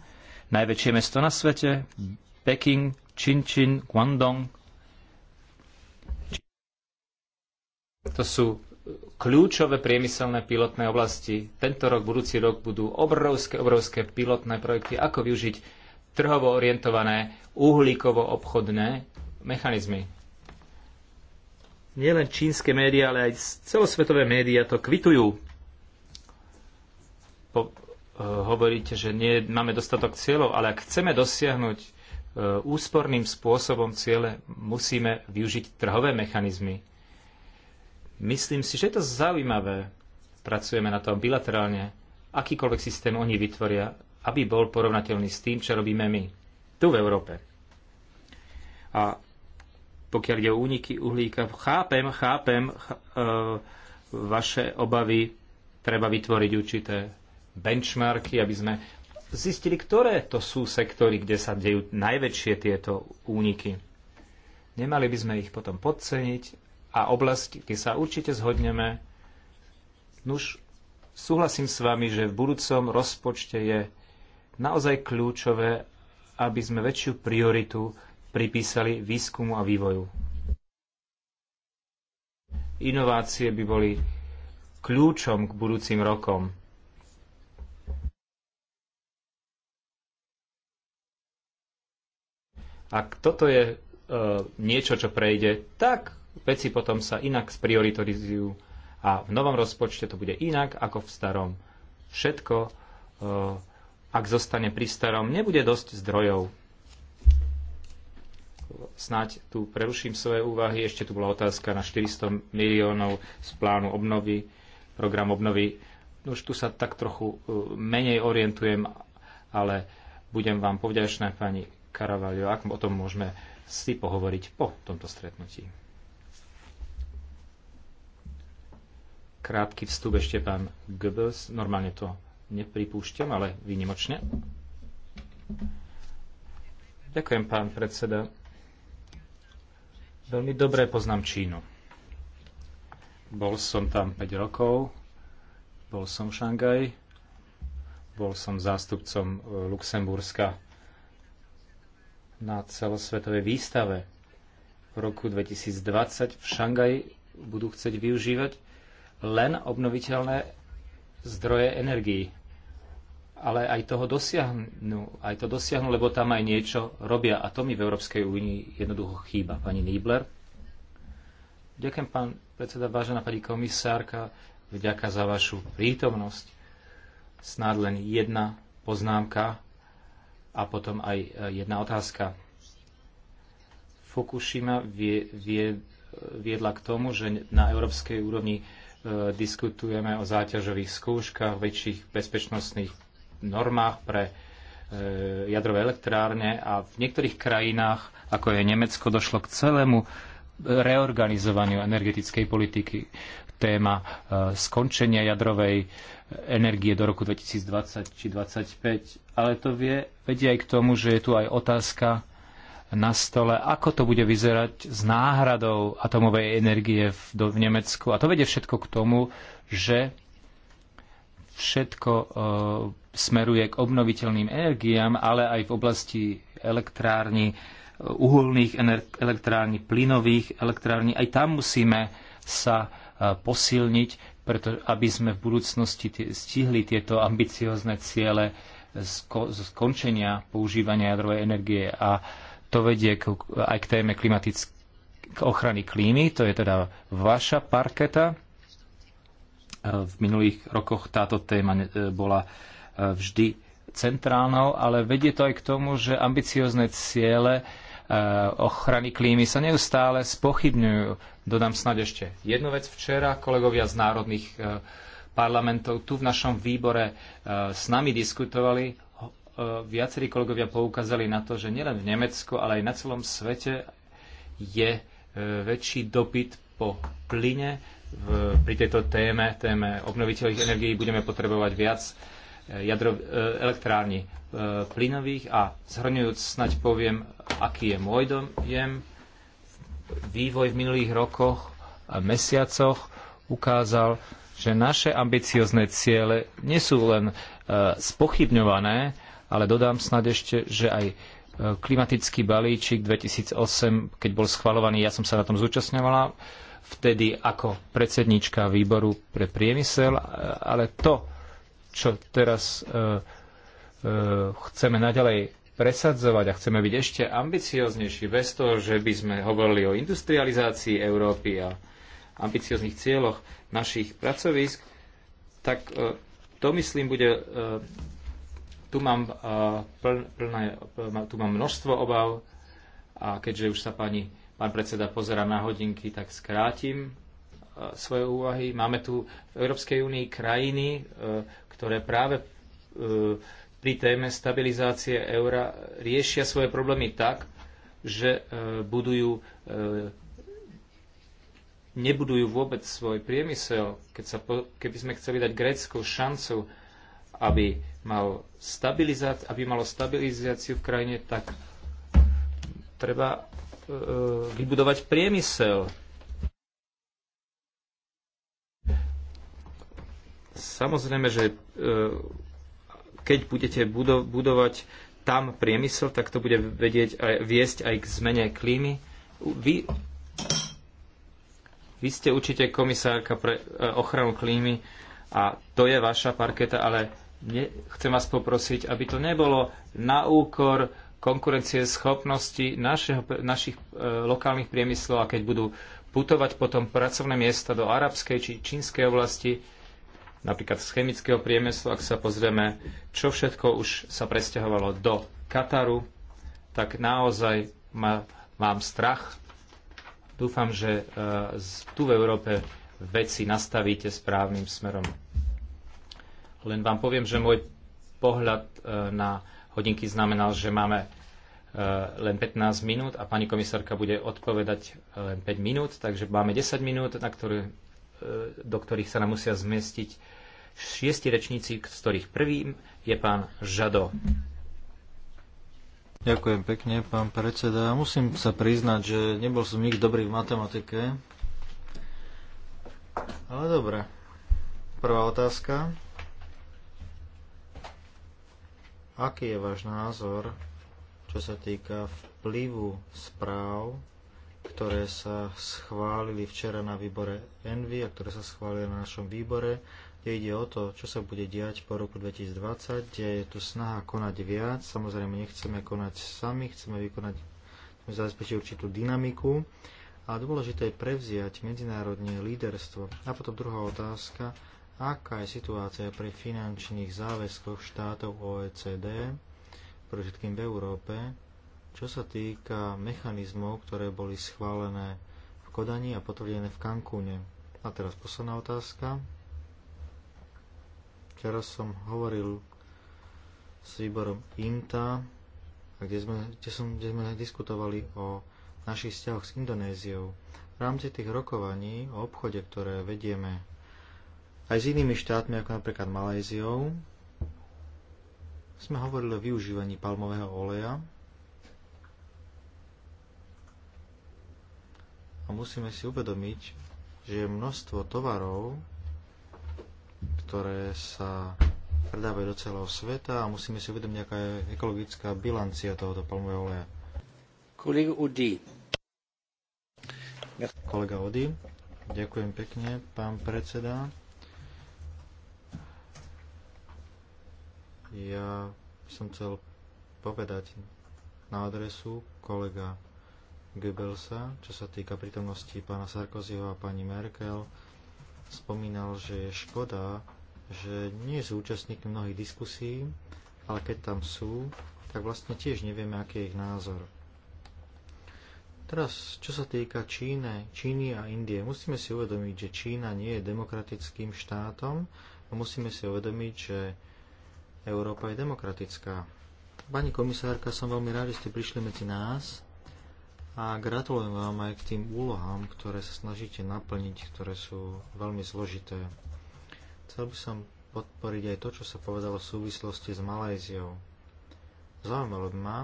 najväčšie mesto na svete, Peking, Činčin, Guangdong. To sú kľúčové priemyselné pilotné oblasti. Tento rok, budúci rok budú obrovské, obrovské pilotné projekty, ako využiť trhovo orientované, uhlíkovo obchodné mechanizmy. Nielen čínske médiá, ale aj celosvetové médiá to kvitujú. Po, eh, hovoríte, že nie máme dostatok cieľov, ale ak chceme dosiahnuť eh, úsporným spôsobom ciele, musíme využiť trhové mechanizmy Myslím si, že je to zaujímavé. Pracujeme na tom bilaterálne. Akýkoľvek systém oni vytvoria, aby bol porovnateľný s tým, čo robíme my. Tu v Európe. A pokiaľ ide o úniky uhlíka, chápem, chápem ch- uh, vaše obavy. Treba vytvoriť určité benchmarky, aby sme zistili, ktoré to sú sektory, kde sa dejú najväčšie tieto úniky. Nemali by sme ich potom podceniť a oblasť, kde sa určite zhodneme. Nuž, súhlasím s vami, že v budúcom rozpočte je naozaj kľúčové, aby sme väčšiu prioritu pripísali výskumu a vývoju. Inovácie by boli kľúčom k budúcim rokom. Ak toto je e, niečo, čo prejde, tak veci potom sa inak sprioritorizujú a v novom rozpočte to bude inak ako v starom. Všetko, e, ak zostane pri starom, nebude dosť zdrojov. Snáď tu preruším svoje úvahy. Ešte tu bola otázka na 400 miliónov z plánu obnovy, program obnovy. No už tu sa tak trochu e, menej orientujem, ale budem vám povďačná, pani Karavalio, ak o tom môžeme si pohovoriť po tomto stretnutí. krátky vstup ešte pán Goebbels. Normálne to nepripúšťam, ale výnimočne. Ďakujem, pán predseda. Veľmi dobre poznám Čínu. Bol som tam 5 rokov, bol som v Šangaj, bol som zástupcom e, Luxemburska na celosvetovej výstave. V roku 2020 v Šangaji budú chcieť využívať len obnoviteľné zdroje energií. Ale aj, toho dosiahnu, aj to dosiahnu, lebo tam aj niečo robia. A to mi v Európskej únii jednoducho chýba. Pani Niebler. Ďakujem, pán predseda, vážená pani komisárka. Vďaka za vašu prítomnosť. Snáď len jedna poznámka a potom aj e, jedna otázka. Fukushima vie, vie, viedla k tomu, že na európskej úrovni E, diskutujeme o záťažových skúškach, väčších bezpečnostných normách pre e, jadrové elektrárne a v niektorých krajinách, ako je Nemecko, došlo k celému reorganizovaniu energetickej politiky. Téma e, skončenia jadrovej energie do roku 2020 či 2025. Ale to vie, vedie aj k tomu, že je tu aj otázka na stole, ako to bude vyzerať s náhradou atomovej energie v, do, v Nemecku. A to vedie všetko k tomu, že všetko e, smeruje k obnoviteľným energiám, ale aj v oblasti elektrárni, e, uholných elektrární, plynových elektrární. Aj tam musíme sa e, posilniť, preto, aby sme v budúcnosti stihli tieto ambiciozne ciele skončenia používania jadrovej energie a to vedie k, aj k téme klimatick- k ochrany klímy, to je teda vaša parketa. E, v minulých rokoch táto téma e, bola e, vždy centrálnou, ale vedie to aj k tomu, že ambiciozne ciele ochrany klímy sa neustále spochybňujú. Dodám snad ešte jednu vec. Včera kolegovia z národných parlamentov tu v našom výbore s nami diskutovali E, viacerí kolegovia poukázali na to, že nielen v Nemecku, ale aj na celom svete je e, väčší dopyt po plyne. V, pri tejto téme, téme obnoviteľných energií, budeme potrebovať viac e, jadro, elektrárni plynových a zhrňujúc snaď poviem, aký je môj dojem. Vývoj v minulých rokoch a mesiacoch ukázal, že naše ambiciozne ciele nie sú len spochybňované, ale dodám snad ešte, že aj e, klimatický balíčik 2008, keď bol schvalovaný, ja som sa na tom zúčastňovala, vtedy ako predsedníčka výboru pre priemysel, e, ale to, čo teraz e, e, chceme naďalej presadzovať a chceme byť ešte ambicioznejší bez toho, že by sme hovorili o industrializácii Európy a ambicioznych cieľoch našich pracovisk, tak e, to myslím bude e, tu mám, eh, plné, eh, tu mám množstvo obav a keďže už sa pani, pán predseda pozera na hodinky, tak skrátim eh, svoje úvahy. Máme tu v Európskej únii krajiny, ktoré práve pri téme stabilizácie eura riešia svoje problémy tak, že budujú, nebudujú vôbec svoj priemysel. Keď sa, keby sme chceli dať Grécku šancu, aby mal aby malo stabilizáciu v krajine, tak treba e, e, vybudovať priemysel. Samozrejme, že e, keď budete budo- budovať tam priemysel, tak to bude vedieť aj, viesť aj k zmene klímy. Vy, vy ste určite komisárka pre e, ochranu klímy a to je vaša parketa, ale chcem vás poprosiť, aby to nebolo na úkor konkurencie schopnosti našeho, našich e, lokálnych priemyslov a keď budú putovať potom pracovné miesta do arabskej či čínskej oblasti, napríklad z chemického priemyslu, ak sa pozrieme, čo všetko už sa presťahovalo do Kataru, tak naozaj ma, mám strach. Dúfam, že e, tu v Európe veci nastavíte správnym smerom. Len vám poviem, že môj pohľad e, na hodinky znamenal, že máme e, len 15 minút a pani komisárka bude odpovedať e, len 5 minút, takže máme 10 minút, na ktorý, do ktorých sa nám musia zmestiť šiesti rečníci, z ktorých prvým je pán Žado. Ďakujem pekne, pán predseda. Musím sa priznať, že nebol som nikdy dobrý v matematike. Ale dobre. Prvá otázka. Aký je váš názor, čo sa týka vplyvu správ, ktoré sa schválili včera na výbore Envy a ktoré sa schválili na našom výbore, kde ide o to, čo sa bude diať po roku 2020, kde je tu snaha konať viac. Samozrejme, nechceme konať sami, chceme vykonať, chceme zabezpečiť určitú dynamiku a dôležité je prevziať medzinárodne líderstvo. A potom druhá otázka, aká je situácia pri finančných záväzkoch štátov OECD, pre všetkým v Európe, čo sa týka mechanizmov, ktoré boli schválené v Kodani a potvrdené v Cancúne. A teraz posledná otázka. Včera som hovoril s výborom INTA, kde sme, kde, som, kde sme diskutovali o našich vzťahoch s Indonéziou. V rámci tých rokovaní o obchode, ktoré vedieme aj s inými štátmi, ako napríklad Malajziou sme hovorili o využívaní palmového oleja a musíme si uvedomiť, že je množstvo tovarov, ktoré sa predávajú do celého sveta a musíme si uvedomiť, aká je ekologická bilancia tohoto palmového oleja. Kolega Udi. Kolega Udi, ďakujem pekne, pán predseda. Ja som chcel povedať na adresu kolega Goebbelsa, čo sa týka prítomnosti pána Sarkozyho a pani Merkel, spomínal, že je škoda, že nie sú účastníkmi mnohých diskusí, ale keď tam sú, tak vlastne tiež nevieme, aký je ich názor. Teraz, čo sa týka Číne, Číny a Indie, musíme si uvedomiť, že Čína nie je demokratickým štátom a musíme si uvedomiť, že Európa je demokratická. Pani komisárka, som veľmi rád, že ste prišli medzi nás a gratulujem vám aj k tým úlohám, ktoré sa snažíte naplniť, ktoré sú veľmi zložité. Chcel by som podporiť aj to, čo sa povedalo v súvislosti s Malajziou. Zaujímalo by ma,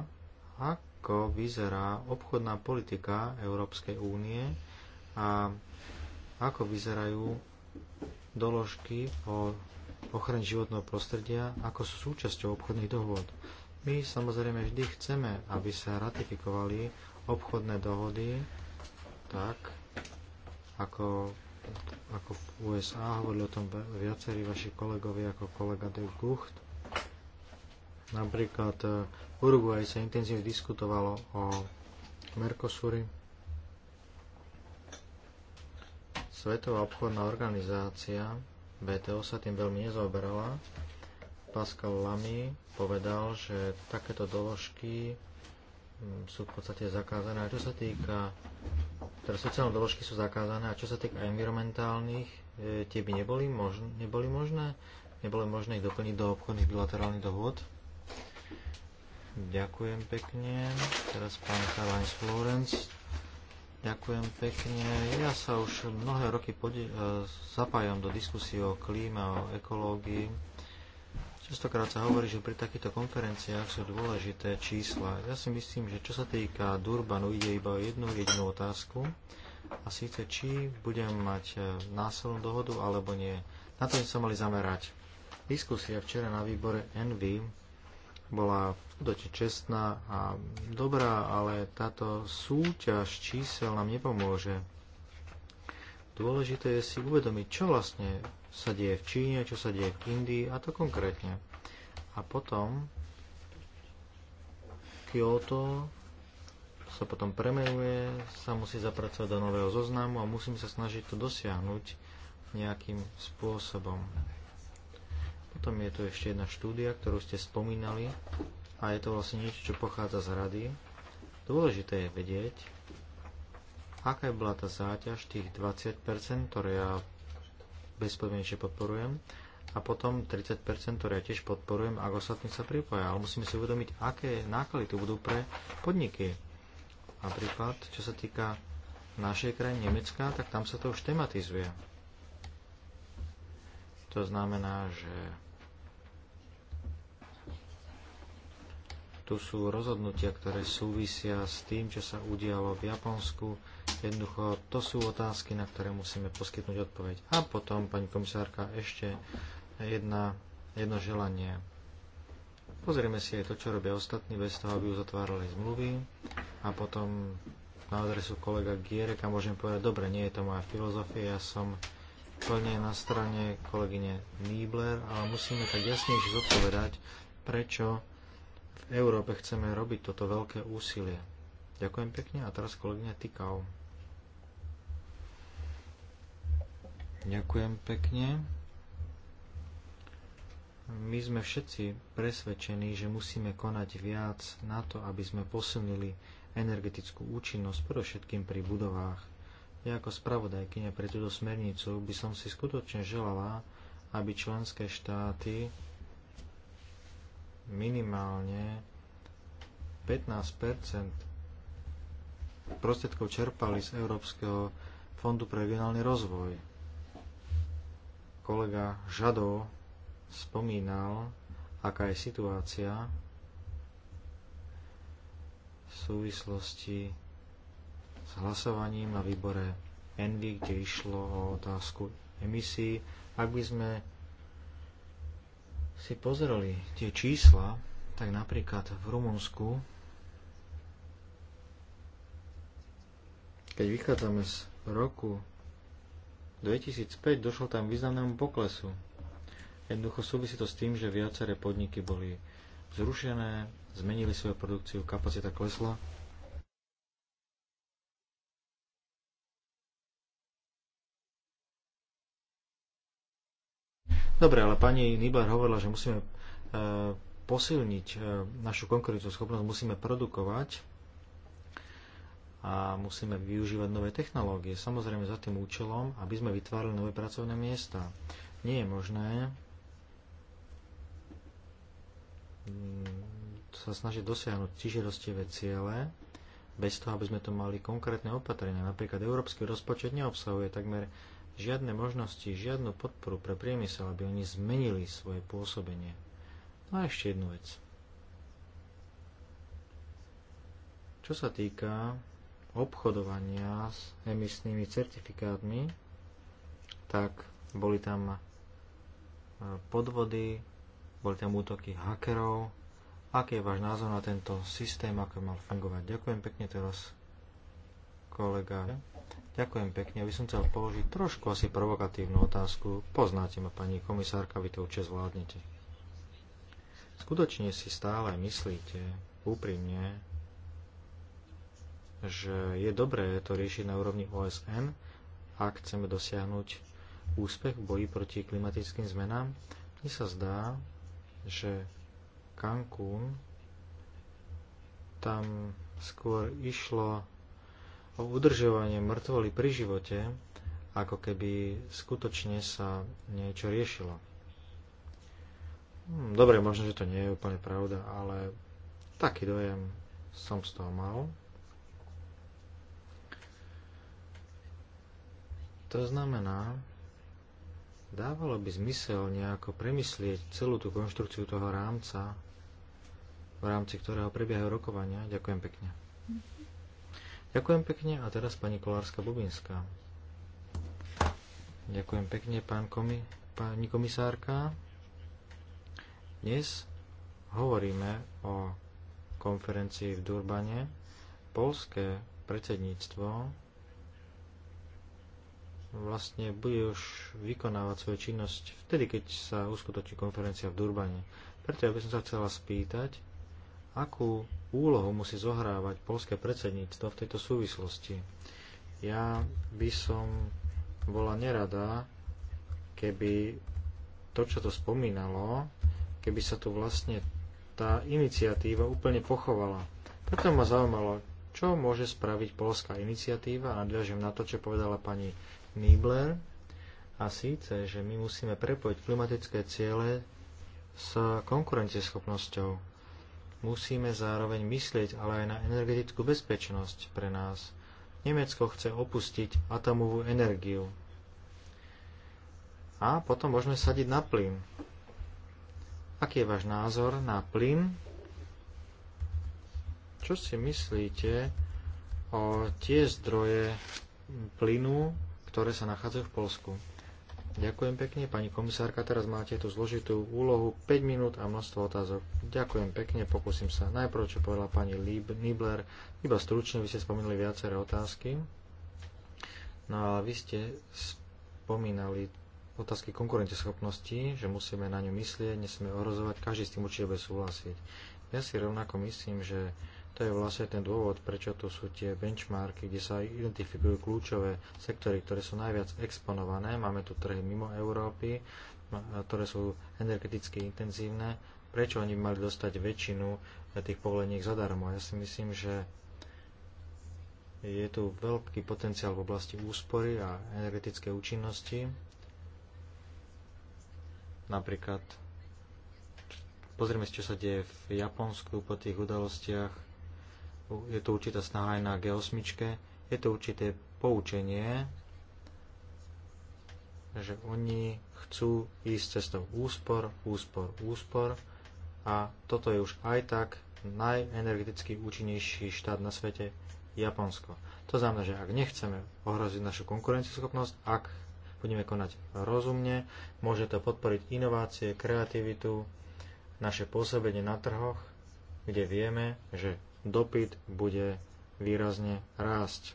ako vyzerá obchodná politika Európskej únie a ako vyzerajú doložky o ochrany životného prostredia ako sú súčasťou obchodných dohôd. My samozrejme vždy chceme, aby sa ratifikovali obchodné dohody tak, ako, ako v USA, hovorili o tom viacerí vaši kolegovi, ako kolega Dave Gucht. Napríklad e, v Uruguay sa intenzívne diskutovalo o Mercosuri. Svetová obchodná organizácia VTO sa tým veľmi nezaoberala. Pascal Lamy povedal, že takéto doložky mm, sú v podstate zakázané. A čo sa týka, teda sociálne doložky sú zakázané, a čo sa týka environmentálnych, e, tie by neboli, možn, neboli možné? Nebolo možné ich doplniť do obchodných bilaterálnych dohôd? Ďakujem pekne. Teraz pán Karlajn Florence. Ďakujem pekne. Ja sa už mnohé roky e, zapájam do diskusie o klíme, o ekológii. Častokrát sa hovorí, že pri takýchto konferenciách sú dôležité čísla. Ja si myslím, že čo sa týka Durbanu, ide iba o jednu jedinú otázku. A síce, či budem mať e, násilnú dohodu alebo nie. Na to sme sa mali zamerať. Diskusia včera na výbore Envy bola skutočne čestná a dobrá, ale táto súťaž čísel nám nepomôže. Dôležité je si uvedomiť, čo vlastne sa deje v Číne, čo sa deje v Indii a to konkrétne. A potom Kyoto sa potom premenuje, sa musí zapracovať do nového zoznamu a musím sa snažiť to dosiahnuť nejakým spôsobom. Potom je tu ešte jedna štúdia, ktorú ste spomínali a je to vlastne niečo, čo pochádza z rady. Dôležité je vedieť, aká bola tá záťaž tých 20%, ktoré ja bezpodmienečne podporujem, a potom 30%, ktoré ja tiež podporujem, ak ostatní sa pripoja. Ale musíme si uvedomiť, aké náklady tu budú pre podniky. Napríklad, čo sa týka našej krajiny Nemecka, tak tam sa to už tematizuje. To znamená, že tu sú rozhodnutia, ktoré súvisia s tým, čo sa udialo v Japonsku. Jednoducho, to sú otázky, na ktoré musíme poskytnúť odpoveď. A potom, pani komisárka, ešte jedna, jedno želanie. Pozrieme si aj to, čo robia ostatní, bez toho, aby uzatvárali zmluvy. A potom na adresu kolega Giereka môžem povedať, dobre, nie je to moja filozofia, ja som plne na strane kolegyne Niebler, ale musíme tak jasnejšie zodpovedať, prečo v Európe chceme robiť toto veľké úsilie. Ďakujem pekne a teraz kolegyňa Tikau. Ďakujem pekne. My sme všetci presvedčení, že musíme konať viac na to, aby sme posilnili energetickú účinnosť predovšetkým pri budovách. Ja ako spravodajkyňa pre túto smernicu by som si skutočne želala, aby členské štáty minimálne 15 prostriedkov čerpali z Európskeho fondu pre regionálny rozvoj. Kolega Žado spomínal, aká je situácia v súvislosti s hlasovaním na výbore Envy, kde išlo o otázku emisí. Ak by sme si pozreli tie čísla, tak napríklad v Rumunsku, keď vychádzame z roku 2005, došlo tam významnému poklesu. Jednoducho súvisí to s tým, že viaceré podniky boli zrušené, zmenili svoju produkciu, kapacita klesla Dobre, ale pani Nibar hovorila, že musíme eh, posilniť eh, našu schopnosť, musíme produkovať a musíme využívať nové technológie. Samozrejme za tým účelom, aby sme vytvárali nové pracovné miesta. Nie je možné mm, sa snažiť dosiahnuť tížerostievé ciele bez toho, aby sme to mali konkrétne opatrenia. Napríklad európsky rozpočet neobsahuje takmer žiadne možnosti, žiadnu podporu pre priemysel, aby oni zmenili svoje pôsobenie. No a ešte jednu vec. Čo sa týka obchodovania s emisnými certifikátmi, tak boli tam e, podvody, boli tam útoky hakerov. Aký je váš názor na tento systém, ako mal fungovať? Ďakujem pekne teraz kolega. Ďakujem pekne. Aby som chcel položiť trošku asi provokatívnu otázku. Poznáte ma, pani komisárka, vy to určite zvládnete. Skutočne si stále myslíte úprimne, že je dobré to riešiť na úrovni OSN, ak chceme dosiahnuť úspech v boji proti klimatickým zmenám. Mne sa zdá, že Cancún tam skôr išlo o udržovanie mŕtvoly pri živote, ako keby skutočne sa niečo riešilo. Hm, dobre, možno, že to nie je úplne pravda, ale taký dojem som z toho mal. To znamená, dávalo by zmysel nejako premyslieť celú tú konštrukciu toho rámca, v rámci ktorého prebiehajú rokovania. Ďakujem pekne. Ďakujem pekne a teraz pani Kolárska-Bubinská. Ďakujem pekne, pán komi- pani komisárka. Dnes hovoríme o konferencii v Durbane. Polské predsedníctvo vlastne bude už vykonávať svoju činnosť vtedy, keď sa uskutoční konferencia v Durbane. Preto ja by som sa chcela spýtať, Akú úlohu musí zohrávať polské predsedníctvo v tejto súvislosti? Ja by som bola nerada, keby to, čo to spomínalo, keby sa tu vlastne tá iniciatíva úplne pochovala. Preto ma zaujímalo, čo môže spraviť polská iniciatíva, a nadviažem na to, čo povedala pani Niebler, a síce, že my musíme prepojiť klimatické ciele s konkurencieschopnosťou musíme zároveň myslieť ale aj na energetickú bezpečnosť pre nás. Nemecko chce opustiť atomovú energiu. A potom môžeme sadiť na plyn. Aký je váš názor na plyn? Čo si myslíte o tie zdroje plynu, ktoré sa nachádzajú v Polsku? Ďakujem pekne. Pani komisárka, teraz máte tú zložitú úlohu 5 minút a množstvo otázok. Ďakujem pekne, pokúsim sa. Najprv, čo povedala pani Lieb, Nibler, iba stručne, vy ste spomínali viaceré otázky. No a vy ste spomínali otázky konkurenteschopnosti, že musíme na ňu myslieť, nesmieme ohrozovať, každý s tým určite bude súhlasiť. Ja si rovnako myslím, že to je vlastne ten dôvod, prečo tu sú tie benchmarky, kde sa identifikujú kľúčové sektory, ktoré sú najviac exponované. Máme tu trhy mimo Európy, ktoré sú energeticky intenzívne. Prečo oni mali dostať väčšinu tých povoleniek zadarmo? Ja si myslím, že je tu veľký potenciál v oblasti úspory a energetickej účinnosti. Napríklad pozrieme si, čo sa deje v Japonsku po tých udalostiach je to určitá snaha aj na G8, je to určité poučenie, že oni chcú ísť cestou úspor, úspor, úspor a toto je už aj tak najenergeticky účinnejší štát na svete, Japonsko. To znamená, že ak nechceme ohroziť našu konkurencieschopnosť, ak budeme konať rozumne, môže to podporiť inovácie, kreativitu, naše pôsobenie na trhoch, kde vieme, že dopyt bude výrazne rásť.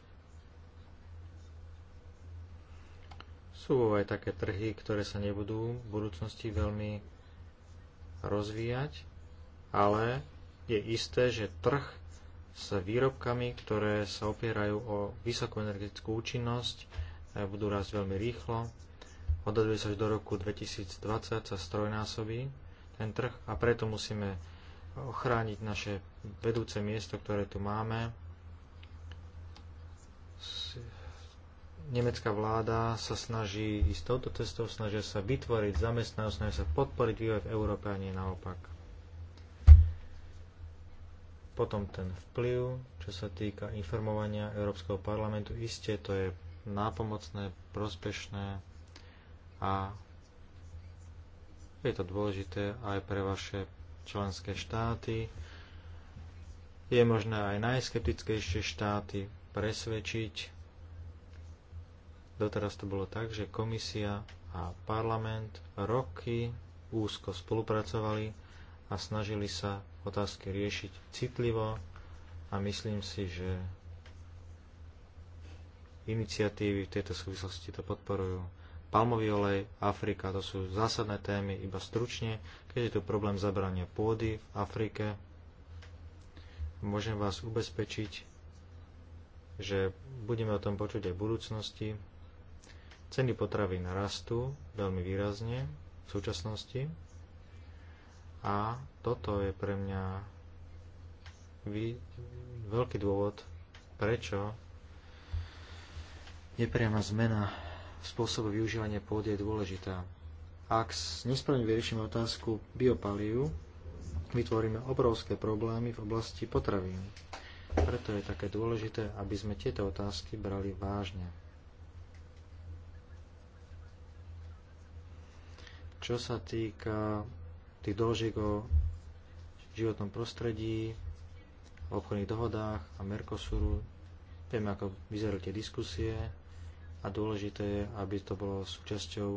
Sú aj také trhy, ktoré sa nebudú v budúcnosti veľmi rozvíjať, ale je isté, že trh s výrobkami, ktoré sa opierajú o vysokú energetickú účinnosť, eh, budú rásť veľmi rýchlo. Odhaduje sa, že do roku 2020 sa strojnásobí ten trh a preto musíme ochrániť naše vedúce miesto, ktoré tu máme. Nemecká vláda sa snaží ísť touto cestou, snažia sa vytvoriť zamestnanosť, snažia sa podporiť vývoj v Európe a nie naopak. Potom ten vplyv, čo sa týka informovania Európskeho parlamentu, isté, to je nápomocné, prospešné a je to dôležité aj pre vaše členské štáty je možné aj najskeptickejšie štáty presvedčiť. Doteraz to bolo tak, že komisia a parlament roky úzko spolupracovali a snažili sa otázky riešiť citlivo a myslím si, že iniciatívy v tejto súvislosti to podporujú. Palmový olej, Afrika, to sú zásadné témy, iba stručne, keď je tu problém zabrania pôdy v Afrike, Môžem vás ubezpečiť, že budeme o tom počuť aj v budúcnosti. Ceny potravy narastú veľmi výrazne v súčasnosti a toto je pre mňa veľký dôvod, prečo nepriama zmena spôsobu využívania pôdy je dôležitá. Ak nesprávne vyriešime otázku biopalív, vytvoríme obrovské problémy v oblasti potravín. Preto je také dôležité, aby sme tieto otázky brali vážne. Čo sa týka tých dĺžiek o životnom prostredí, o obchodných dohodách a Mercosuru, vieme, ako vyzerali tie diskusie a dôležité je, aby to bolo súčasťou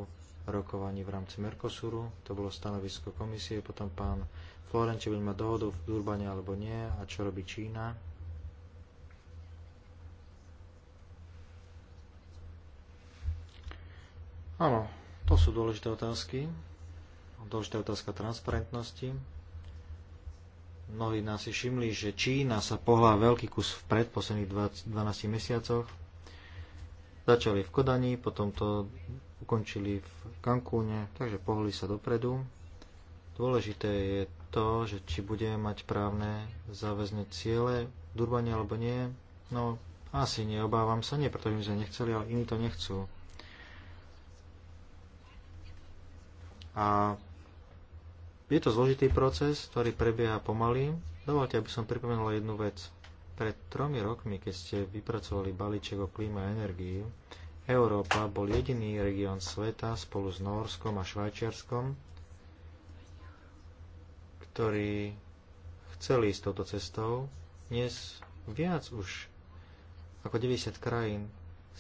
rokovaní v rámci Mercosuru. To bolo stanovisko komisie, potom pán Florent, či bude mať dohodu v Durbane alebo nie a čo robí Čína. Áno, to sú dôležité otázky. Dôležitá otázka transparentnosti. Mnohí nás si všimli, že Čína sa pohla veľký kus v posledných 12 mesiacoch. Začali v Kodani, potom to ukončili v Cancúne, takže pohli sa dopredu. Dôležité je to, že či budeme mať právne záväzne ciele v Durbane alebo nie. No, asi neobávam sa nie, pretože my sme nechceli, ale iní to nechcú. A je to zložitý proces, ktorý prebieha pomaly. Dovolte, aby som pripomenul jednu vec. Pred tromi rokmi, keď ste vypracovali balíček o klíma a energii, Európa bol jediný región sveta spolu s Norskom a Švajčiarskom, ktorí chceli ísť touto cestou, dnes viac už ako 90 krajín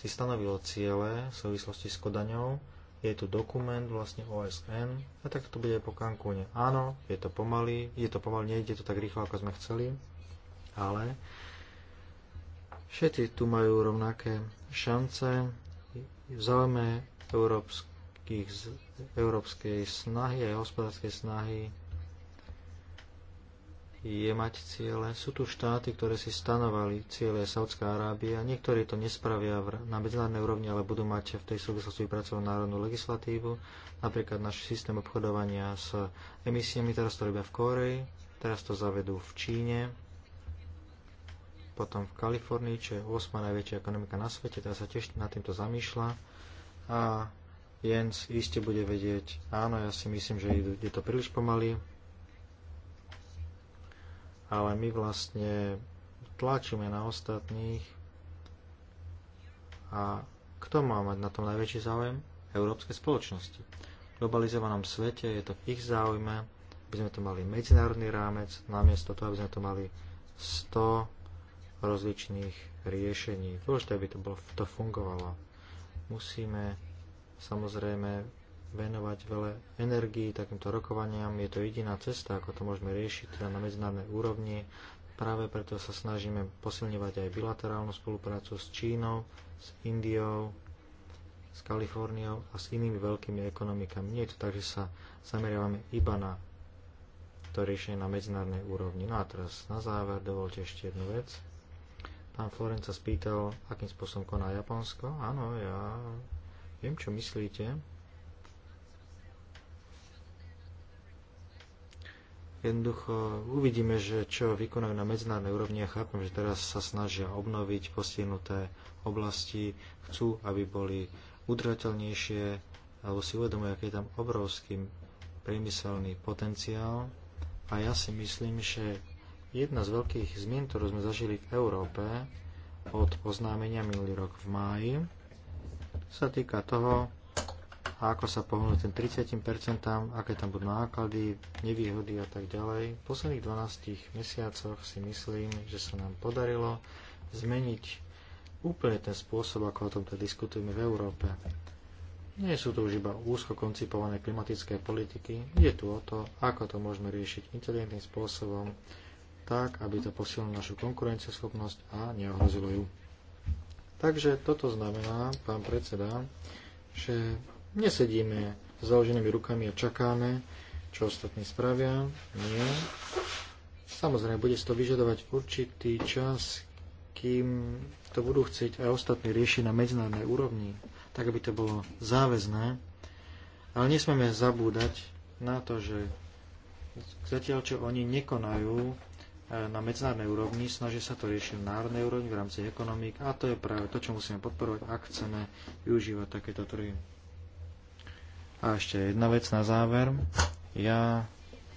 si stanovilo ciele v súvislosti s Kodaňou. Je tu dokument vlastne OSN a takto to bude aj po Cancúne. Áno, je to pomaly, je to pomaly, nejde to tak rýchlo, ako sme chceli, ale všetci tu majú rovnaké šance. V záujme európskej snahy aj hospodárskej snahy je mať ciele. Sú tu štáty, ktoré si stanovali ciele Saudská Arábia. Niektorí to nespravia na medzinárodnej úrovni, ale budú mať v tej súvislosti vypracovanú národnú legislatívu. Napríklad náš systém obchodovania s emisiami, teraz to robia v Koreji, teraz to zavedú v Číne, potom v Kalifornii, čo je 8. najväčšia ekonomika na svete, teraz sa tiež nad týmto zamýšľa. A Jens iste bude vedieť, áno, ja si myslím, že je to príliš pomaly, ale my vlastne tlačíme na ostatných a kto má mať na tom najväčší záujem? Európske spoločnosti. V globalizovanom svete je to v ich záujme, aby sme to mali medzinárodný rámec, namiesto toho, aby sme to mali 100 rozličných riešení. Dôležité, aby to, bolo, to fungovalo. Musíme samozrejme venovať veľa energii takýmto rokovaniam. Je to jediná cesta, ako to môžeme riešiť teda na medzinárodnej úrovni. Práve preto sa snažíme posilňovať aj bilaterálnu spoluprácu s Čínou, s Indiou, s Kaliforniou a s inými veľkými ekonomikami. Nie je to tak, že sa zameriavame iba na to riešenie na medzinárodnej úrovni. No a teraz na záver dovolte ešte jednu vec. Pán Florenca spýtal, akým spôsobom koná Japonsko. Áno, ja viem, čo myslíte. Jednoducho uvidíme, že čo vykonajú na medzinárodnej úrovni. Ja chápem, že teraz sa snažia obnoviť postihnuté oblasti, chcú, aby boli udržateľnejšie, alebo si uvedomujú, aký je tam obrovský priemyselný potenciál. A ja si myslím, že jedna z veľkých zmien, ktorú sme zažili v Európe od oznámenia minulý rok v máji, sa týka toho, a ako sa pohnúť ten 30%, aké tam budú náklady, nevýhody a tak ďalej. V posledných 12 mesiacoch si myslím, že sa nám podarilo zmeniť úplne ten spôsob, ako o tomto diskutujeme v Európe. Nie sú to už iba úzko koncipované klimatické politiky, je tu o to, ako to môžeme riešiť inteligentným spôsobom, tak, aby to posilnilo našu konkurencieschopnosť a neohrozilo ju. Takže toto znamená, pán predseda, že Nesedíme s založenými rukami a čakáme, čo ostatní spravia. Nie. Samozrejme, bude si to vyžadovať určitý čas, kým to budú chcieť aj ostatní riešiť na medzinárodnej úrovni, tak aby to bolo záväzné. Ale nesmieme zabúdať na to, že zatiaľ, čo oni nekonajú e, na medzinárodnej úrovni, snaží sa to riešiť na národnej úrovni v rámci ekonomík a to je práve to, čo musíme podporovať, ak chceme využívať takéto trhy. A ešte jedna vec na záver. Ja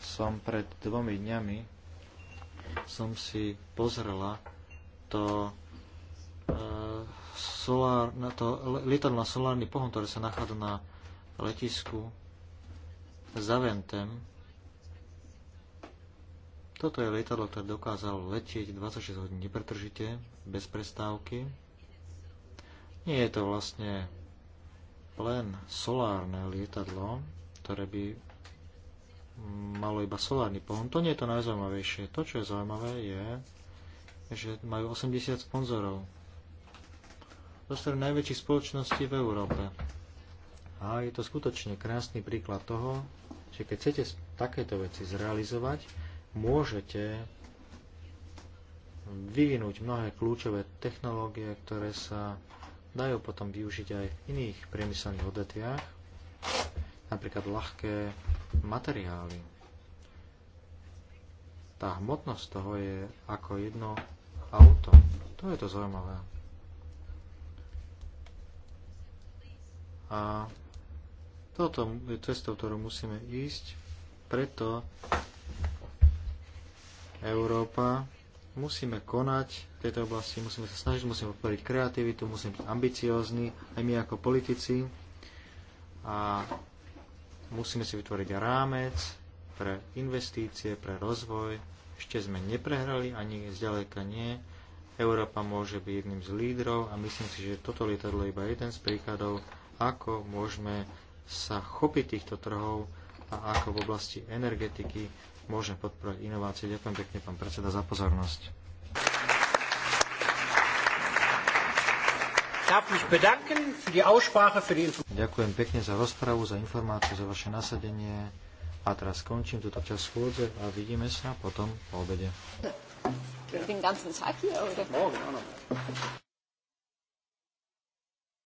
som pred dvomi dňami som si pozrela to e, solár, to lietadlo na solárny pohon, ktoré sa nachádza na letisku Zaventem. Toto je lietadlo, ktoré dokázalo letieť 26 hodín nepretržite, bez prestávky. Nie je to vlastne len solárne lietadlo, ktoré by malo iba solárny pohon. To nie je to najzaujímavejšie. To, čo je zaujímavé, je, že majú 80 sponzorov. To sú najväčší spoločnosti v Európe. A je to skutočne krásny príklad toho, že keď chcete takéto veci zrealizovať, môžete vyvinúť mnohé kľúčové technológie, ktoré sa dajú potom využiť aj v iných priemyselných odvetviach, napríklad ľahké materiály. Tá hmotnosť toho je ako jedno auto. To je to zaujímavé. A toto je cestou, ktorú musíme ísť, preto Európa Musíme konať v tejto oblasti, musíme sa snažiť, musíme podporiť kreativitu, musíme byť ambiciózni, aj my ako politici. A musíme si vytvoriť rámec pre investície, pre rozvoj. Ešte sme neprehrali, ani zďaleka nie. Európa môže byť jedným z lídrov a myslím si, že toto lietadlo je iba jeden z príkladov, ako môžeme sa chopiť týchto trhov a ako v oblasti energetiky môže podporovať inovácie. Ďakujem pekne, pán predseda, za pozornosť. Ďakujem pekne za rozpravu, za informáciu, za vaše nasadenie. A teraz skončím túto časť schôdze a vidíme sa potom po obede. Ja. Ja.